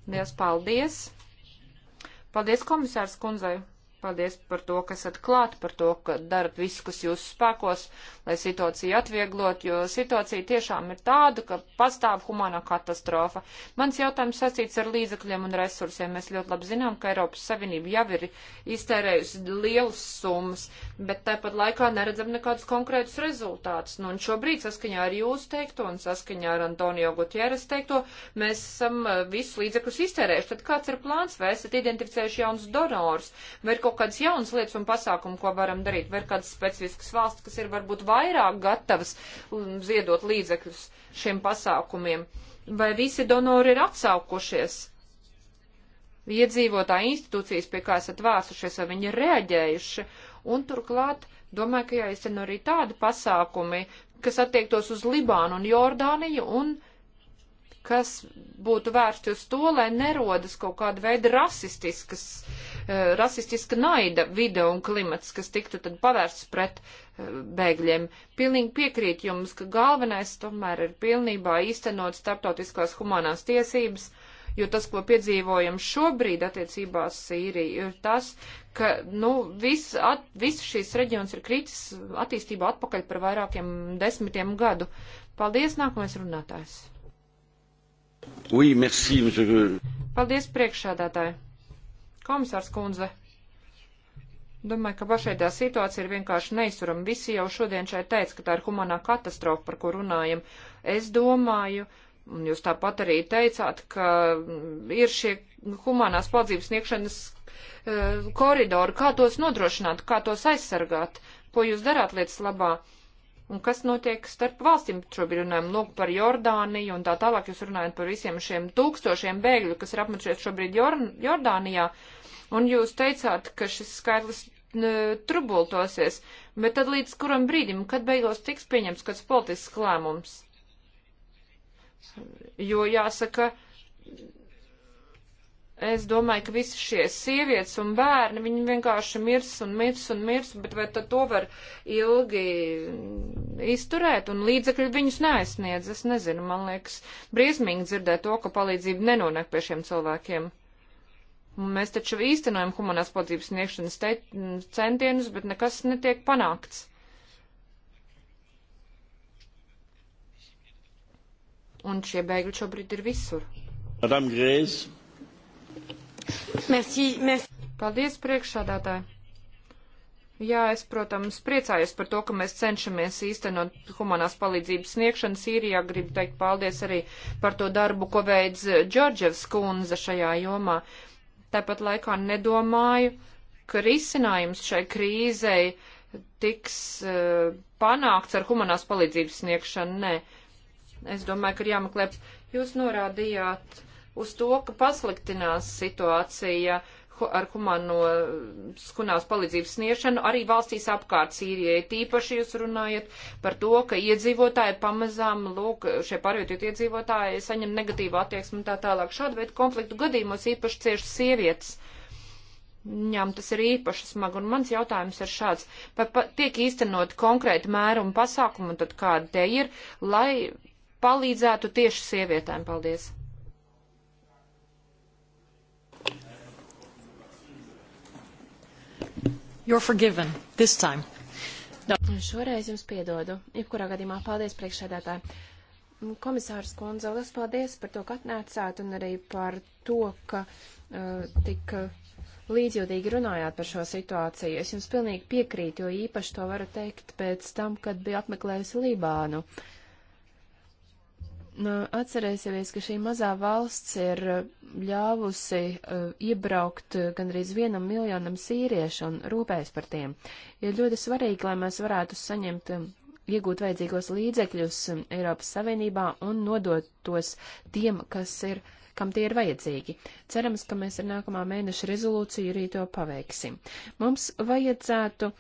Liels paldies! Paldies komisārs kundzei! Paldies par to, kas atklāt, par to, ka darat visu, kas jūsu spēkos, lai situāciju atvieglot, jo situācija tiešām ir tāda, ka pastāv humānā katastrofa. Mans jautājums sacīts ar līdzekļiem un resursiem. Mēs ļoti labi zinām, ka Eiropas Savienība jau ir iztērējusi lielas summas, bet tāpat laikā neredzam nekādus konkrētus rezultātus. Nu, un šobrīd, saskaņā ar jūsu teikto un saskaņā ar Antonio Gutieres teikto, mēs esam eh, visus līdzekļus iztērējuši. Tad kāds ir plāns? Vai esat identificējuši jaunus donorus? Vai ir kaut kaut kādas jaunas lietas un pasākumu, ko varam darīt, vai ir kādas specifiskas valsts, kas ir varbūt vairāk gatavas um, ziedot līdzekļus šiem pasākumiem, vai visi donori ir atsaukušies, iedzīvotāji institūcijas, pie kā esat vērsušies, vai viņi ir reaģējuši, un turklāt domāju, ka jāizcen arī tādi pasākumi, kas attiektos uz Libānu un Jordāniju un Jordāniju kas būtu vērsti uz to, lai nerodas kaut kāda veida rasistiskas, eh, rasistiska naida video un klimats, kas tiktu tad pavērsts pret eh, bēgļiem. Pilnīgi piekrīt jums, ka galvenais tomēr ir pilnībā īstenot starptautiskās humanās tiesības, jo tas, ko piedzīvojam šobrīd attiecībā ar Sīriju, ir tas, ka, nu, viss at, vis šīs reģions ir kritis attīstībā atpakaļ par vairākiem desmitiem gadu. Paldies, nākamais runātājs. Oui, merci, monsieur. Paldies, priekšsādātāji. Komisārs Kunze. Domāju, ka pašreizējā situācija ir vienkārši neizturama. Visi jau šodien šeit teica, ka tā ir humanā katastrofa, par ko runājam. Es domāju, un jūs tāpat arī teicāt, ka ir šie humanās palīdzības sniegšanas eh, koridori. Kā tos nodrošināt, kā tos aizsargāt? Ko jūs darāt lietas labā? Un kas notiek starp valstīm? Šobrīd runājam lūk par Jordāniju un tā tālāk. Jūs runājat par visiem šiem tūkstošiem bēgļu, kas ir apmetušies šobrīd Jor Jordānijā. Un jūs teicāt, ka šis skaitlis trubultosies. Bet tad līdz kuram brīdim, kad beigās tiks pieņemts kāds politisks lēmums? Jo jāsaka, Es domāju, ka visi šie sievietes un bērni, viņi vienkārši mirs un mirs un mirs, bet vai tad to var ilgi izturēt un līdzekļi viņus neaizsniedz? Es nezinu, man liekas, briesmīgi dzirdēt to, ka palīdzība nenonāk pie šiem cilvēkiem. Mēs taču īstenojam humanās palīdzības sniegšanas centienus, bet nekas netiek panākts. Un šie bēgļi šobrīd ir visur. Madame Grēze. Merci, merci. Paldies, priekšsādātāji. Jā, es, protams, priecājos par to, ka mēs cenšamies īstenot humanās palīdzības sniegšanu Sīrijā. Gribu teikt paldies arī par to darbu, ko veids Džordževs kundze šajā jomā. Tāpat laikā nedomāju, ka risinājums šai krīzei tiks uh, panākts ar humanās palīdzības sniegšanu. Nē, es domāju, ka ir jāmeklē. Jūs norādījāt uz to, ka pasliktinās situācija ar humano skunās palīdzības sniešanu arī valstīs apkārt Sīrijai. Tīpaši jūs runājat par to, ka iedzīvotāji pamazām, lūk, šie pārvietotie iedzīvotāji saņem negatīvu attieksmi un tā tālāk. Šāda veida konfliktu gadījumos īpaši cieši sievietes. Viņām tas ir īpaši smagi, un mans jautājums ir šāds. Pa, pa, tiek īstenot konkrēti mēru un pasākumu, un tad kādi tie ir, lai palīdzētu tieši sievietēm? Paldies! You're forgiven this time. No. Nu, šoreiz jums piedodu. Jebkurā gadījumā paldies priekšsēdētāji. Komisārs Kundze, liels paldies par to, ka atnācāt un arī par to, ka uh, tik uh, līdzjūtīgi runājāt par šo situāciju. Es jums pilnīgi piekrītu, jo īpaši to varu teikt pēc tam, kad biju apmeklējusi Lībānu. Uh, Nu, atcerēsimies, ka šī mazā valsts ir uh, ļāvusi uh, iebraukt uh, gandrīz vienam miljonam sīriešu un rūpējas par tiem. Ir ļoti svarīgi, lai mēs varētu saņemt, um, iegūt vajadzīgos līdzekļus um, Eiropas Savienībā un nodot tos tiem, kas ir, kam tie ir vajadzīgi. Cerams, ka mēs ar nākamā mēneša rezolūciju arī to paveiksim. Mums vajadzētu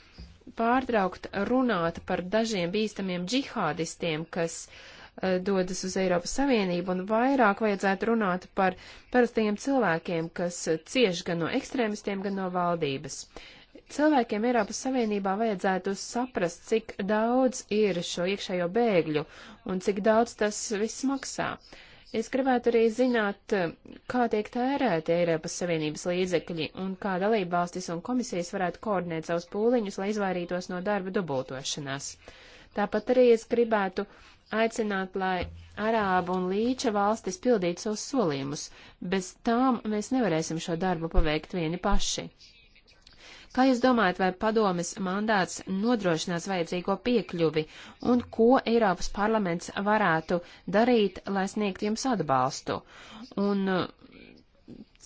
pārtraukt runāt par dažiem bīstamiem džihādistiem, kas uh, Eh, dodas uz Eiropas Savienību, un vairāk vajadzētu runāt par parastajiem cilvēkiem, kas cieš gan no ekstrēmistiem, gan no valdības. Cilvēkiem Eiropas Savienībā vajadzētu saprast, cik daudz ir šo iekšējo bēgļu un cik daudz tas viss maksā. Es gribētu arī zināt, eh, kā tiek tērēti Eiropas Savienības līdzekļi un kā dalībvalstis un komisijas varētu koordinēt savus pūliņus, lai izvairītos no darba dubultošanās. Tāpat arī es gribētu uh, aicināt, lai Arābu un Līča valstis pildītu savus solījumus. Bez tām mēs nevarēsim šo darbu paveikt vieni paši. Kā jūs domājat, vai padomis mandāts nodrošinās vajadzīgo piekļuvi un ko Eiropas parlaments varētu darīt, lai sniegtu jums atbalstu? Un uh,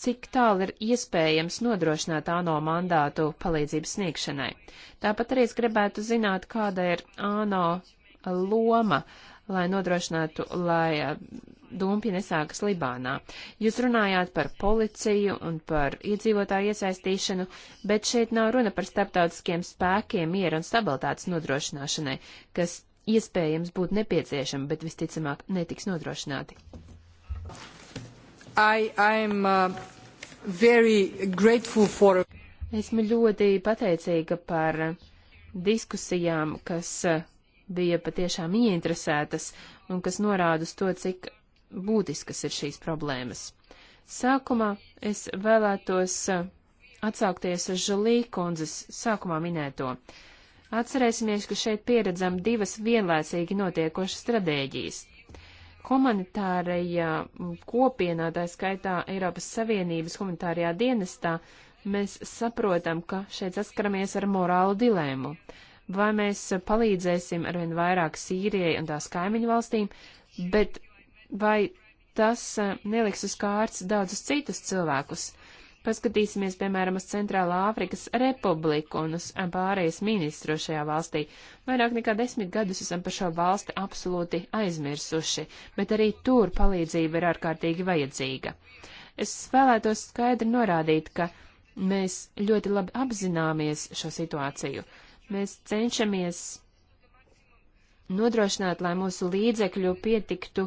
cik tālu ir iespējams nodrošināt ANO mandātu palīdzības sniegšanai? Tāpat arī es gribētu zināt, kāda ir ANO loma uh, lai nodrošinātu, lai eh, dumpi nesākas Libānā. Jūs runājāt par policiju un par iedzīvotāju iesaistīšanu, bet šeit nav runa par starptautiskiem spēkiem miera un stabilitātes nodrošināšanai, kas iespējams būtu nepieciešami, bet visticamāk netiks nodrošināti. I, I'm, uh, very grateful for. Esmu ļoti pateicīga par diskusijām, kas bija patiešām ieinteresētas un kas norāda uz to, cik būtiskas ir šīs problēmas. Sākumā es vēlētos uh, atsaukties uz Žalī kundzes sākumā minēto. Atcerēsimies, ka šeit pieredzam divas vienlaicīgi notiekošas stratēģijas humanitārajā mm, kopienā, tā skaitā Eiropas Savienības humanitārajā dienestā, mēs saprotam, ka šeit saskaramies ar morālu dilēmu vai mēs palīdzēsim arvien vairāk Sīrijai un tās kaimiņu valstīm, bet vai tas eh, neliks uz kārts daudzus citus cilvēkus. Paskatīsimies, piemēram, uz Centrālā Āfrikas Republiku un uz pārējais ministru šajā valstī. Vairāk nekā desmit gadus esam par šo valsti absolūti aizmirsuši, bet arī tur palīdzība ir ārkārtīgi vajadzīga. Es vēlētos skaidri norādīt, ka mēs ļoti labi apzināmies šo situāciju. Mēs cenšamies nodrošināt, lai mūsu līdzekļu pietiktu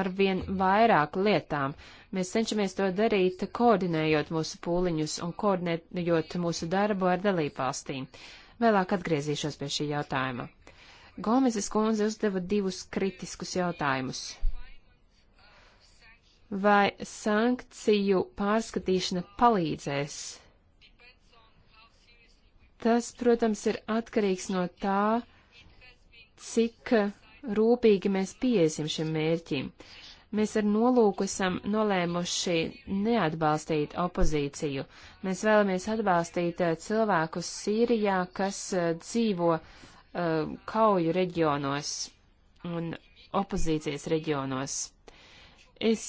ar vien vairāk lietām. Mēs cenšamies to darīt, koordinējot mūsu pūliņus un koordinējot mūsu darbu ar dalībvalstīm. Vēlāk atgriezīšos pie šī jautājuma. Gomezes kundze uzdeva divus kritiskus jautājumus. Vai sankciju pārskatīšana palīdzēs Tas, protams, ir atkarīgs no tā, cik rūpīgi mēs piesim šim mērķim. Mēs ar nolūku esam nolēmuši neatbalstīt opozīciju. Mēs vēlamies atbalstīt eh, cilvēkus Sīrijā, kas eh, dzīvo uh, kauju reģionos un opozīcijas reģionos. Es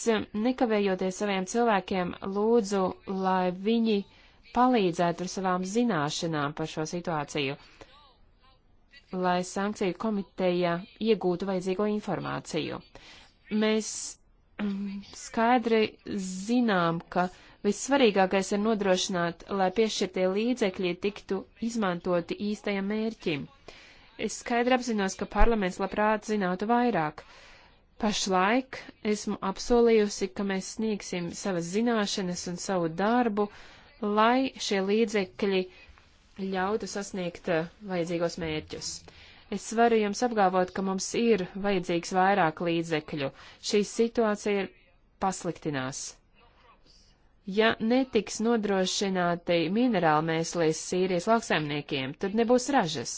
nekavējoties saviem cilvēkiem lūdzu, lai viņi uh, palīdzētu ar savām zināšanām par šo situāciju, lai sankciju komiteja iegūtu vajadzīgo informāciju. Mēs <clears throat> skaidri zinām, ka vissvarīgākais ir nodrošināt, lai piešķirtie līdzekļi tiktu izmantoti īstajam mērķim. Es skaidri apzinos, ka parlaments labprāt zinātu vairāk. Pašlaik esmu apsolījusi, ka mēs sniegsim savas zināšanas un savu darbu uh, lai šie līdzekļi ļautu sasniegt eh, vajadzīgos mērķus. Es varu jums apgalvot, ka mums ir vajadzīgs vairāk līdzekļu. Šī situācija ir pasliktinās. Ja netiks nodrošināti minerāli mēslīs Sīrijas lauksaimniekiem, tad nebūs ražas.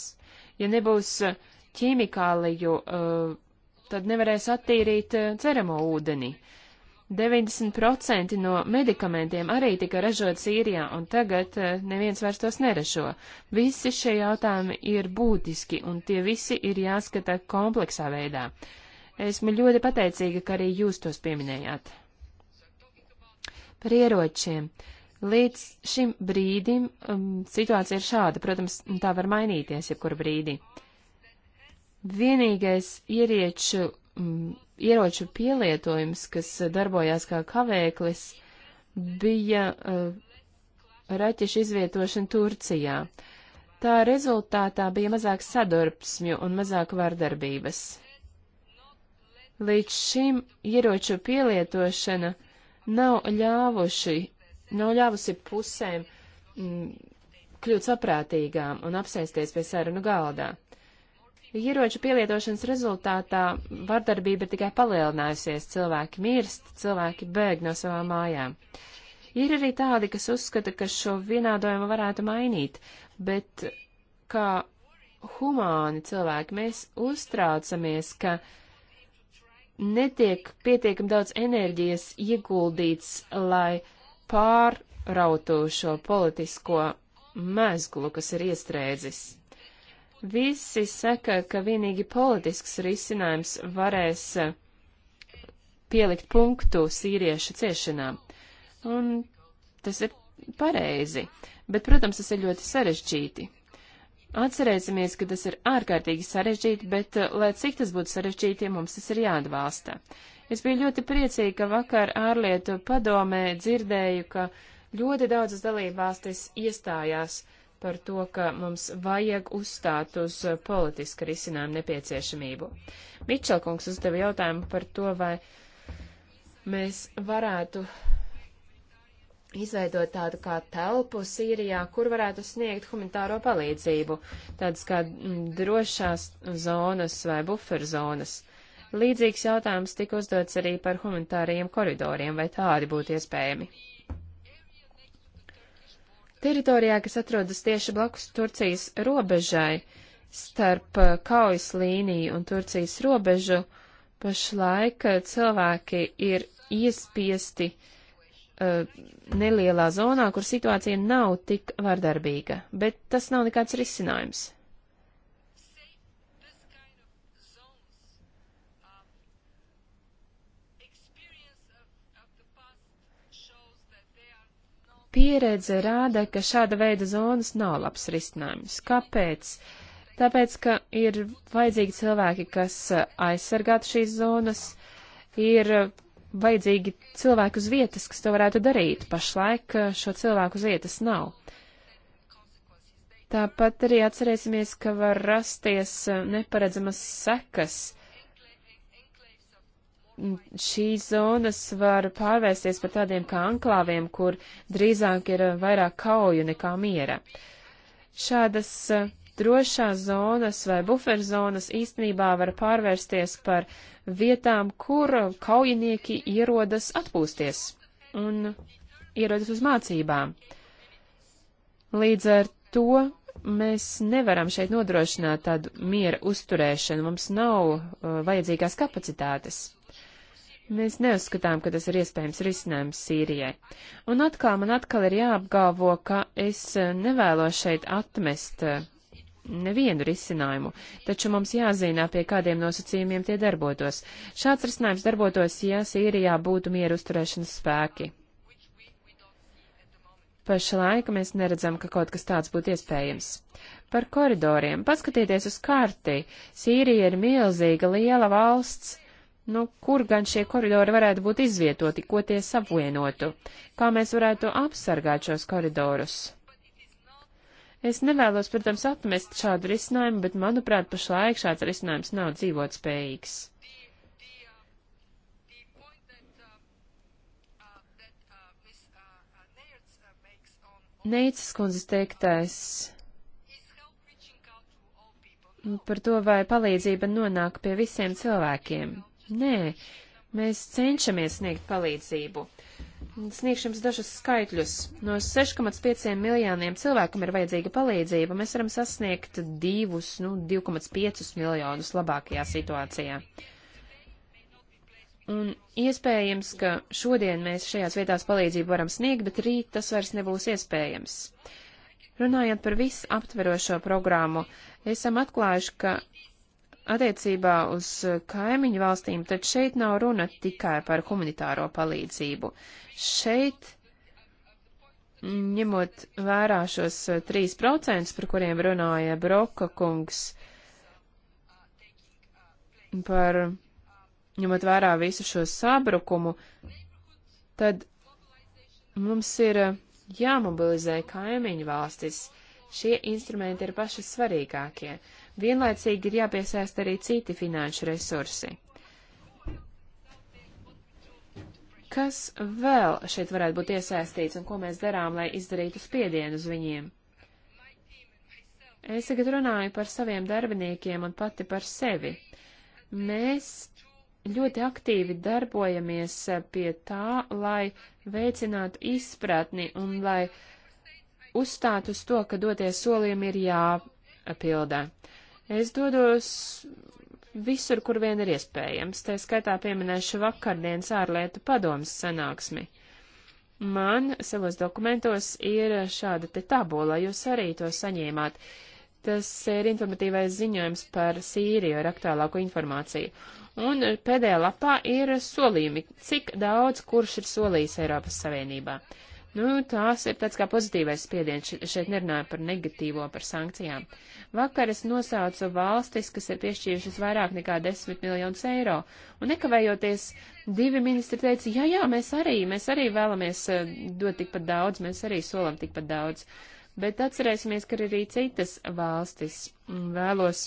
Ja nebūs eh, ķīmikāliju, eh, tad nevarēs attīrīt ceramo ūdeni. Uh, 90% no medikamentiem arī tika ražot Sīrijā, un tagad eh, neviens vairs tos neražo. Visi šie jautājumi ir būtiski, un tie visi ir jāskata kompleksā veidā. Esmu ļoti pateicīga, ka arī jūs tos pieminējāt. Par ieročiem. Līdz šim brīdim um, situācija ir šāda, protams, tā var mainīties jebkur brīdi. Vienīgais ierieču mm, ieroču pielietojums, kas darbojās kā kavēklis, bija uh, raķešu izvietošana Turcijā. Tā rezultātā bija mazāk sadurbsmju un mazāk vardarbības. Līdz šim ieroču pielietošana nav ļāvuši, nav ļāvusi pusēm mm, kļūt saprātīgām un apsēsties pie sarunu galdā. Ieroču pielietošanas rezultātā vardarbība ir tikai palielinājusies, cilvēki mirst, cilvēki bēg no savām mājām. Ir arī tādi, kas uzskata, ka šo vienādojumu varētu mainīt, bet kā humāni cilvēki mēs uztraucamies, ka netiek pietiekam daudz enerģijas ieguldīts, lai pārrautu šo politisko mezglu, kas ir iestrēdzis Visi saka, ka vienīgi politisks risinājums varēs eh, pielikt punktu sīriešu ciešanām. Un tas ir pareizi, bet, protams, tas ir ļoti sarežģīti. Atcerēsimies, ka tas ir ārkārtīgi sarežģīti, bet, eh, lai cik tas būtu sarežģīti, mums tas ir jāatbalsta. Es biju ļoti priecīga, ka vakar ārlietu padomē dzirdēju, ka ļoti daudzas dalībvalstis iestājās uh, par to, ka mums vajag uzstāt uz politiska risinājuma nepieciešamību. Mičelkungs uzdeva jautājumu par to, vai mēs varētu izveidot tādu kā telpu Sīrijā, kur varētu sniegt humanitāro palīdzību, tādas kā mm, drošās zonas vai buferzonas. Līdzīgs jautājums tika uzdots arī par humanitāriem koridoriem, vai tādi būtu iespējami. Teritorijā, kas atrodas tieši blakus Turcijas robežai, starp uh, kaujas līniju un Turcijas robežu, pašlaik uh, cilvēki ir iespiesti uh, nelielā zonā, kur situācija nav tik vardarbīga, bet tas nav nekāds risinājums. Pieredze rāda, ka šāda veida zonas nav labs risinājums. Kāpēc? Tāpēc, ka ir vajadzīgi cilvēki, kas uh, aizsargātu šīs zonas, ir uh, vajadzīgi cilvēki uz vietas, kas to varētu darīt. Pašlaik uh, šo cilvēku uz vietas nav. Tāpat arī atcerēsimies, ka var rasties neparedzamas sekas šīs zonas var pārvērsties par tādiem kā anklāviem, kur drīzāk ir eh, vairāk kauju nekā miera. Šādas eh, drošās zonas vai buferzonas īstenībā var pārvērsties par vietām, kur kaujinieki ierodas atpūsties un ierodas uz mācībām. Līdz ar to mēs nevaram šeit nodrošināt tādu miera uzturēšanu, mums nav uh, vajadzīgās kapacitātes. Mēs neuzskatām, ka tas ir iespējams risinājums Sīrijai. Un atkal man atkal ir jāapgalvo, ka es eh, nevēlos šeit atmest eh, nevienu risinājumu, taču mums jāzina, pie kādiem nosacījumiem tie darbotos. Šāds risinājums darbotos, ja Sīrijā būtu mieru uzturēšanas spēki. Pašlaik mēs neredzam, ka kaut kas tāds būtu iespējams. Par koridoriem. Paskatieties uz karti. Sīrija ir milzīga, liela valsts Nu, kur gan šie koridori varētu būt izvietoti, ko tie savienotu? Kā mēs varētu apsargāt šos koridorus? Es nevēlos, protams, atmest šādu risinājumu, bet, manuprāt, pašlaik šāds risinājums nav dzīvot spējīgs. Neicas kundzes teiktais par to, vai palīdzība nonāk pie visiem cilvēkiem. Nē, mēs cenšamies sniegt palīdzību. Sniegšu jums dažus skaitļus. No 6,5 miljoniem cilvēkam ir vajadzīga palīdzība. Mēs varam sasniegt 2, nu, 2,5 miljonus labākajā situācijā. Un iespējams, ka šodien mēs šajās vietās palīdzību varam sniegt, bet rīt tas vairs nebūs iespējams. Runājot par visu aptverošo programmu, esam atklājuši, ka attiecībā uz uh, kaimiņu valstīm, tad šeit nav runa tikai par humanitāro palīdzību. Šeit, ņemot vērā šos 3%, uh, par kuriem runāja Broka kungs, par ņemot vērā visu šo sabrukumu, tad mums ir uh, jāmobilizē kaimiņu valstis. Šie instrumenti ir paši svarīgākie. Vienlaicīgi ir jāpiesaist arī citi finanšu resursi. Kas vēl šeit varētu būt iesaistīts un ko mēs darām, lai izdarītu spiedienu uz viņiem? Es tagad runāju par saviem darbiniekiem un pati par sevi. Mēs ļoti aktīvi darbojamies pie tā, lai veicinātu izpratni un lai uzstātu uz to, ka doties solījumi ir jāpildā. Es dodos visur, kur vien ir iespējams, tā skaitā pieminēšu vakardienas ārlietu padomas sanāksmi. Man savos dokumentos ir šāda te tabula, jūs arī to saņēmāt. Tas ir informatīvais ziņojums par Sīriju ar aktuālāko informāciju. Un pēdējā lapā ir solījumi, cik daudz kurš ir solījis Eiropas Savienībā. Nu, tās ir tāds kā pozitīvais spiediens. Šeit nerunāju par negatīvo, par sankcijām. Vakar es nosaucu valstis, kas ir piešķīrušas vairāk nekā 10 miljonus eiro. Un nekavējoties divi ministri teica, jā, jā, mēs arī, mēs arī vēlamies eh, dot tikpat daudz, mēs arī solam tikpat daudz. Bet atcerēsimies, ka ir arī citas valstis. Mm, vēlos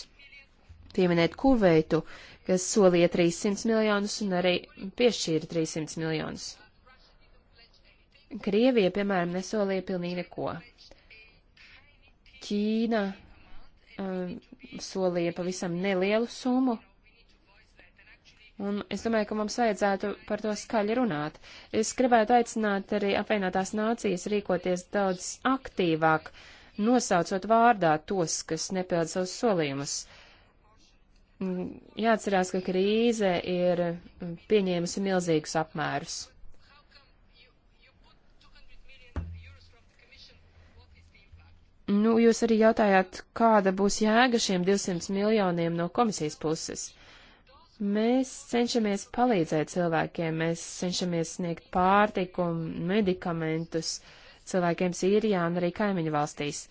pieminēt Kuveitu, kas solīja 300 miljonus un arī piešķīra 300 miljonus. Krievija, piemēram, nesolīja pilnīgi neko. Ķīna um, solīja pavisam nelielu summu. Un es domāju, ka mums vajadzētu par to skaļi runāt. Es gribētu aicināt arī apvienotās nācijas rīkoties daudz aktīvāk, nosaucot vārdā tos, kas nepilda savus solījumus. Mm, jāatcerās, ka krīze ir mm, pieņēmusi milzīgus apmērus. Nu, jūs arī jautājāt, kāda būs jēga šiem 200 miljoniem no komisijas puses. Mēs cenšamies palīdzēt cilvēkiem, mēs cenšamies sniegt pārtiku, medikamentus cilvēkiem Sīrijā un arī kaimiņu valstīs.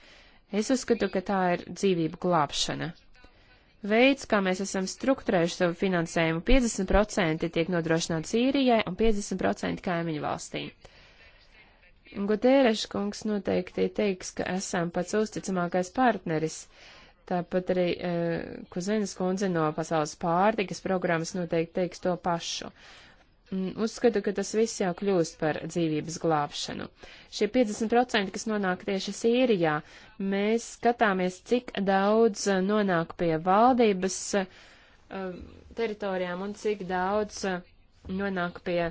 Es uzskatu, ka tā ir dzīvību glābšana. Veids, kā mēs esam struktūrējuši savu finansējumu, 50% tiek nodrošināts Sīrijai un 50% kaimiņu valstīm. Gutēreša kungs noteikti teiks, ka esam pats uzticamākais partneris. Tāpat arī e, Kuzinas kundze no Pasaules pārtikas programmas noteikti teiks to pašu. Mm, uzskatu, ka tas viss jau kļūst par dzīvības glābšanu. Šie 50%, kas nonāk tieši Sīrijā, mēs skatāmies, cik daudz nonāk pie valdības e, teritorijām un cik daudz e, nonāk pie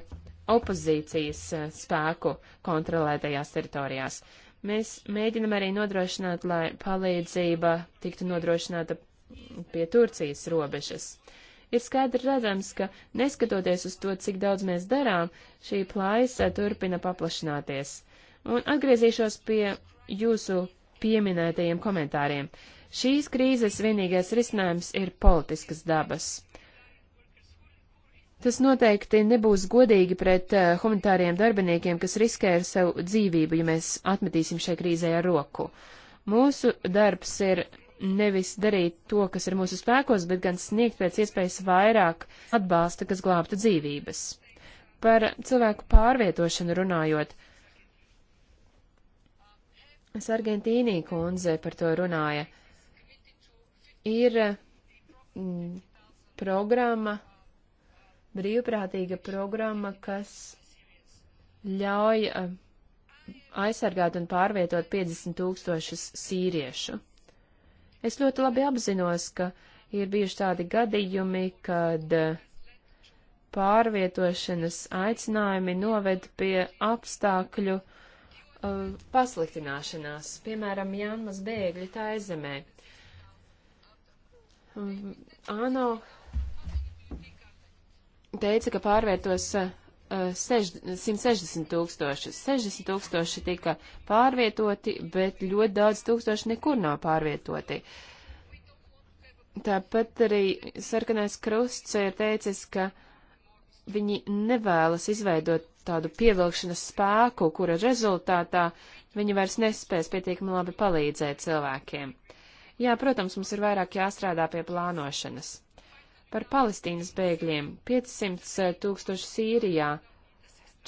opozīcijas eh, spēku kontrolētajās teritorijās. Mēs mēģinam arī nodrošināt, lai palīdzība tiktu nodrošināta pie Turcijas robežas. Ir skaidri redzams, ka neskatoties uz to, cik daudz mēs darām, šī plājas turpina paplašināties. Un atgriezīšos pie jūsu pieminētajiem komentāriem. Šīs krīzes vienīgais risinājums ir politiskas dabas. Tas noteikti nebūs godīgi pret uh, humanitāriem darbiniekiem, kas riskē ar savu dzīvību, ja mēs atmetīsim šai krīzē ar roku. Mūsu darbs ir nevis darīt to, kas ir mūsu spēkos, bet gan sniegt pēc iespējas vairāk atbalsta, kas glābtu dzīvības. Par cilvēku pārvietošanu runājot, Sargentīnī kundze par to runāja. Ir mm, programma brīvprātīga programma, kas ļauj eh, aizsargāt un pārvietot 50 tūkstošus sīriešu. Es ļoti labi apzinos, ka ir bijuši tādi gadījumi, kad eh, pārvietošanas aicinājumi noved pie apstākļu uh, pasliktināšanās, piemēram, Jānmas bēgļi tā aizemē. Mm, ANO um, teica, ka pārvietos 160 eh, eh, tūkstoši. 60 tūkstoši tika pārvietoti, bet ļoti daudz tūkstoši nekur nav pārvietoti. Tāpat arī Sarkanais Krusts ir teicis, ka viņi nevēlas izveidot tādu pievilkšanas spēku, kura rezultātā viņi vairs nespēs pietiekami labi palīdzēt cilvēkiem. Jā, protams, mums ir vairāk jāstrādā pie plānošanas. Par Palestīnas bēgļiem - 500 eh, tūkstoši Sīrijā,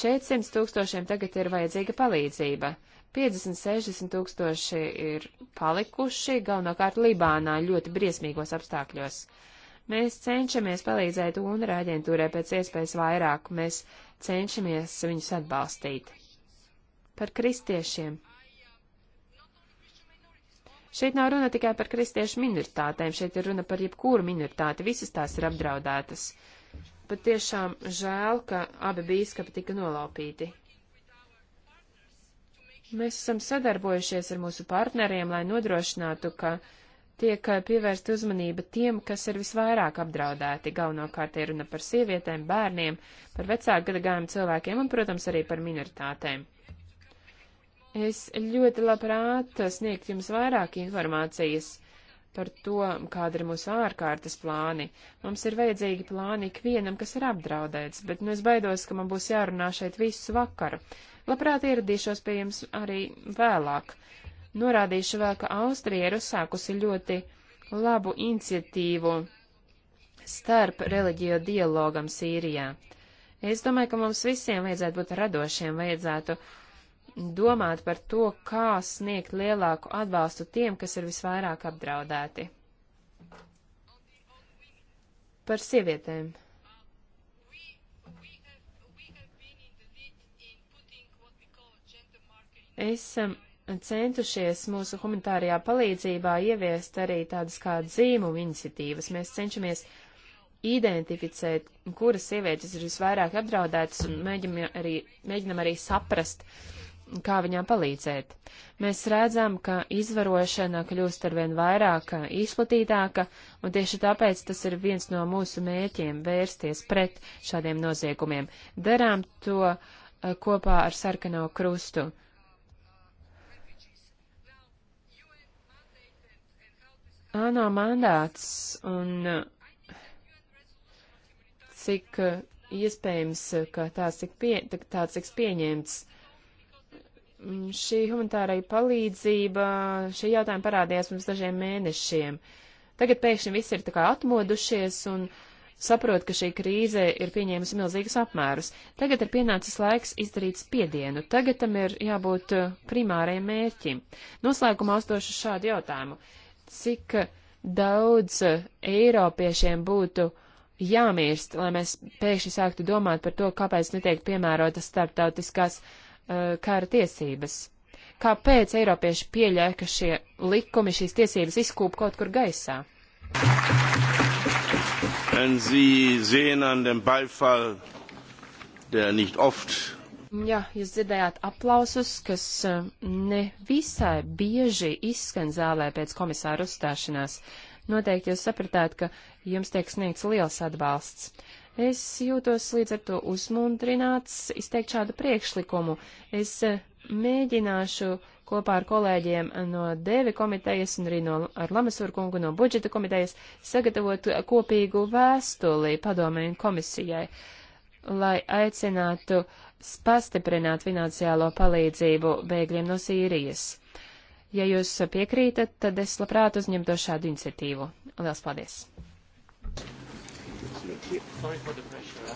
400 tūkstošiem tagad ir vajadzīga palīdzība, 50-60 tūkstoši ir palikuši, galvenokārt Libānā, ļoti briesmīgos apstākļos. Mēs cenšamies palīdzēt UNRA aģentūrai pēc iespējas vairāk, mēs cenšamies viņus atbalstīt. Par kristiešiem. Šeit nav runa tikai par kristiešu minoritātēm, šeit ir runa par jebkuru minoritāti, visas tās ir apdraudētas. Pat tiešām žēl, ka abi bīskapi tika nolaupīti. Mēs esam sadarbojušies ar mūsu partneriem, lai nodrošinātu, ka tiek pievērsta uzmanība tiem, kas ir visvairāk apdraudēti. Galvenokārt ir runa par sievietēm, bērniem, par vecāku gadagājumu cilvēkiem un, protams, arī par minoritātēm. Es ļoti labprāt sniegtu jums vairāk informācijas par to, kāda ir mūsu ārkārtas plāni. Mums ir vajadzīgi plāni ikvienam, kas ir apdraudēts, bet nu es baidos, ka man būs jārunā šeit visu vakaru. Labprāt ieradīšos pie jums arī vēlāk. Norādīšu vēl, ka Austrija ir uzsākusi ļoti labu iniciatīvu starp reliģiju dialogam Sīrijā. Es domāju, ka mums visiem vajadzētu būt radošiem, vajadzētu uh, domāt par to, kā sniegt lielāku atbalstu tiem, kas ir visvairāk apdraudēti. Par sievietēm. Esam centušies mūsu humanitārajā palīdzībā ieviest arī tādas kā dzīmumu iniciatīvas. Mēs cenšamies identificēt, kuras sievietes ir visvairāk apdraudētas un mēģinam arī, mēģinam arī saprast, uh, kā viņām palīdzēt. Mēs redzam, ka izvarošana kļūst arvien vairāk izplatītāka, un tieši tāpēc tas ir viens no mūsu mēķiem vērsties pret šādiem noziegumiem. Darām to eh, kopā ar sarkano krustu. ANO mandāts un cik eh, iespējams, ka tāds tiks pie, tāds pieņemts. Uh, Šī humanitārā palīdzība, šī jautājuma parādījās pirms dažiem mēnešiem. Tagad pēkšņi visi ir tā kā atmodušies un saprot, ka šī krīze ir pieņēmusi milzīgus apmērus. Tagad ir pienācis laiks izdarīt spiedienu. Tagad tam ir jābūt eh, primārajam mērķim. Noslēgumā uzdošu šādu jautājumu. Cik daudz eh, eiropiešiem būtu jāmirst, lai mēs pēkšņi sāktu domāt par to, kāpēc netiek piemērotas starptautiskās Uh, kara tiesības. Kāpēc Eiropieši pieļauj, ka šie likumi, šīs tiesības izkūp kaut kur gaisā? Oft... Ja jūs dzirdējāt aplausus, kas uh, ne visai bieži izskan zālē pēc komisāra uzstāšanās, noteikti jūs sapratāt, ka jums tiek sniegts liels atbalsts. Es jūtos līdz ar to uzmundrināts izteikt šādu priekšlikumu. Es eh, mēģināšu kopā ar kolēģiem no Devi komitejas un arī no ar Lamasur kungu no budžeta komitejas sagatavot kopīgu vēstuli padomēju komisijai, lai aicinātu pastiprināt finansiālo palīdzību bēgļiem no Sīrijas. Ja jūs piekrītat, tad es labprāt uzņemtu šādu iniciatīvu. Lielas paldies! Absolutely. Sorry for the pressure.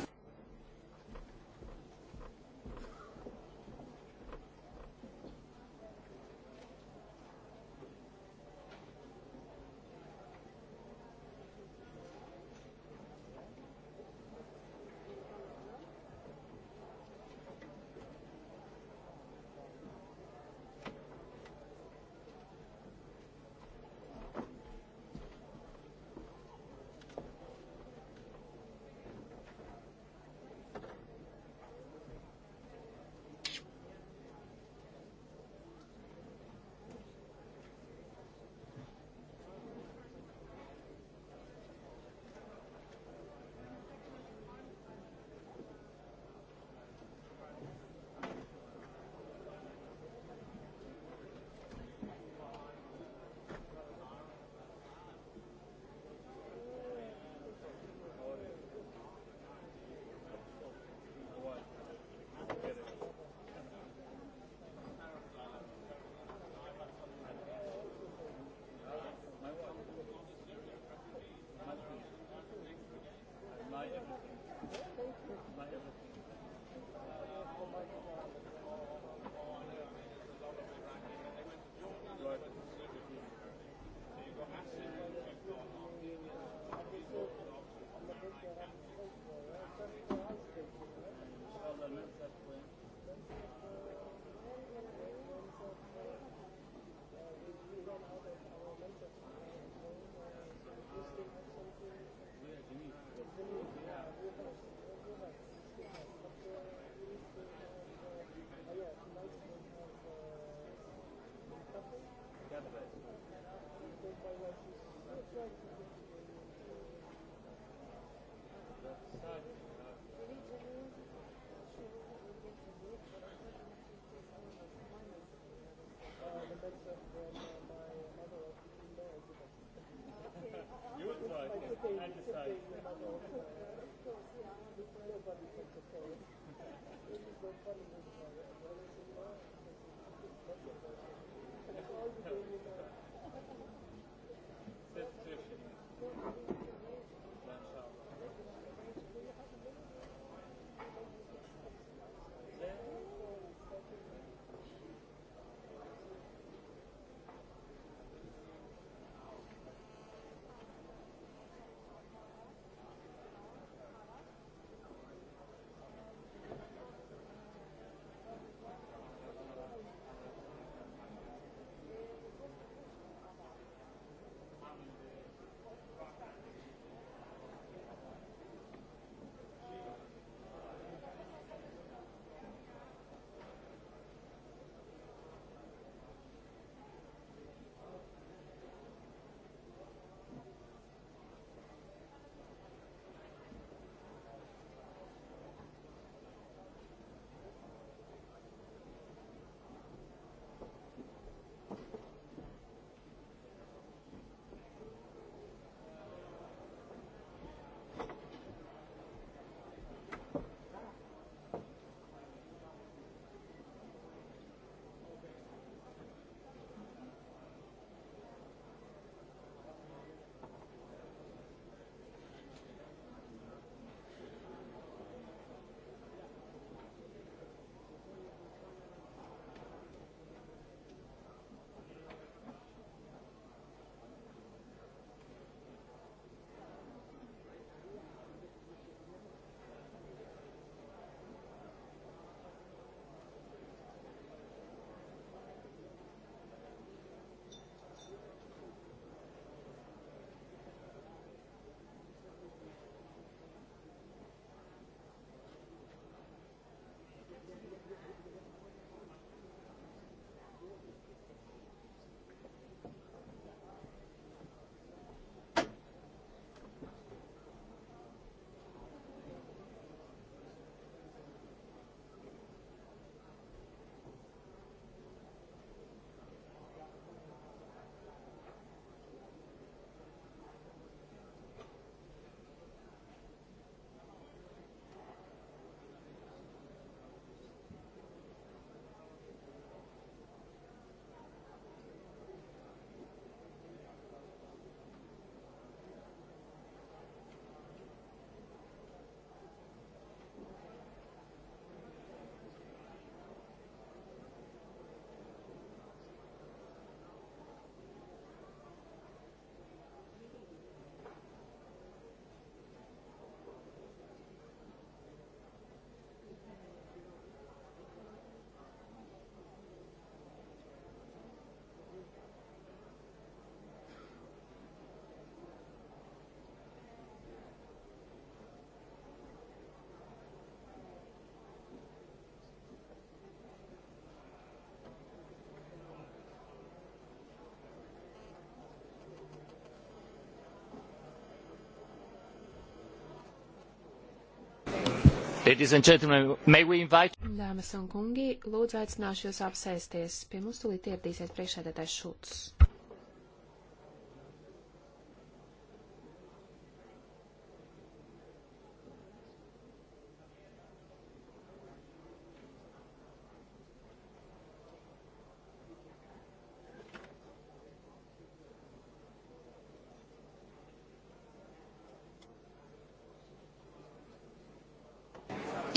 Ladies and gentlemen, may we invite... Dāmas un kungi, lūdzu aicināšu jūs apsēsties. Pie mums tulīt ieradīsies priekšēdētājs Šulcs.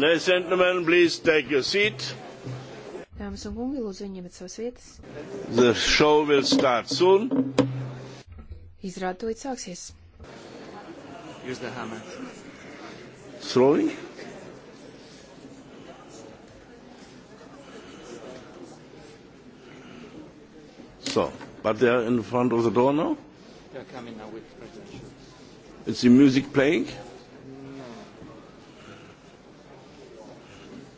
Ladies and gentlemen, please take your seat. Dāmas un kungi, lūdzu, ņemiet savas vietas. The show will start soon. Izrāda tūlīt sāksies. Use the hammer. Throwing? So, but they are in front of the door now? They are coming now with presidential. Is the music playing? Yeah.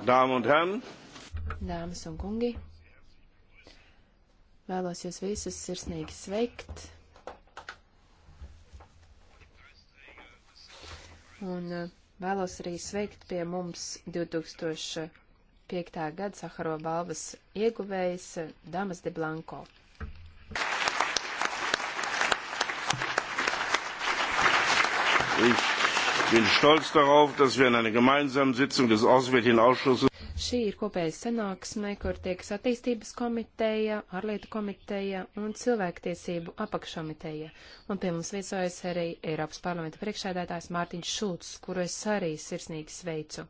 Dāmas un herren! Dāmas un kungi! Vēlos jūs visus sirsnīgi sveikt! Un eh, vēlos arī sveikt pie mums 2005. gada Saharo balvas ieguvējs eh, Damas de Blanko. Ich Ich bin stolz darauf, dass wir in einer gemeinsamen Sitzung des Auswärtigen Ausschusses Šī ir kopēja sanāksme, kur tiekas attīstības komiteja, ārlietu komiteja un cilvēktiesību apakškomiteja. Un pie mums viesojas arī Eiropas parlamenta priekšsēdētājs Mārtiņš Šulcs, kuru es arī sirsnīgi sveicu.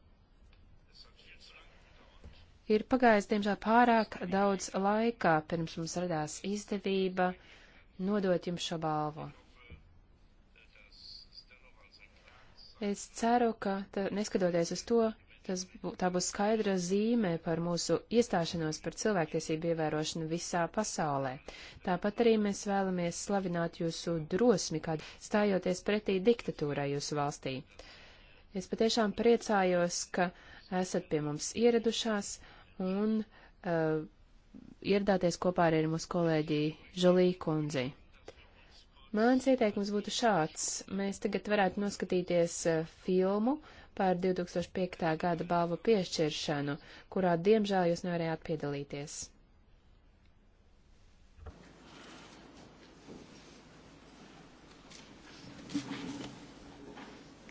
Ir pagājis, diemžēl, pārāk daudz laika, pirms mums radās izdevība nodot jums šo balvu. Es ceru, ka tā, neskatoties uz to, tas, tā būs skaidra zīme par mūsu iestāšanos par cilvēktiesību ievērošanu visā pasaulē. Tāpat arī mēs vēlamies slavināt jūsu drosmi, kā stājoties pretī diktatūrai jūsu valstī. Es patiešām priecājos, ka esat pie mums ieradušās un uh, ieradāties kopā arī ar mūsu kolēģi Žalī kundzi. Mans ieteikums būtu šāds. Mēs tagad varētu noskatīties eh, filmu par 2005. gada balvu piešķiršanu, kurā, diemžēl, jūs nevarējāt piedalīties.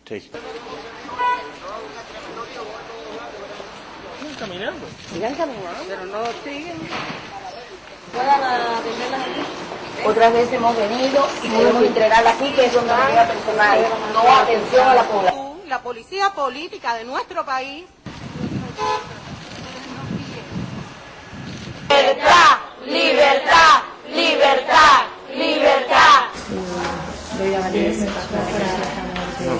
Sí. Caminando. Sigan caminando. Pero no siguen. Puedan atenderlas allí. Otras veces hemos venido y podemos entregar aquí, que es donde venía personal, no atención a la población. La policía política de nuestro país. Libertad, libertad, libertad, libertad. Yo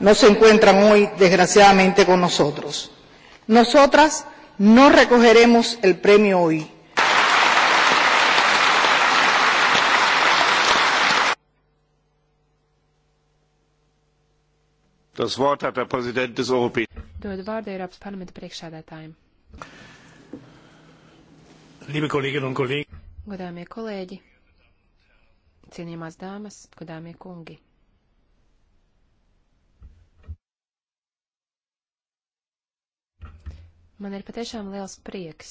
no se encuentran hoy, desgraciadamente, con nosotros. Nosotras no recogeremos el premio hoy. Das Wort hat der Präsident des Europäischen Dod vārdu Eiropas parlamenta priekšsēdētājiem. Liebe Kolleginnen un Kollegen. Godāmie kolēģi, cienījamās dāmas, godāmie kungi. Man ir patiešām liels prieks,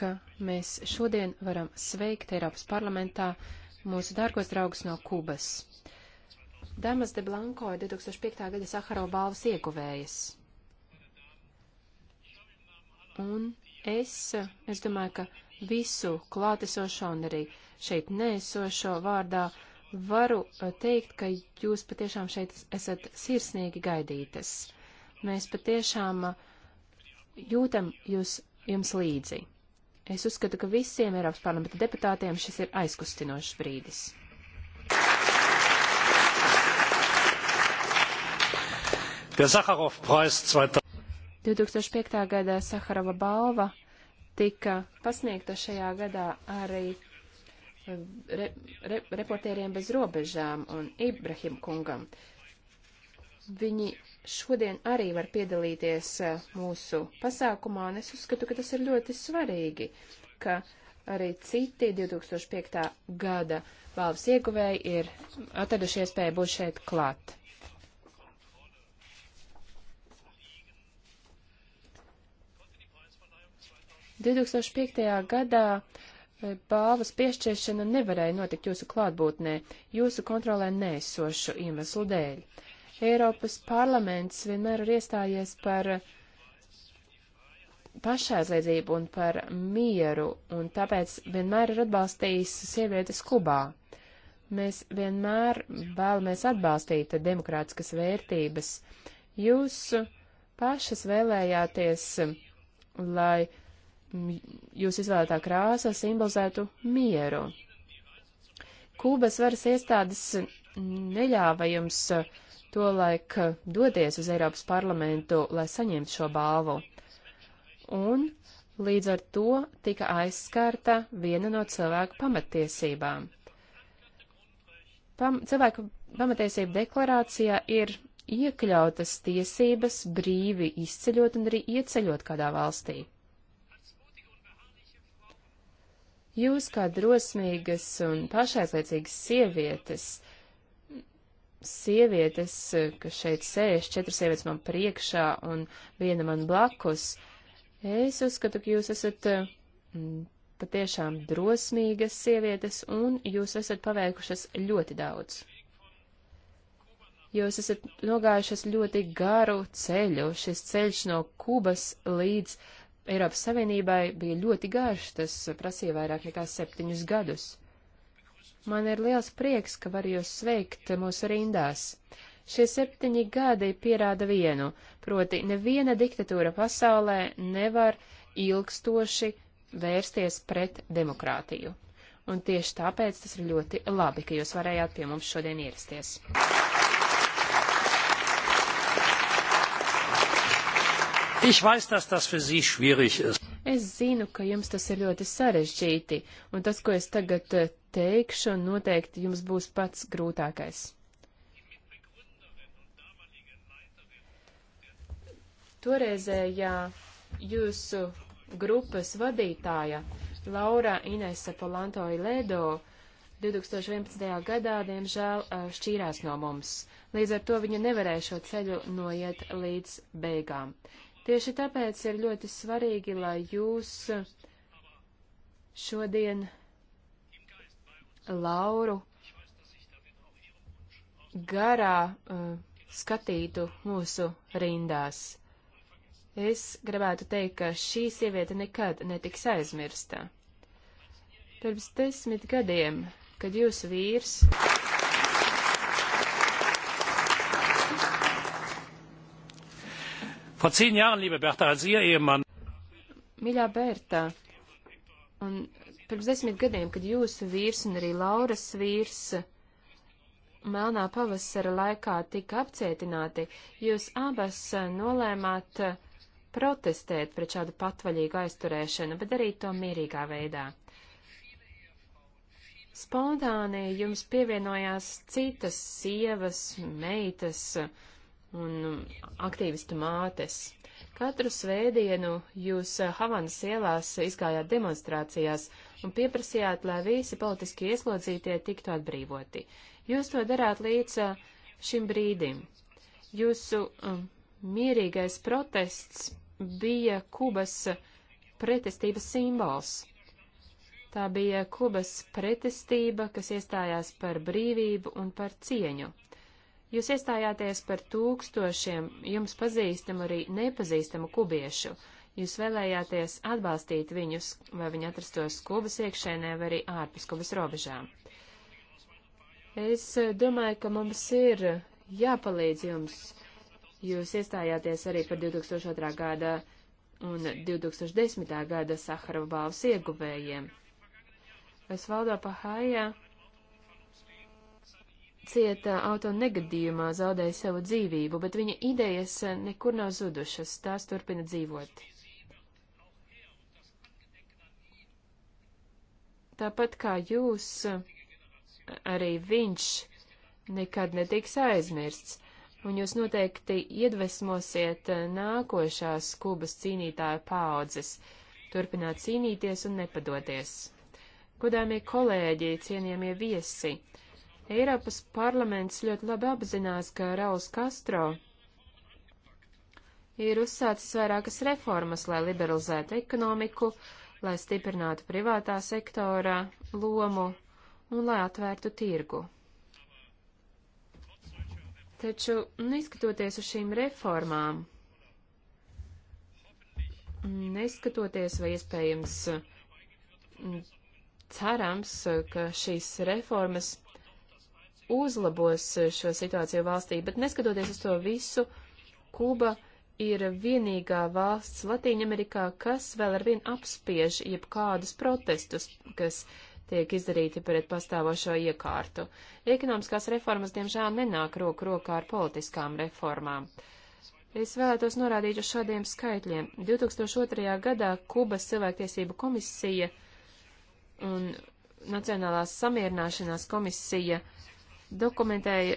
ka mēs šodien varam sveikt Eiropas parlamentā mūsu dārgos draugus no Kubas. Damas de Blanco ir 2005. gada Saharo balvas ieguvējas. Un es, es domāju, ka visu klātesošo un arī šeit neesošo vārdā varu teikt, ka jūs patiešām šeit esat sirsnīgi gaidītas. Mēs patiešām uh, jūtam jūs, jums līdzi. Es uzskatu, ka visiem Eiropas parlamenta deputātiem šis ir aizkustinošs brīdis. Der Saharov Preis 2005. gada Saharova balva tika pasniegta šajā gadā arī um, re, re, reportieriem bez robežām un Ibrahim kungam. Uh, Viņi šodien arī var piedalīties eh, mūsu pasākumā, un es uzskatu, ka tas ir ļoti svarīgi, ka arī citi 2005. gada balvas ieguvēji ir atraduši iespēju būt šeit klāt. gadā eh, balvas piešķiršana nevarēja notikt jūsu klātbūtnē, jūsu kontrolē nēsošu iemeslu dēļ. Eiropas parlaments vienmēr ir iestājies par pašaizliedzību un par mieru, un tāpēc vienmēr ir atbalstījis sievietes Kubā. Mēs vienmēr vēlamies atbalstīt demokrātiskas vērtības. Jūs pašas vēlējāties, lai jūs izvēlētā krāsa simbolizētu mieru. Kūbas varas iestādes neļāva jums uh, tolaik eh, doties uz Eiropas parlamentu, lai saņemtu šo balvu. Un līdz ar to tika aizskārta viena no cilvēku pamatiesībām. Pam, cilvēku pamatiesību deklarācijā ir iekļautas tiesības brīvi izceļot un arī ieceļot kādā valstī. Jūs kā drosmīgas un pašaizliecīgas sievietes sievietes, kas šeit sēž, četras sievietes man priekšā un viena man blakus, es uzskatu, ka jūs esat mm, patiešām drosmīgas sievietes un jūs esat paveikušas ļoti daudz. Jūs esat nogājušas ļoti garu ceļu. Šis ceļš no Kubas līdz Eiropas Savienībai bija ļoti garš, tas prasīja vairāk nekā septiņus gadus. Man ir liels prieks, ka var jūs sveikt mūsu rindās. Šie septiņi gadi pierāda vienu, proti neviena diktatūra pasaulē nevar ilgstoši vērsties pret demokrātiju. Un tieši tāpēc tas ir ļoti labi, ka jūs varējāt pie mums šodien ierasties. Ich weiß, dass das für Sie schwierig ist. Es zinu, ka jums tas ir ļoti sarežģīti, un tas, ko es tagad eh, teikšu, noteikti jums būs pats grūtākais. Toreizējā eh, jūsu grupas vadītāja Laura Inese Polantoja Ledo 2011. gadā, diemžēl, eh, šķīrās no mums. Līdz ar to viņa nevarēja šo ceļu noiet līdz beigām. Tieši tāpēc ir ļoti svarīgi, lai jūs šodien Lauru garā uh, skatītu mūsu rindās. Es gribētu teikt, ka šī sieviete nekad netiks aizmirstā. Pirms desmit gadiem, kad jūsu vīrs Vor zehn Jahren, liebe Bertha, als Ihr Ehemann. Mīļā Bertha, un pirms desmit gadiem, kad jūsu vīrs un arī Lauras vīrs melnā pavasara laikā tika apcietināti, jūs abas nolēmāt protestēt pret šādu patvaļīgu aizturēšanu, bet arī to mierīgā veidā. Spontāni jums pievienojās citas sievas, meitas, uh, un um, aktīvistu mātes. Katru svētdienu jūs uh, Havanas ielās izgājāt demonstrācijās un pieprasījāt, lai visi politiski ieslodzītie tiktu atbrīvoti. Jūs to darāt līdz uh, šim brīdim. Jūsu um, mierīgais protests bija Kubas uh, pretestības simbols. Tā bija Kubas pretestība, kas iestājās par brīvību un par cieņu. Jūs iestājāties par tūkstošiem jums pazīstamu arī nepazīstamu kubiešu. Jūs vēlējāties atbalstīt viņus, vai viņi atrastos Kubas iekšēnē vai arī ārpus Kubas robežām. Es eh, domāju, ka mums ir jāpalīdz jums. Jūs iestājāties arī par 2002. gada un 2010. gada Saharova balvas ieguvējiem. Vasvaldo Pahaja cieta auto negadījumā, zaudēja savu dzīvību, bet viņa idejas eh, nekur nav zudušas, tās turpina dzīvot. Tāpat kā jūs, eh, arī viņš nekad netiks aizmirsts, un jūs noteikti iedvesmosiet eh, nākošās Kubas cīnītāju paaudzes, turpināt cīnīties un nepadoties. Godāmie kolēģi, cienījamie viesi! Eiropas parlaments ļoti labi apzinās, ka Rauls Castro ir uzsācis vairākas reformas, lai liberalizētu ekonomiku, lai stiprinātu privātā sektora lomu un lai atvērtu tirgu. Taču, nu, neskatoties uz šīm reformām, neskatoties vai iespējams cerams, ka šīs reformas uzlabos eh, šo situāciju valstī, bet neskatoties uz to visu, Kuba ir vienīgā valsts Latīņamerikā, kas vēl ar vien apspiež jebkādus protestus, kas tiek izdarīti pret pastāvošo iekārtu. Ekonomiskās reformas, diemžēl, nenāk roku rokā ar politiskām reformām. Es vēlētos norādīt uz šādiem skaitļiem. 2002. gadā Kubas cilvēktiesību komisija un Nacionālās samierināšanās komisija dokumentēja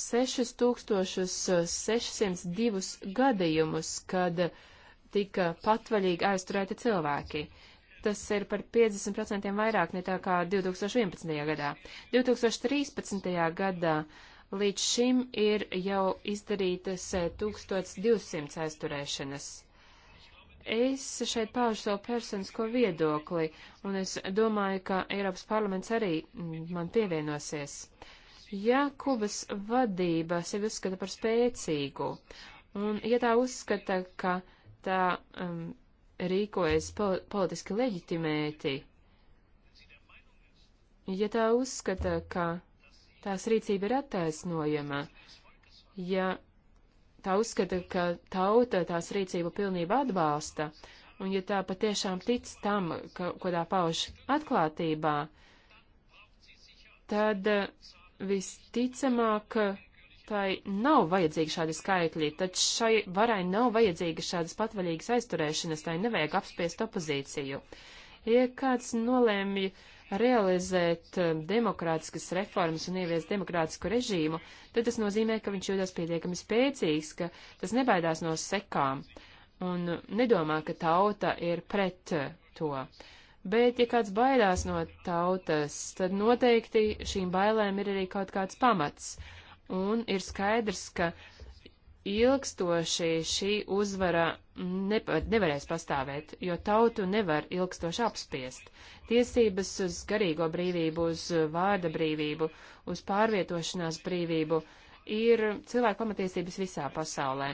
6602 gadījumus, kad tika patvaļīgi aizturēti cilvēki. Tas ir par 50% vairāk nekā 2011. gadā. 2013. gadā līdz šim ir jau izdarītas 1200 aizturēšanas. Es šeit paužu savu personisko viedokli, un es domāju, ka Eiropas parlaments arī man pievienosies. Uh, Ja Kubas vadība sevi uzskata par spēcīgu, un ja tā uzskata, ka tā um, rīkojas pol politiski leģitimēti, ja tā uzskata, ka tās rīcība ir attaisnojama, ja tā uzskata, ka tauta tās rīcību pilnībā atbalsta, un ja tā patiešām tic tam, ka, ko tā pauž atklātībā, tad Visticamāk, tai nav vajadzīgi šādi skaitļi, taču šai varai nav vajadzīga šādas patvaļīgas aizturēšanas, tai nevajag apspiest opozīciju. Ja kāds nolēmj realizēt eh, demokrātiskas reformas un ievies demokrātisku režīmu, tad tas nozīmē, ka viņš jūtas pietiekami spēcīgs, ka tas nebaidās no sekām un nedomā, ka tauta ir pret to. Uh, bet ja kāds baidās no tautas, tad noteikti šīm bailēm ir arī kaut kāds pamats. Un ir skaidrs, ka ilgstoši šī uzvara nepa, nevarēs pastāvēt, jo tautu nevar ilgstoši apspiest. Tiesības uz garīgo brīvību, uz vārda brīvību, uz pārvietošanās brīvību, uh, ir cilvēku pamatiesības visā pasaulē,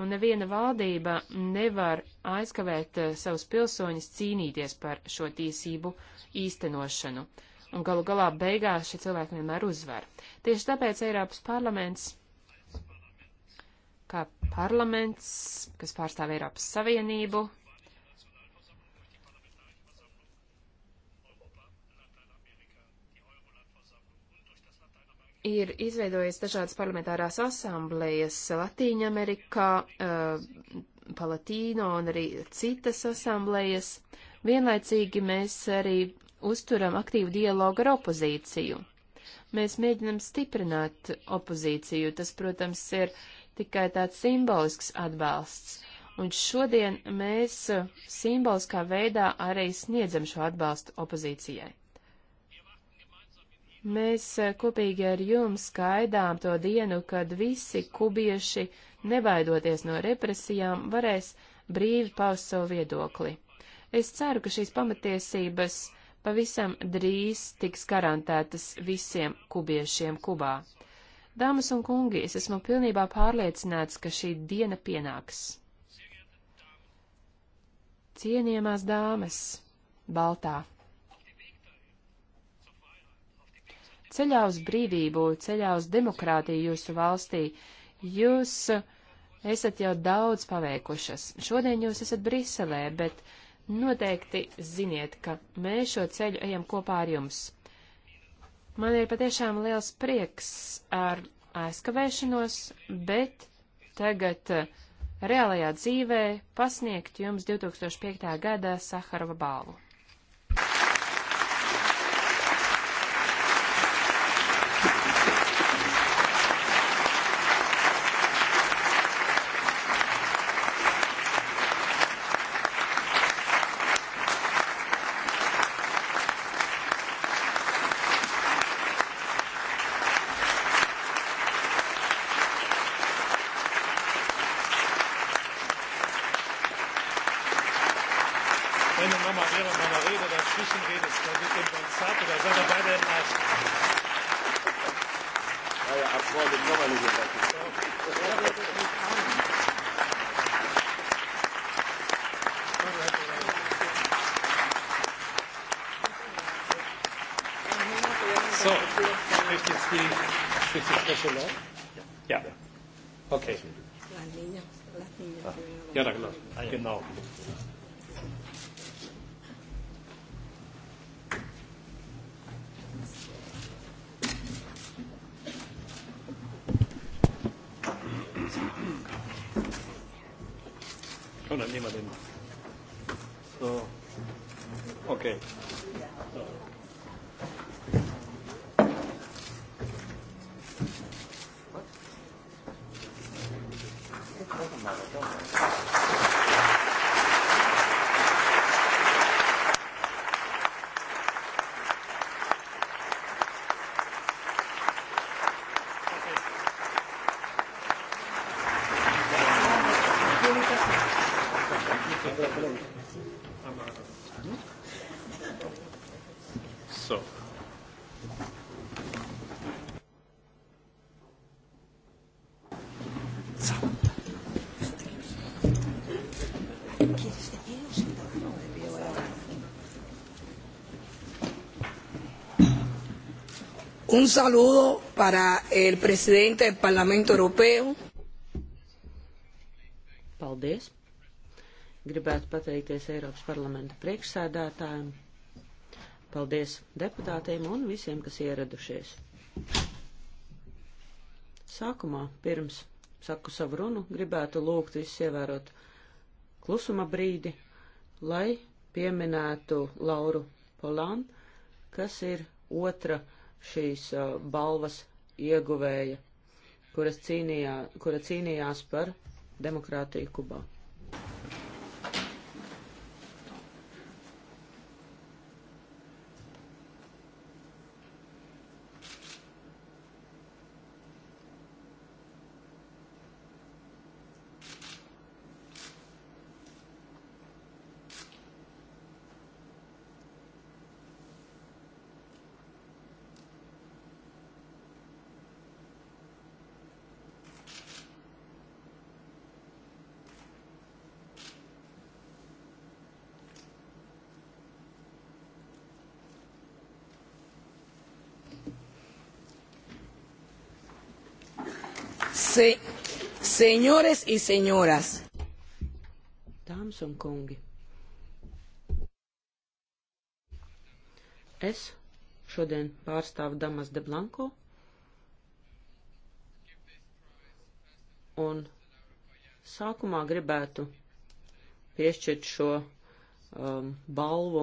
un neviena valdība nevar aizkavēt eh, savus pilsoņus cīnīties par šo tiesību īstenošanu. Un galu galā beigās šie cilvēki vienmēr uzvar. Tieši tāpēc Eiropas parlaments, kā parlaments, kas pārstāv Eiropas Savienību, ir izveidojis dažādas parlamentārās asamblējas Latīņamerikā, uh, Palatīno un arī citas asamblējas. Vienlaicīgi mēs arī uzturam aktīvu dialogu ar opozīciju. Mēs mēģinam stiprināt opozīciju. Tas, protams, ir tikai tāds simbolisks atbalsts. Un šodien mēs simboliskā veidā arī sniedzam šo atbalstu opozīcijai. Mēs eh, kopīgi ar jums gaidām to dienu, kad visi kubieši, nebaidoties no represijām, varēs brīvi paust savu viedokli. Es ceru, ka šīs pamatiesības pavisam drīz tiks garantētas visiem kubiešiem Kubā. Dāmas un kungi, es esmu pilnībā pārliecināts, ka šī diena pienāks. Cienījamās dāmas, baltā. ceļā uz brīvību, ceļā uz demokrātiju jūsu valstī. Jūs esat jau daudz paveikušas. Šodien jūs esat Briselē, bet noteikti ziniet, ka mēs šo ceļu ejam kopā ar jums. Man ir patiešām liels prieks ar aizkavēšanos, bet tagad eh, reālajā dzīvē pasniegt jums 2005. gada Saharova balvu. Las niñas, las niñas. Ah, y ahora, claro, genau. Un saludo para el presidente del Parlamento Europeo. Paldies. Gribētu pateikties Eiropas parlamenta priekšsēdētājiem. Paldies deputātiem un visiem, kas ieradušies. Sākumā, pirms saku savu runu, gribētu lūgt visus ievērot klusuma brīdi, lai pieminētu Lauru Polānu, kas ir otra šīs uh, balvas ieguvēja, kuras cīnījā, kura cīnījās par demokrātiju Kubā. Se, señores y señoras. Dāmas un kungi. Es šodien pārstāvu Damas de Blanko un sākumā gribētu piešķirt šo um, balvu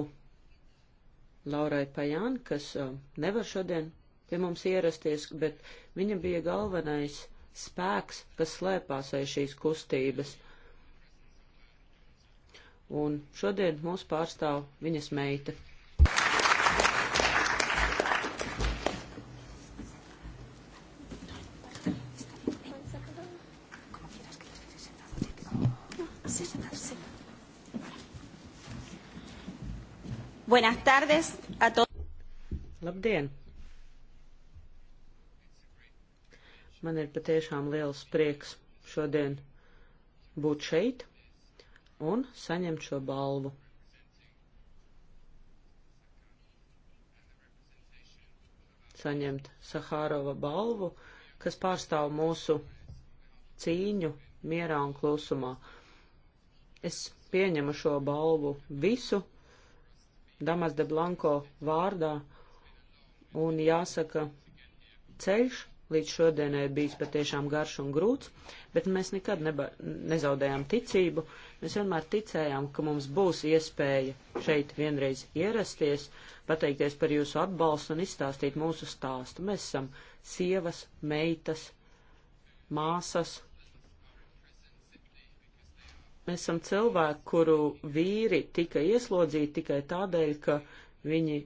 Laurai Pajāni, kas um, nevar šodien pie mums ierasties, bet viņa bija galvenais spēks, kas slēpās aiz šīs kustības. Un šodien mūs pārstāv viņas meita. Buenas tardes a todos. Labdien! Man ir patiešām liels prieks šodien būt šeit un saņemt šo balvu. Saņemt Sahārova balvu, kas pārstāv mūsu cīņu mierā un klusumā. Es pieņemu šo balvu visu Damas de Blanko vārdā, un jāsaka, ceļš līdz šodienai ir bijis patiešām garš un grūts, bet mēs nekad neba, nezaudējām ticību. Mēs vienmēr ticējām, ka mums būs iespēja šeit vienreiz ierasties, pateikties par jūsu atbalstu un izstāstīt mūsu stāstu. Mēs esam sievas, meitas, māsas. Mēs esam cilvēki, kuru vīri tika ieslodzīti tikai tādēļ, ka viņi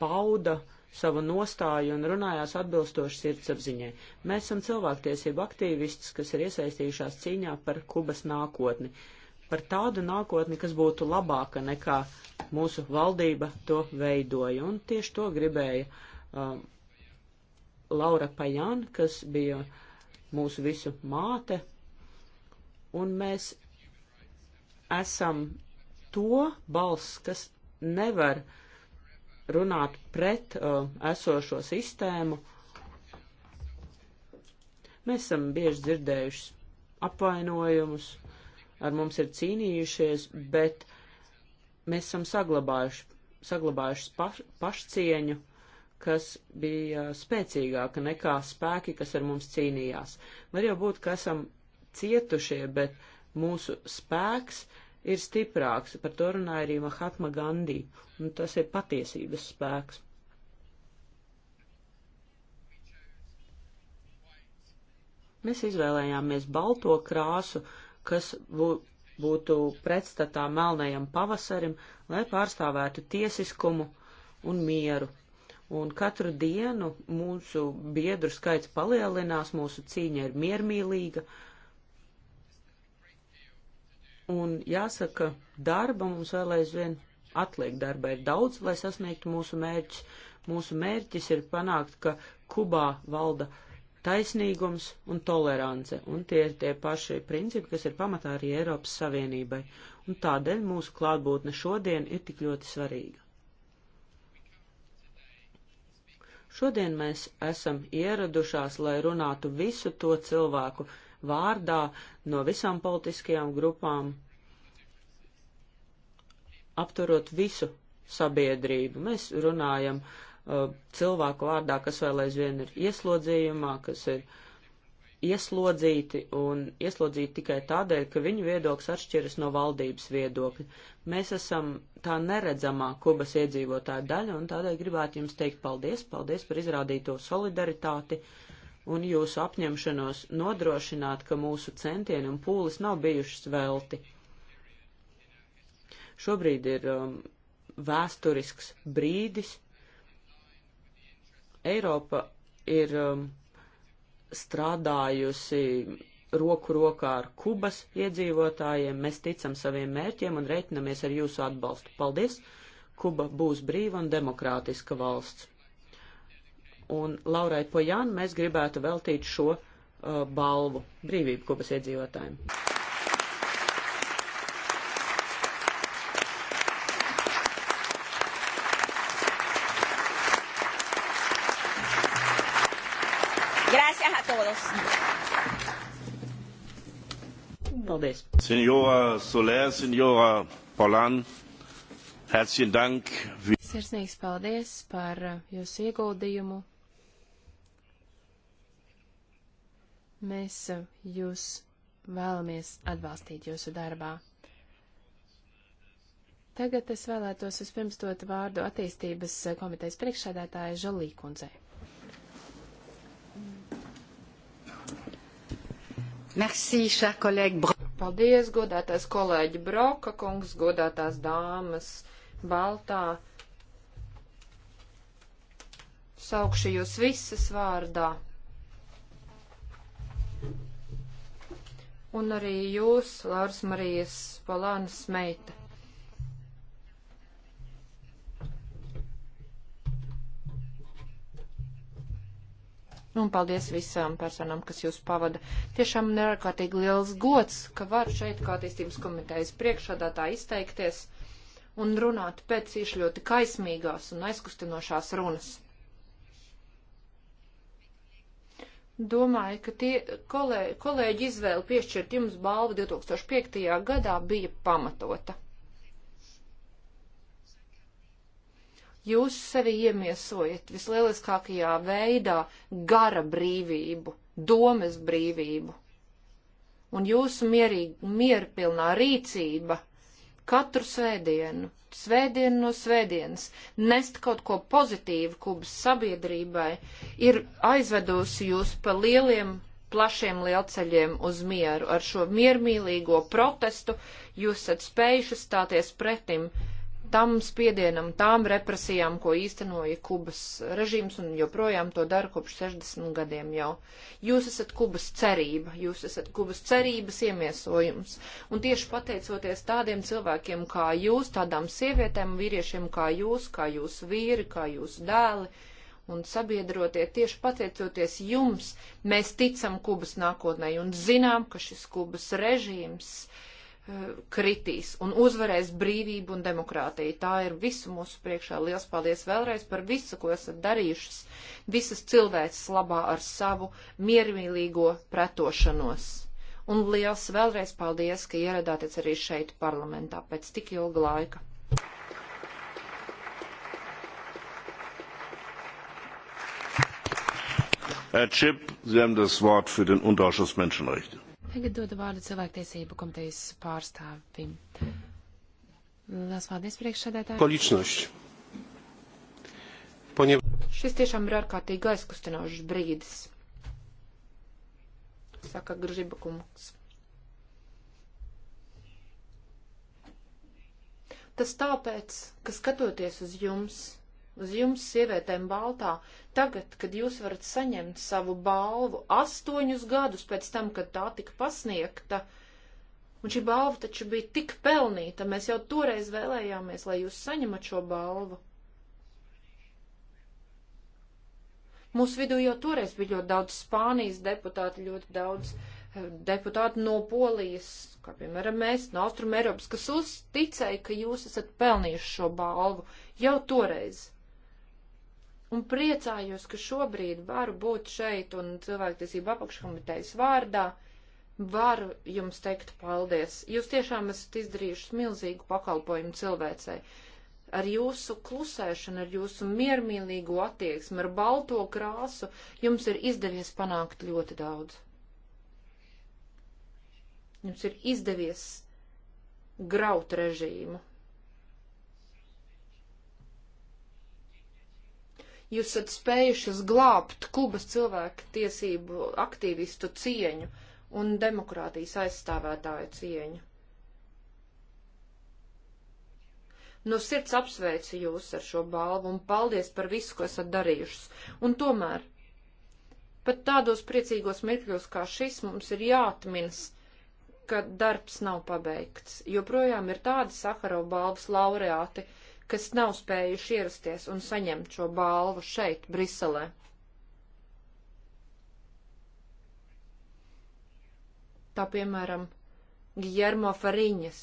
pauda uh, savu nostāju un runājās atbilstoši sirdsapziņai. Mēs esam cilvēktiesību aktīvists, kas ir iesaistījušās cīņā par Kubas nākotni, par tādu nākotni, kas būtu labāka nekā mūsu valdība to veidoja. Un tieši to gribēja um, Laura Pajan, kas bija mūsu visu māte, un mēs esam to balss, kas nevar uh, runāt pret uh, esošo sistēmu. Mēs esam bieži dzirdējuši apvainojumus, ar mums ir cīnījušies, bet mēs esam saglabājuši, saglabājuši paš, pašcieņu, kas bija spēcīgāka nekā spēki, kas ar mums cīnījās. Var jau būt, ka esam cietušie, bet mūsu spēks uh, ir stiprāks, par to runāja arī Mahatma Gandhi, un tas ir patiesības spēks. Mēs izvēlējāmies balto krāsu, kas būtu pretstatā melnajam pavasarim, lai pārstāvētu tiesiskumu un mieru. Un katru dienu mūsu biedru skaits palielinās, mūsu cīņa ir miermīlīga, uh, Un jāsaka, darba mums vēl aizvien atliek darba ir daudz, lai sasniegtu mūsu mērķis. Mūsu mērķis ir panākt, ka Kubā valda taisnīgums un tolerance, un tie ir tie paši principi, kas ir pamatā arī Eiropas Savienībai, un tādēļ mūsu klātbūtne šodien ir tik ļoti svarīga. Šodien mēs esam ieradušās, lai runātu visu to cilvēku vārdā no visām politiskajām grupām, apturot visu sabiedrību. Mēs runājam uh, cilvēku vārdā, kas vēl aizvien ir ieslodzījumā, kas ir ieslodzīti un ieslodzīti tikai tādēļ, ka viņu viedoklis atšķiras no valdības viedokļa. Mēs esam tā neredzamā Kubas iedzīvotāja daļa un tādēļ gribētu jums teikt paldies, paldies par izrādīto solidaritāti. Uh, un jūsu apņemšanos nodrošināt, ka mūsu centieni un pūles nav bijušas velti. Šobrīd ir um, vēsturisks brīdis. Eiropa ir um, strādājusi roku rokā ar Kubas iedzīvotājiem. Mēs ticam saviem mērķiem un reiķinamies ar jūsu atbalstu. Paldies! Kuba būs brīva un demokrātiska valsts un Laurai Pojan mēs gribētu veltīt šo uh, balvu brīvību Kubas iedzīvotājiem. Gracias a todos. Paldies. Senjora Soler, senjora Polan, herzlichen Dank. Sirsnīgs paldies par uh, jūsu ieguldījumu Mēs eh, jūs vēlamies atbalstīt jūsu darbā. Tagad es vēlētos vispirms dot vārdu attīstības eh, komitejas priekšsēdētāja Žalī kundzei. Merci, cher collègue. Paldies, godātais kolēģi Broka kungs, godātās dāmas Baltā. Saukšu jūs visas vārdā. un arī jūs, Lāras Marijas Polānas meita. Nu, un paldies visām personām, kas jūs pavada. Tiešām ir ārkārtīgi liels gods, ka var šeit kā attīstības komitejas priekšādātā izteikties un runāt pēc īši ļoti kaismīgās un aizkustinošās runas. Domāju, ka tie kolēģi, kolēģi izvēle piešķirt jums balvu 2005. gadā bija pamatota. Jūs sevi iemiesojat vislieliskākajā veidā gara brīvību, domas brīvību, un jūsu mierīgi, mierpilnā rīcība – katru svētdienu, svētdienu no svētdienas, nest kaut ko pozitīvu Kubas sabiedrībai, ir aizvedusi jūs pa lieliem, plašiem lielceļiem uz mieru. Ar šo miermīlīgo protestu jūs esat spējuši stāties pretim tam spiedienam, tām represijām, ko īstenoja Kubas režīms un joprojām to dara kopš 60 gadiem jau. Jūs esat Kubas cerība, jūs esat Kubas cerības iemiesojums. Un tieši pateicoties tādiem cilvēkiem kā jūs, tādām sievietēm, vīriešiem kā jūs, kā jūs vīri, kā jūs dēli, un sabiedrotie tieši pateicoties jums, mēs ticam Kubas nākotnē un zinām, ka šis Kubas režīms uh, kritīs un uzvarēs brīvību un demokrātiju. Tā ir visu mūsu priekšā. Liels paldies vēlreiz par visu, ko esat darījušas, visas cilvēces labā ar savu miermīlīgo pretošanos. Un liels vēlreiz paldies, ka ieradāties arī šeit parlamentā pēc tik ilga laika. Herr Chip, Sie haben das Wort für den Unterausschuss Menschenrechte. Tagad dodu vārdu cilvēktiesību komitejas pārstāvim. Lielas paldies priekšsēdētāji. Količnošs. Poņem... Šis tiešām ir ārkārtīgi aizkustinošs brīdis, saka Gržiba kungs. Tas tāpēc, ka skatoties uz jums, uz jums, sievietēm baltā, Tagad, kad jūs varat saņemt savu balvu astoņus gadus pēc tam, kad tā tika pasniegta, un šī balva taču bija tik pelnīta, mēs jau toreiz vēlējāmies, lai jūs saņemat šo balvu. Mūsu vidū jau toreiz bija ļoti daudz Spānijas deputāti, ļoti daudz eh, deputāti no Polijas, kā piemēram mēs, no Austrum Eiropas, kas uzticēja, ka jūs esat pelnījuši šo balvu jau toreiz un priecājos, ka šobrīd varu būt šeit un cilvēktiesību apakškomitejas vārdā. Varu jums teikt paldies. Jūs tiešām esat izdarījuši milzīgu pakalpojumu cilvēcei. Ar jūsu klusēšanu, ar jūsu miermīlīgo attieksmi, ar balto krāsu jums ir izdevies panākt ļoti daudz. Jums ir izdevies graut režīmu, jūs esat spējuši glābt Kubas cilvēku tiesību aktīvistu cieņu un demokrātijas aizstāvētāju cieņu. No sirds apsveicu jūs ar šo balvu un paldies par visu, ko esat darījušas. Un tomēr, pat tādos priecīgos mirkļos kā šis, mums ir jāatminas, ka darbs nav pabeigts. Joprojām ir tādi Sakarau balvas laureāti, uh, kas nav spējuši ierasties un saņemt šo balvu šeit, Briselē. Tā piemēram, Gjermo Fariņas.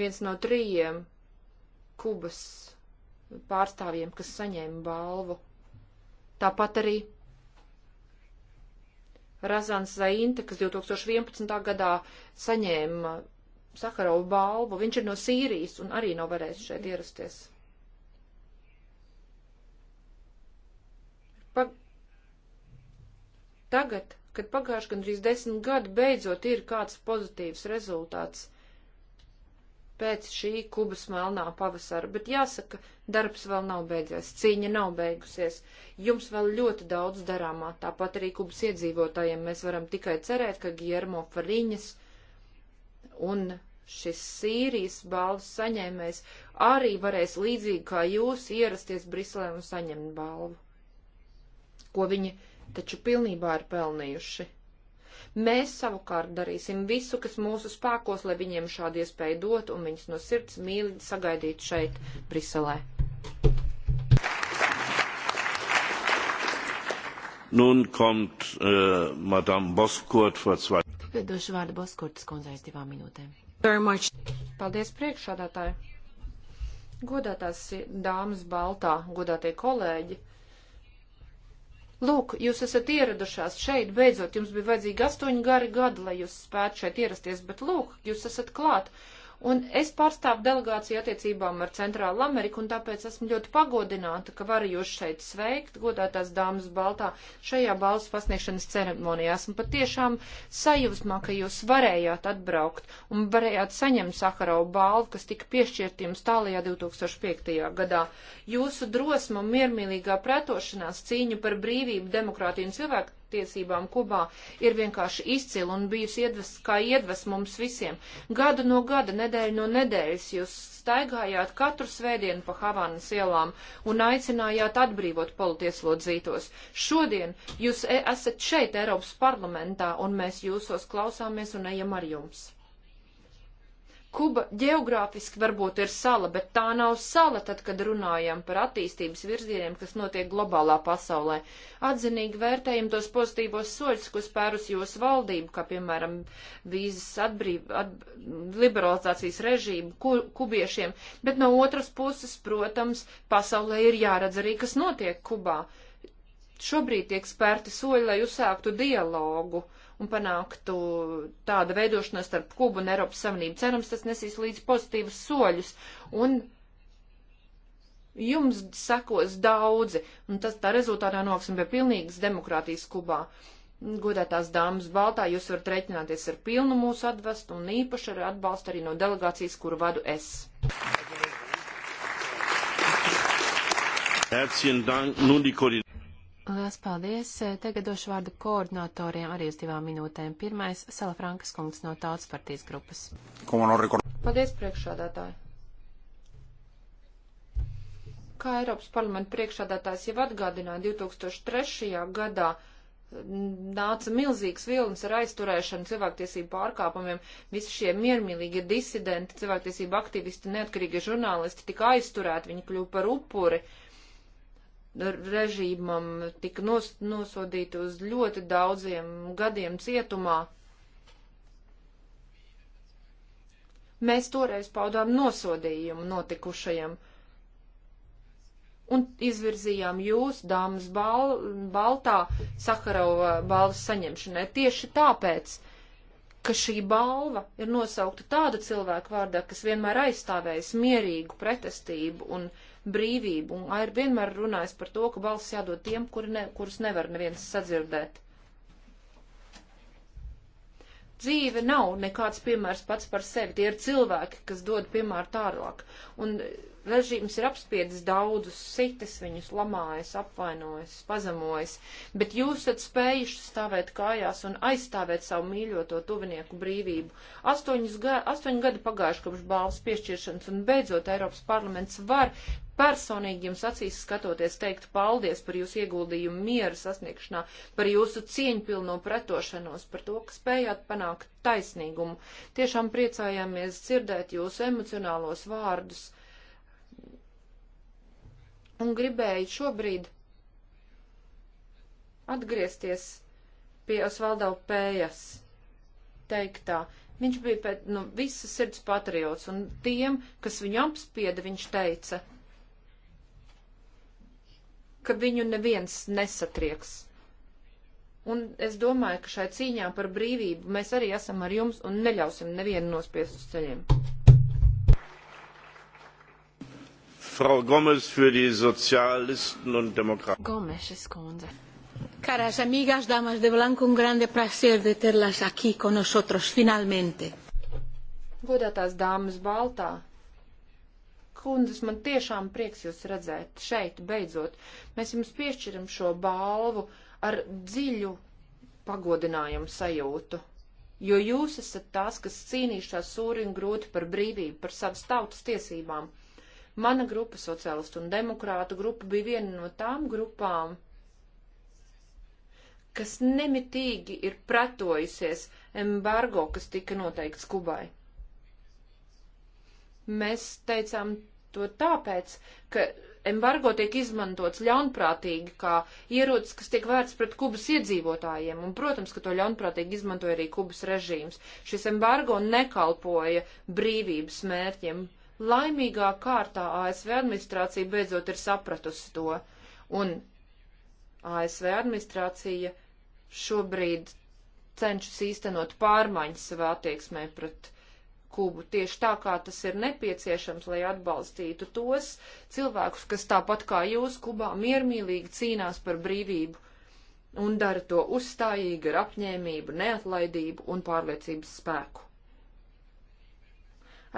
Viens no trījiem Kubas pārstāvjiem, kas saņēma balvu. Tāpat arī Razans Zainte, kas 2011. gadā saņēma Sakarovu balvu. Viņš ir no Sīrijas un arī nav varējis šeit ierasties. Pa... Tagad, kad pagājuši gandrīz desmit gadi, beidzot ir kāds pozitīvs rezultāts pēc šī kubas melnā pavasara, bet jāsaka, darbs vēl nav beidzies, cīņa nav beigusies. Jums vēl ļoti daudz darāmā, tāpat arī kubas iedzīvotājiem mēs varam tikai cerēt, ka Giermo Fariņas un šis Sīrijas balvas saņēmējs arī varēs līdzīgi kā jūs ierasties Briselē un saņemt balvu, ko viņi taču pilnībā ir pelnījuši. Mēs savukārt darīsim visu, kas mūsu spēkos, lai viņiem šādu iespēju dot un viņus no sirds mīli sagaidīt šeit, Briselē. Nun kommt uh, Madame Boskurt vor zwei. Tagad došu vārdu Boskurtas kundzei uz divām minūtēm. Paldies priekšādātāji! Godātās dāmas baltā, godātie kolēģi! Lūk, jūs esat ieradušās šeit, beidzot, jums bija vajadzīgi astoņi gari gadi, lai jūs spētu šeit ierasties, bet lūk, jūs esat klāt. Uh, un es pārstāvu delegāciju attiecībām ar Centrālu Ameriku, un tāpēc esmu ļoti pagodināta, ka varu jūs šeit sveikt, godātās dāmas Baltā, šajā balsu pasniegšanas ceremonijā. Esmu patiešām sajūsmā, ka jūs varējāt atbraukt un varējāt saņemt Sakarovu balvu, kas tika piešķirt jums tālajā 2005. gadā. Jūsu drosma un miermīlīgā pretošanās cīņu par brīvību, demokrātiju un cilvēku tiesībām Kubā ir vienkārši izcila un bijusi iedves, kā iedves mums visiem. Gadu no gada, nedēļu no nedēļas jūs staigājāt katru svētdienu pa Havanas ielām un aicinājāt atbrīvot politieslodzītos. Šodien jūs e, esat šeit Eiropas parlamentā un mēs jūsos klausāmies un ejam ar jums. Kuba geogrāfiski varbūt ir sala, bet tā nav sala, tad, kad runājam par attīstības virzieniem, kas notiek globālā pasaulē. Atzinīgi vērtējam tos pozitīvos soļus, ko spērus jūs valdību, kā piemēram vīzas atbrīv, at, liberalizācijas režīmu ku, kubiešiem, bet no otras puses, protams, pasaulē ir jāredz arī, kas notiek Kubā. Šobrīd tiek spērti soļi, lai uzsāktu dialogu un panāktu tāda veidošanās starp Kubu un Eiropas Savienību. Cerams, tas nesīs līdz pozitīvus soļus un jums sekos daudzi, un tas tā rezultātā noksim pie pilnīgas demokrātijas Kubā. Godētās dāmas Baltā, jūs varat reiķināties ar pilnu mūsu atvestu un īpaši ar atbalstu arī no delegācijas, kuru vadu es. Herzlichen Dank. Nun die Koordinatoren. Lielas paldies. Tagad došu vārdu koordinatoriem arī uz divām minūtēm. Pirmais - Salafrankas kungs no Tautas partijas grupas. Paldies, priekšādātāji. Kā Eiropas parlamenta priekšādātājs jau atgādināja, 2003. gadā nāca milzīgs vilnis ar aizturēšanu cilvēktiesību pārkāpumiem. Visi šie miermīlīgie disidenti, cilvēktiesību aktīvisti, neatkarīgi žurnālisti tika aizturēti, viņi kļuva par upuri. Uh, režīmam tika nos, nosodīti uz ļoti daudziem gadiem cietumā. Mēs toreiz paudām nosodījumu notikušajam un izvirzījām jūs, dāmas bal, Baltā, Sakarova balvas saņemšanai. Tieši tāpēc, ka šī balva ir nosaukta tāda cilvēka vārdā, kas vienmēr aizstāvējas mierīgu pretestību un uh, brīvību. Un ir vienmēr runājis par to, ka balss jādod tiem, kur ne, kurus nevar neviens sadzirdēt. Dzīve nav nekāds piemērs pats par sevi. Tie ir cilvēki, kas dod piemēru tālāk. Un režīms ir apspiedis daudzus, sitis viņus, lamājas, apvainojas, pazemojas, bet jūs esat spējuši stāvēt kājās un aizstāvēt savu mīļoto tuvinieku brīvību. Astoņus ga astoņu gadu pagājuši kopš balvas piešķiršanas un beidzot Eiropas parlaments var personīgi jums acīs skatoties teikt paldies par jūsu ieguldījumu miera sasniegšanā, par jūsu cieņpilno pretošanos, par to, ka spējāt panākt taisnīgumu. Tiešām priecājāmies dzirdēt jūsu emocionālos vārdus. Un gribēju šobrīd atgriezties pie Osvaldo Pējas teiktā. Viņš bija pēc, nu, visas sirds patriots, un tiem, kas viņu apspieda, viņš teica – ka viņu neviens nesatrieks. Un es domāju, ka šai cīņā par brīvību mēs arī esam ar jums un neļausim nevienu nospiest uz ceļiem. Frau Gomes für die Sozialisten und Demokraten. Gomes kundze. Caras amigas, damas de blanco, un grande placer de terlas aquí con nosotros finalmente. Godātās dāmas baltā, kundzes, man tiešām prieks jūs redzēt šeit, beidzot. Mēs jums piešķiram šo balvu ar dziļu pagodinājumu sajūtu. Jo jūs esat tās, kas cīnīšās sūri un grūti par brīvību, par savas tautas tiesībām. Mana grupa, sociālistu un demokrātu grupa, bija viena no tām grupām, kas nemitīgi ir pretojusies embargo, kas tika noteikts Kubai mēs teicām, To tāpēc, ka embargo tiek izmantots ļaunprātīgi kā ierocis, kas tiek vērts pret Kubas iedzīvotājiem, un, protams, ka to ļaunprātīgi izmantoja arī Kubas režīms. Šis embargo nekalpoja brīvības mērķiem. Laimīgā kārtā ASV administrācija beidzot ir sapratusi to, un ASV administrācija šobrīd cenšas īstenot pārmaiņas savā attieksmē pret Kubu tieši tā, kā tas ir nepieciešams, lai atbalstītu tos cilvēkus, kas tāpat kā jūs Kubā miermīlīgi cīnās par brīvību un dara to uzstājīgi ar apņēmību, neatlaidību un pārliecības spēku.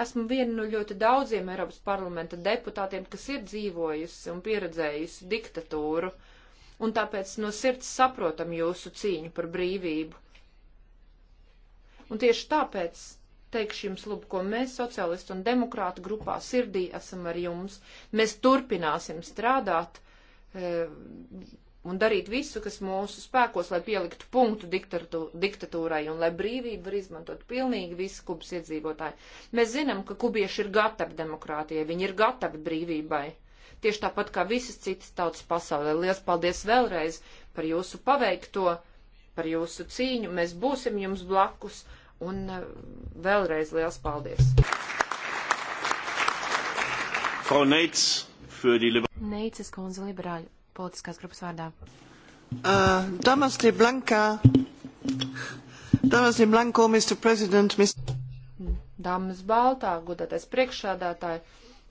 Esmu viena no ļoti daudziem Eiropas parlamenta deputātiem, kas ir dzīvojusi un pieredzējusi diktatūru, un tāpēc no sirds saprotam jūsu cīņu par brīvību. Un tieši tāpēc teikšu jums, lūk, ko mēs socialistu un demokrātu grupā sirdī esam ar jums. Mēs turpināsim strādāt e, un darīt visu, kas mūsu spēkos, lai pieliktu punktu diktatūrai un lai brīvību var izmantot pilnīgi visi kubas iedzīvotāji. Mēs zinām, ka kubieši ir gatavi demokrātijai, viņi ir gatavi brīvībai. Tieši tāpat kā visas citas tautas pasaulē. Lielas paldies vēlreiz par jūsu paveikto, par jūsu cīņu. Mēs būsim jums blakus un e, vēlreiz liels paldies! Frau Neitz, für die Neicis kundze liberāļu politiskās grupas vārdā. Uh, Damas de Blanca, Damas de Blanco, Mr. President, Mr. Damas Baltā, godātais priekšādātāji,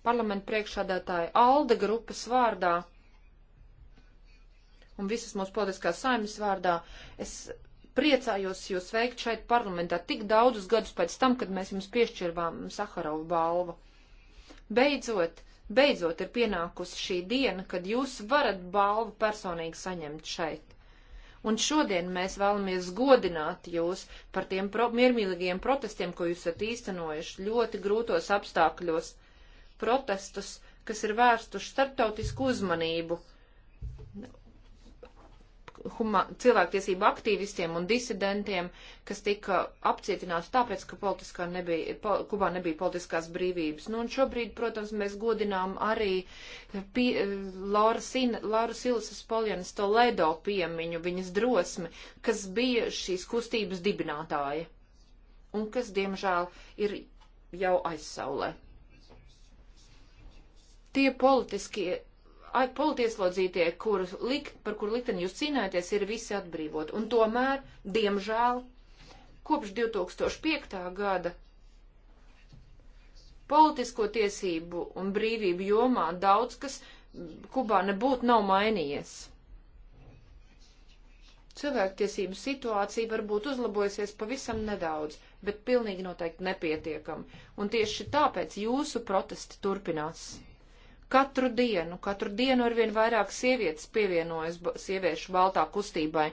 parlamenta priekšādātāji, Alde grupas vārdā un visas mūsu politiskās saimnes vārdā, es priecājos jūs veikt šeit parlamentā tik daudzus gadus pēc tam, kad mēs jums piešķirvām Saharovu balvu. Beidzot, beidzot ir pienākusi šī diena, kad jūs varat balvu personīgi saņemt šeit. Un šodien mēs vēlamies godināt jūs par tiem pro miermīlīgiem protestiem, ko jūs esat īstenojuši ļoti grūtos apstākļos. Protestus, kas ir vērstuši starptautisku uzmanību huma, cilvēktiesību aktīvistiem un disidentiem, kas tika apcietināti tāpēc, ka politiskā nebija, po, Kubā nebija politiskās brīvības. Nu, un šobrīd, protams, mēs godinām arī pie, Laura, Sina, Laura Silasas Poljanas Toledo piemiņu, viņas drosmi, kas bija šīs kustības dibinātāja un kas, diemžēl, ir jau aizsaulē. Tie politiskie politieslodzītie, kur lik, par kur likteni jūs cīnāties, ir visi atbrīvot. Un tomēr, diemžēl, kopš 2005. gada politisko tiesību un brīvību jomā daudz kas Kubā nebūtu nav mainījies. Cilvēktiesību situācija varbūt uzlabojusies pavisam nedaudz, bet pilnīgi noteikti nepietiekam. Un tieši tāpēc jūsu protesti turpinās. Katru dienu, katru dienu arvien vairāk sievietes pievienojas sieviešu baltā kustībai,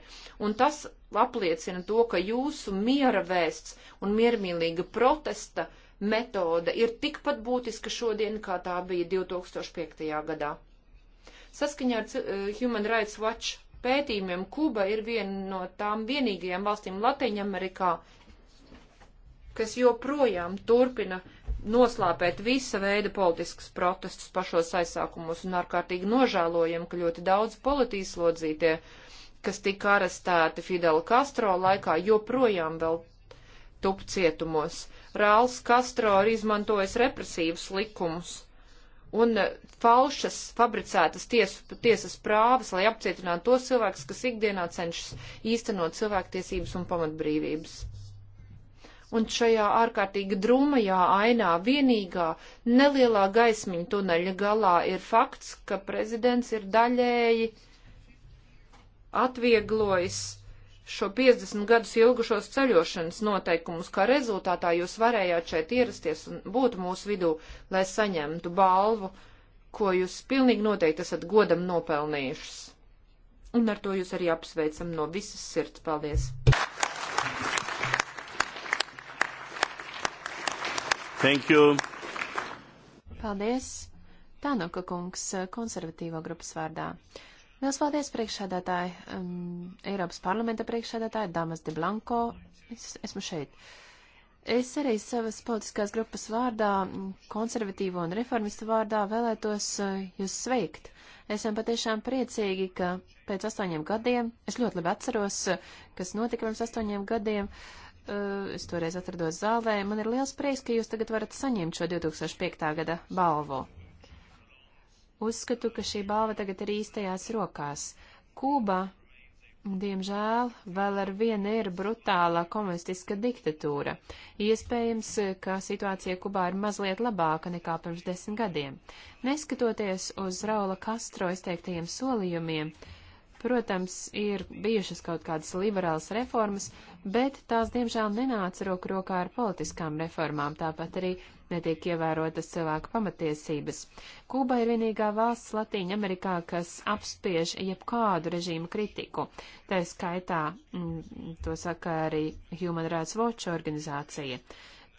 un tas apliecina to, ka jūsu miera vēsts un miermīlīga protesta metode ir tikpat būtiska šodien, kā tā bija 2005. gadā. Saskaņā ar eh, Human Rights Watch pētījumiem Kuba ir viena no tām vienīgajām valstīm Latvijā, kas joprojām turpina noslāpēt visa veida politiskus protestus pašos aizsākumos un ārkārtīgi nožēlojam, ka ļoti daudz politīslodzītie, kas tika arestēti Fidela Castro laikā, joprojām vēl tup cietumos. Rāls Castro ir izmantojis represīvus likumus un e, falšas, fabricētas tiesu, tiesas prāvas, lai apcietinātu tos cilvēkus, kas ikdienā cenšas īstenot cilvēktiesības un pamatbrīvības un šajā ārkārtīgi drūmajā ainā vienīgā nelielā gaismiņa tuneļa galā ir fakts, ka prezidents ir daļēji atvieglojis šo 50 gadus ilgušos ceļošanas noteikumus, kā rezultātā jūs varējāt šeit ierasties un būt mūsu vidū, lai saņemtu balvu, ko jūs pilnīgi noteikti esat godam nopelnījušas. Un ar to jūs arī apsveicam no visas sirds. Paldies! Thank you. Paldies. Tānuka kungs, konservatīvo grupas vārdā. Liels paldies priekšsādātāji, um, Eiropas parlamenta priekšsādātāji, Damas de Blanco. Es, esmu šeit. Es arī savas politiskās grupas vārdā, konservatīvo un reformistu vārdā vēlētos uh, jūs sveikt. Esam patiešām priecīgi, ka pēc astoņiem gadiem, es ļoti labi atceros, uh, kas notika pirms astoņiem gadiem, uh, Eh, es toreiz atrados zālē. Man ir liels prieks, ka jūs tagad varat saņemt šo 2005. gada balvu. Uzskatu, ka šī balva tagad ir īstajās rokās. Kuba, diemžēl, vēl ar vienu ir brutālā komunistiska diktatūra. Iespējams, ka situācija Kubā ir mazliet labāka nekā pirms desmit gadiem. Neskatoties uz Raula Kastro izteiktajiem solījumiem, uh, Protams, ir bijušas kaut kādas liberālas reformas, bet tās diemžēl nenāca roku rokā ar politiskām reformām, tāpat arī netiek ievērotas cilvēku pamatiesības. Kūba ir vienīgā valsts Latīņa Amerikā, kas apspiež jebkādu režīmu kritiku. Tā skaitā, mm, to saka arī Human Rights Watch organizācija.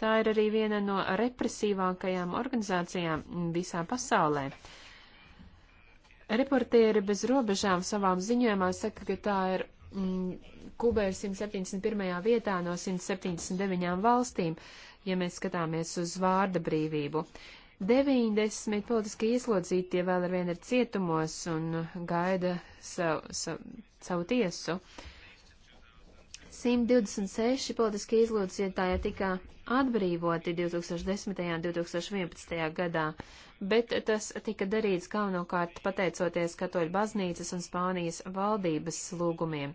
Tā ir arī viena no represīvākajām organizācijām visā pasaulē. Uh, Reportieri bez robežām savām ziņojumā saka, ka tā ir mm, Kuba ir 171. vietā no 179 valstīm, ja mēs skatāmies uz vārda brīvību. 90 politiski ieslodzītie vēl ar vienu ir cietumos un gaida savu, savu, savu tiesu. 126 politiski ieslodzītāji tika atbrīvoti 2010. un 2011. gadā, bet tas tika darīts galvenokārt pateicoties Katoļu baznīcas un Spānijas valdības lūgumiem.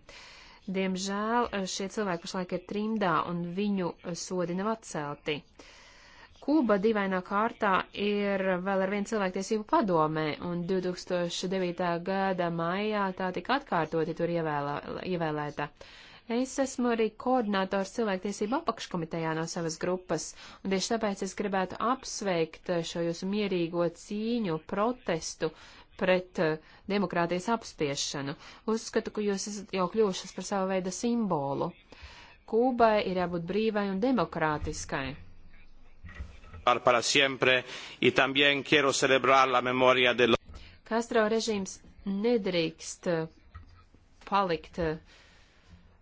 Diemžēl eh, šie cilvēki pašlaik ir trimdā un viņu sodi nav atcelti. Kuba divainā kārtā ir vēl ar vienu cilvēktiesību padomē, un 2009. gada maijā tā tika atkārtoti tur ievēlē, ievēlēta. Es esmu arī koordinātors cilvēktiesību apakškomitejā no savas grupas, un tieši tāpēc es gribētu apsveikt eh, šo jūsu mierīgo cīņu, protestu pret uh, demokrātijas apspiešanu. Uzskatu, ka jūs esat jau kļuvušas par savu veidu simbolu. Kūbai ir jābūt brīvai un demokrātiskai para siempre y también quiero celebrar la memoria de Castro režīms nedrīkst eh, palikt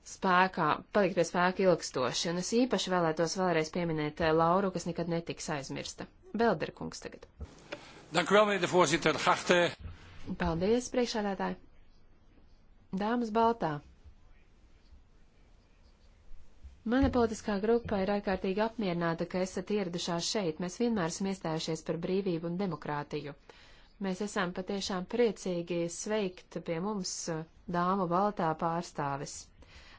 spēkā, palikt pie spēka ilgstoši, un es īpaši vēlētos vēlreiz pieminēt eh, Lauru, kas nekad netiks aizmirsta. Belder kungs tagad. Paldies, priekšādātāji. Dāmas Baltā. Mana politiskā grupa ir ārkārtīgi apmierināta, ka esat ieradušās šeit. Mēs vienmēr esam iestājušies par brīvību un demokrātiju. Mēs esam patiešām priecīgi sveikt pie mums eh, dāmu baltā pārstāvis.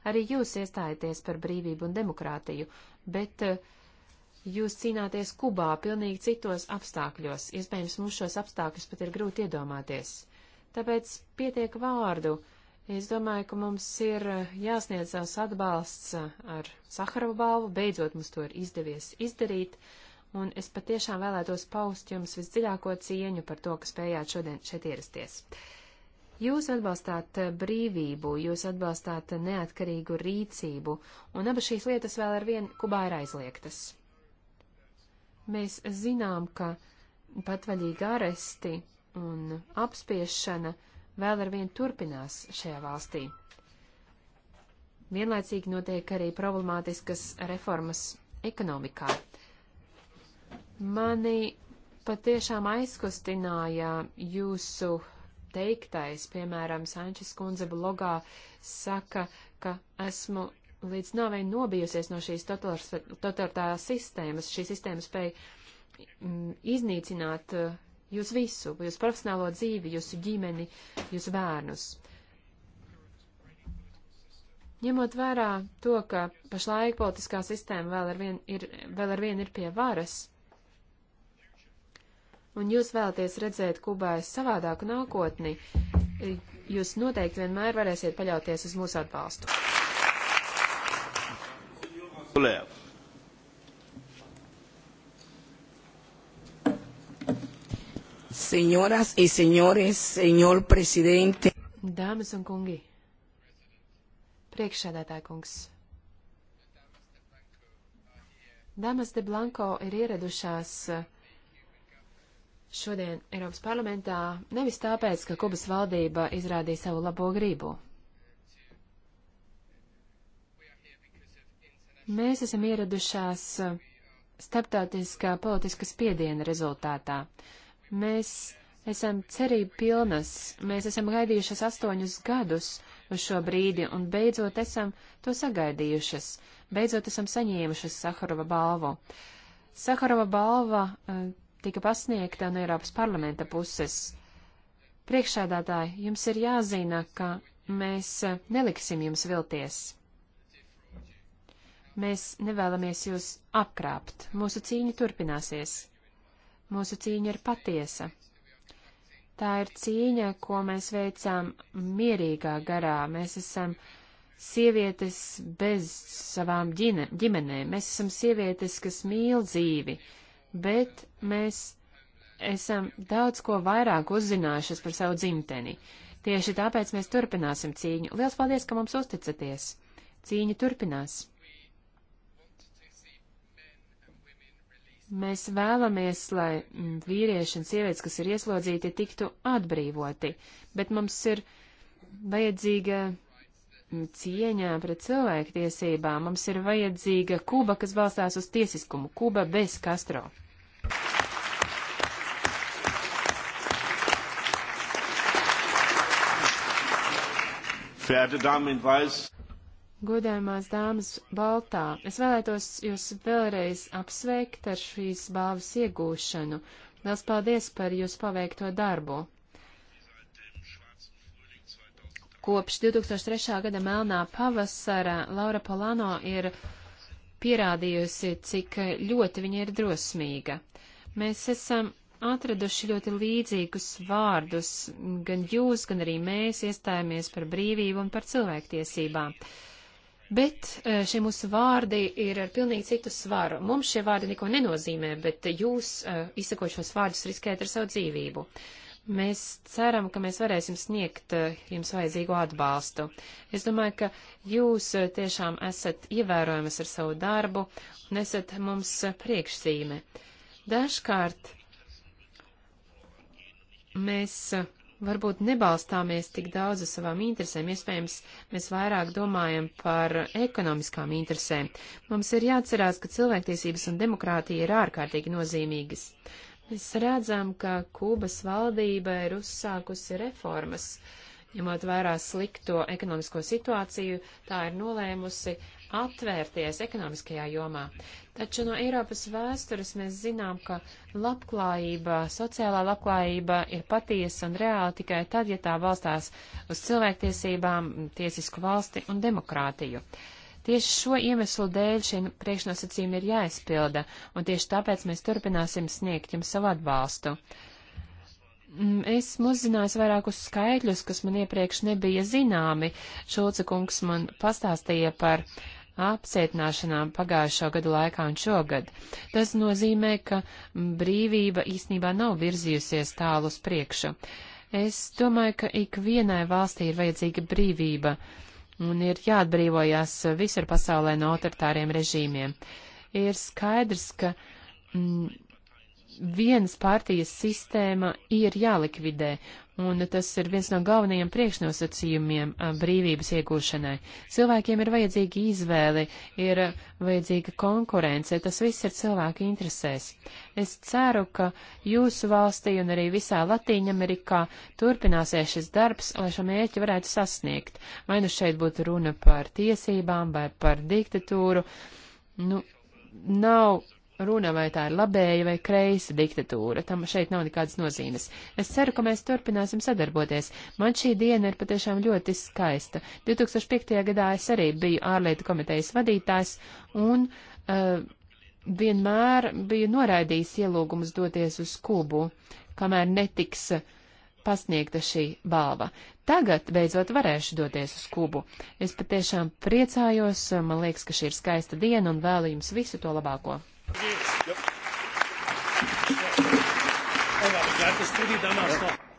Arī jūs iestājaties par brīvību un demokrātiju, bet eh, jūs cīnāties Kubā pilnīgi citos apstākļos. Iespējams, mums šos apstākļus pat ir grūti iedomāties. Tāpēc pietiek vārdu. Es domāju, ka mums ir eh, jāsniedz savs atbalsts eh, ar Saharovu balvu. Beidzot mums to ir izdevies izdarīt un es patiešām vēlētos paust jums visdziļāko cieņu par to, ka spējāt šodien šeit ierasties. Jūs atbalstāt eh, brīvību, jūs atbalstāt eh, neatkarīgu rīcību, un abas šīs lietas vēl ar vienu Kubā ir aizliegtas. Mēs zinām, ka patvaļīgi aresti un apspiešana vēl ar vienu turpinās šajā valstī. Vienlaicīgi notiek arī problemātiskas reformas ekonomikā. Mani patiešām aizkustināja jūsu teiktais, piemēram, Sančes kundze blogā saka, ka esmu līdz nāvei nobijusies no šīs totalitārās sistēmas. Šī sistēma spēja mm, iznīcināt uh, jūs visu, jūsu profesionālo dzīvi, jūsu ģimeni, jūsu bērnus. Ņemot vērā to, ka pašlaik politiskā sistēma vēl ar vien ir, vēl ar vien ir pie varas, un jūs vēlaties redzēt Kubai savādāku nākotni, jūs noteikti vienmēr varēsiet paļauties uz mūsu atbalstu. Señoras y señores, señor presidente. Dāmas un kungi, priekšsēdētāja kungs. Dāmas de Blanko ir ieradušās uh, šodien Eiropas parlamentā nevis tāpēc, ka Kubas valdība izrādīja savu labo gribu. Mēs esam ieradušās starptautiskā politiska spiediena rezultātā. Mēs esam cerību pilnas, mēs esam gaidījušas astoņus gadus uz šo brīdi un beidzot esam to sagaidījušas, beidzot esam saņēmušas Saharova balvu. Saharova balva eh, tika pasniegta no Eiropas parlamenta puses. Priekšsēdētāji, jums ir jāzina, ka mēs eh, neliksim jums vilties. Mēs nevēlamies jūs apkrāpt. Mūsu cīņa turpināsies. Mūsu cīņa ir patiesa. Tā ir cīņa, ko mēs veicām mierīgā garā. Mēs esam sievietes bez savām ģine, ģimenēm. Mēs esam sievietes, kas mīl dzīvi. Uh, bet mēs esam daudz ko vairāk uzzinājušas par savu dzimteni. Tieši tāpēc mēs turpināsim cīņu. Liels paldies, ka mums uzticaties! Cīņa turpinās! Mēs vēlamies, lai mm, vīrieši un sievietes, kas ir ieslodzīti, tiktu atbrīvoti, bet mums ir vajadzīga cieņā pret cilvēktiesībām. Mums ir vajadzīga Kuba, kas balstās uz tiesiskumu, Kuba bez Castro. Godājumās dāmas Baltā, es vēlētos jūs vēlreiz apsveikt ar šīs balvas iegūšanu. Liels paldies par jūsu paveikto darbu! Kopš 2003. gada Melnā pavasara Laura Polano ir pierādījusi, cik ļoti viņa ir drosmīga. Mēs esam atraduši ļoti līdzīgus vārdus, gan jūs, gan arī mēs iestājāmies par brīvību un par cilvēktiesībām. Bet eh, šie mūsu vārdi ir ar pilnīgi citu svaru. Mums šie vārdi neko nenozīmē, bet jūs, eh, izsakot šos vārdus, riskējat ar savu dzīvību. Mēs ceram, ka mēs varēsim sniegt eh, jums vajadzīgo atbalstu. Es domāju, ka jūs eh, tiešām esat ievērojamas ar savu darbu un esat mums eh, priekšzīme. Dažkārt mēs varbūt nebalstāmies tik daudz uz savām interesēm, iespējams, mēs vairāk domājam par ekonomiskām interesēm. Mums ir jāatcerās, ka cilvēktiesības un demokrātija ir ārkārtīgi nozīmīgas. Mēs redzam, ka Kūbas valdība ir uzsākusi reformas. Ņemot vērā slikto ekonomisko situāciju, tā ir nolēmusi atvērties ekonomiskajā jomā. Taču no Eiropas vēstures mēs zinām, ka labklājība, sociālā labklājība ir patiesa un reāla tikai tad, ja tā balstās uz cilvēktiesībām, tiesisku valsti un demokrātiju. Uh, Tieši šo iemeslu dēļ šie priekšnosacījumi ir jāizpilda, un tieši tāpēc mēs turpināsim sniegt jums savu atbalstu. Mm, esmu uzzinājis vairākus skaitļus, kas man iepriekš nebija zināmi. Šulce kungs man pastāstīja par apcietināšanām pagājušo gadu laikā un šogad. Tas nozīmē, ka brīvība īstenībā nav virzījusies tālu uz priekšu. Es domāju, ka ik vienai valstī ir vajadzīga brīvība. Uh, un ir jāatbrīvojās visur pasaulē no autoritāriem režīmiem. Ir skaidrs, ka mm, vienas partijas sistēma ir jālikvidē, un tas ir viens no galvenajiem priekšnosacījumiem brīvības iegūšanai. Cilvēkiem ir vajadzīga izvēle, ir vajadzīga konkurence, tas viss ir cilvēku interesēs. Es ceru, ka jūsu valstī un arī visā Latīņamerikā turpināsies šis darbs, lai šo mērķi varētu sasniegt. Vai nu šeit būtu runa par tiesībām vai par diktatūru, nu, nav runa, vai tā ir labēja vai kreisa diktatūra. Tam šeit nav nekādas nozīmes. Es ceru, ka mēs turpināsim sadarboties. Man šī diena ir patiešām ļoti skaista. 2005. gadā es arī biju ārlietu komitejas vadītājs un uh, vienmēr biju noraidījis ielūgumus doties uz Kubu, kamēr netiks pasniegta šī balva. Tagad beidzot varēšu doties uz Kubu. Es patiešām priecājos, man liekas, ka šī ir skaista diena un vēlu jums visu to labāko. Yes. Yep. Yeah.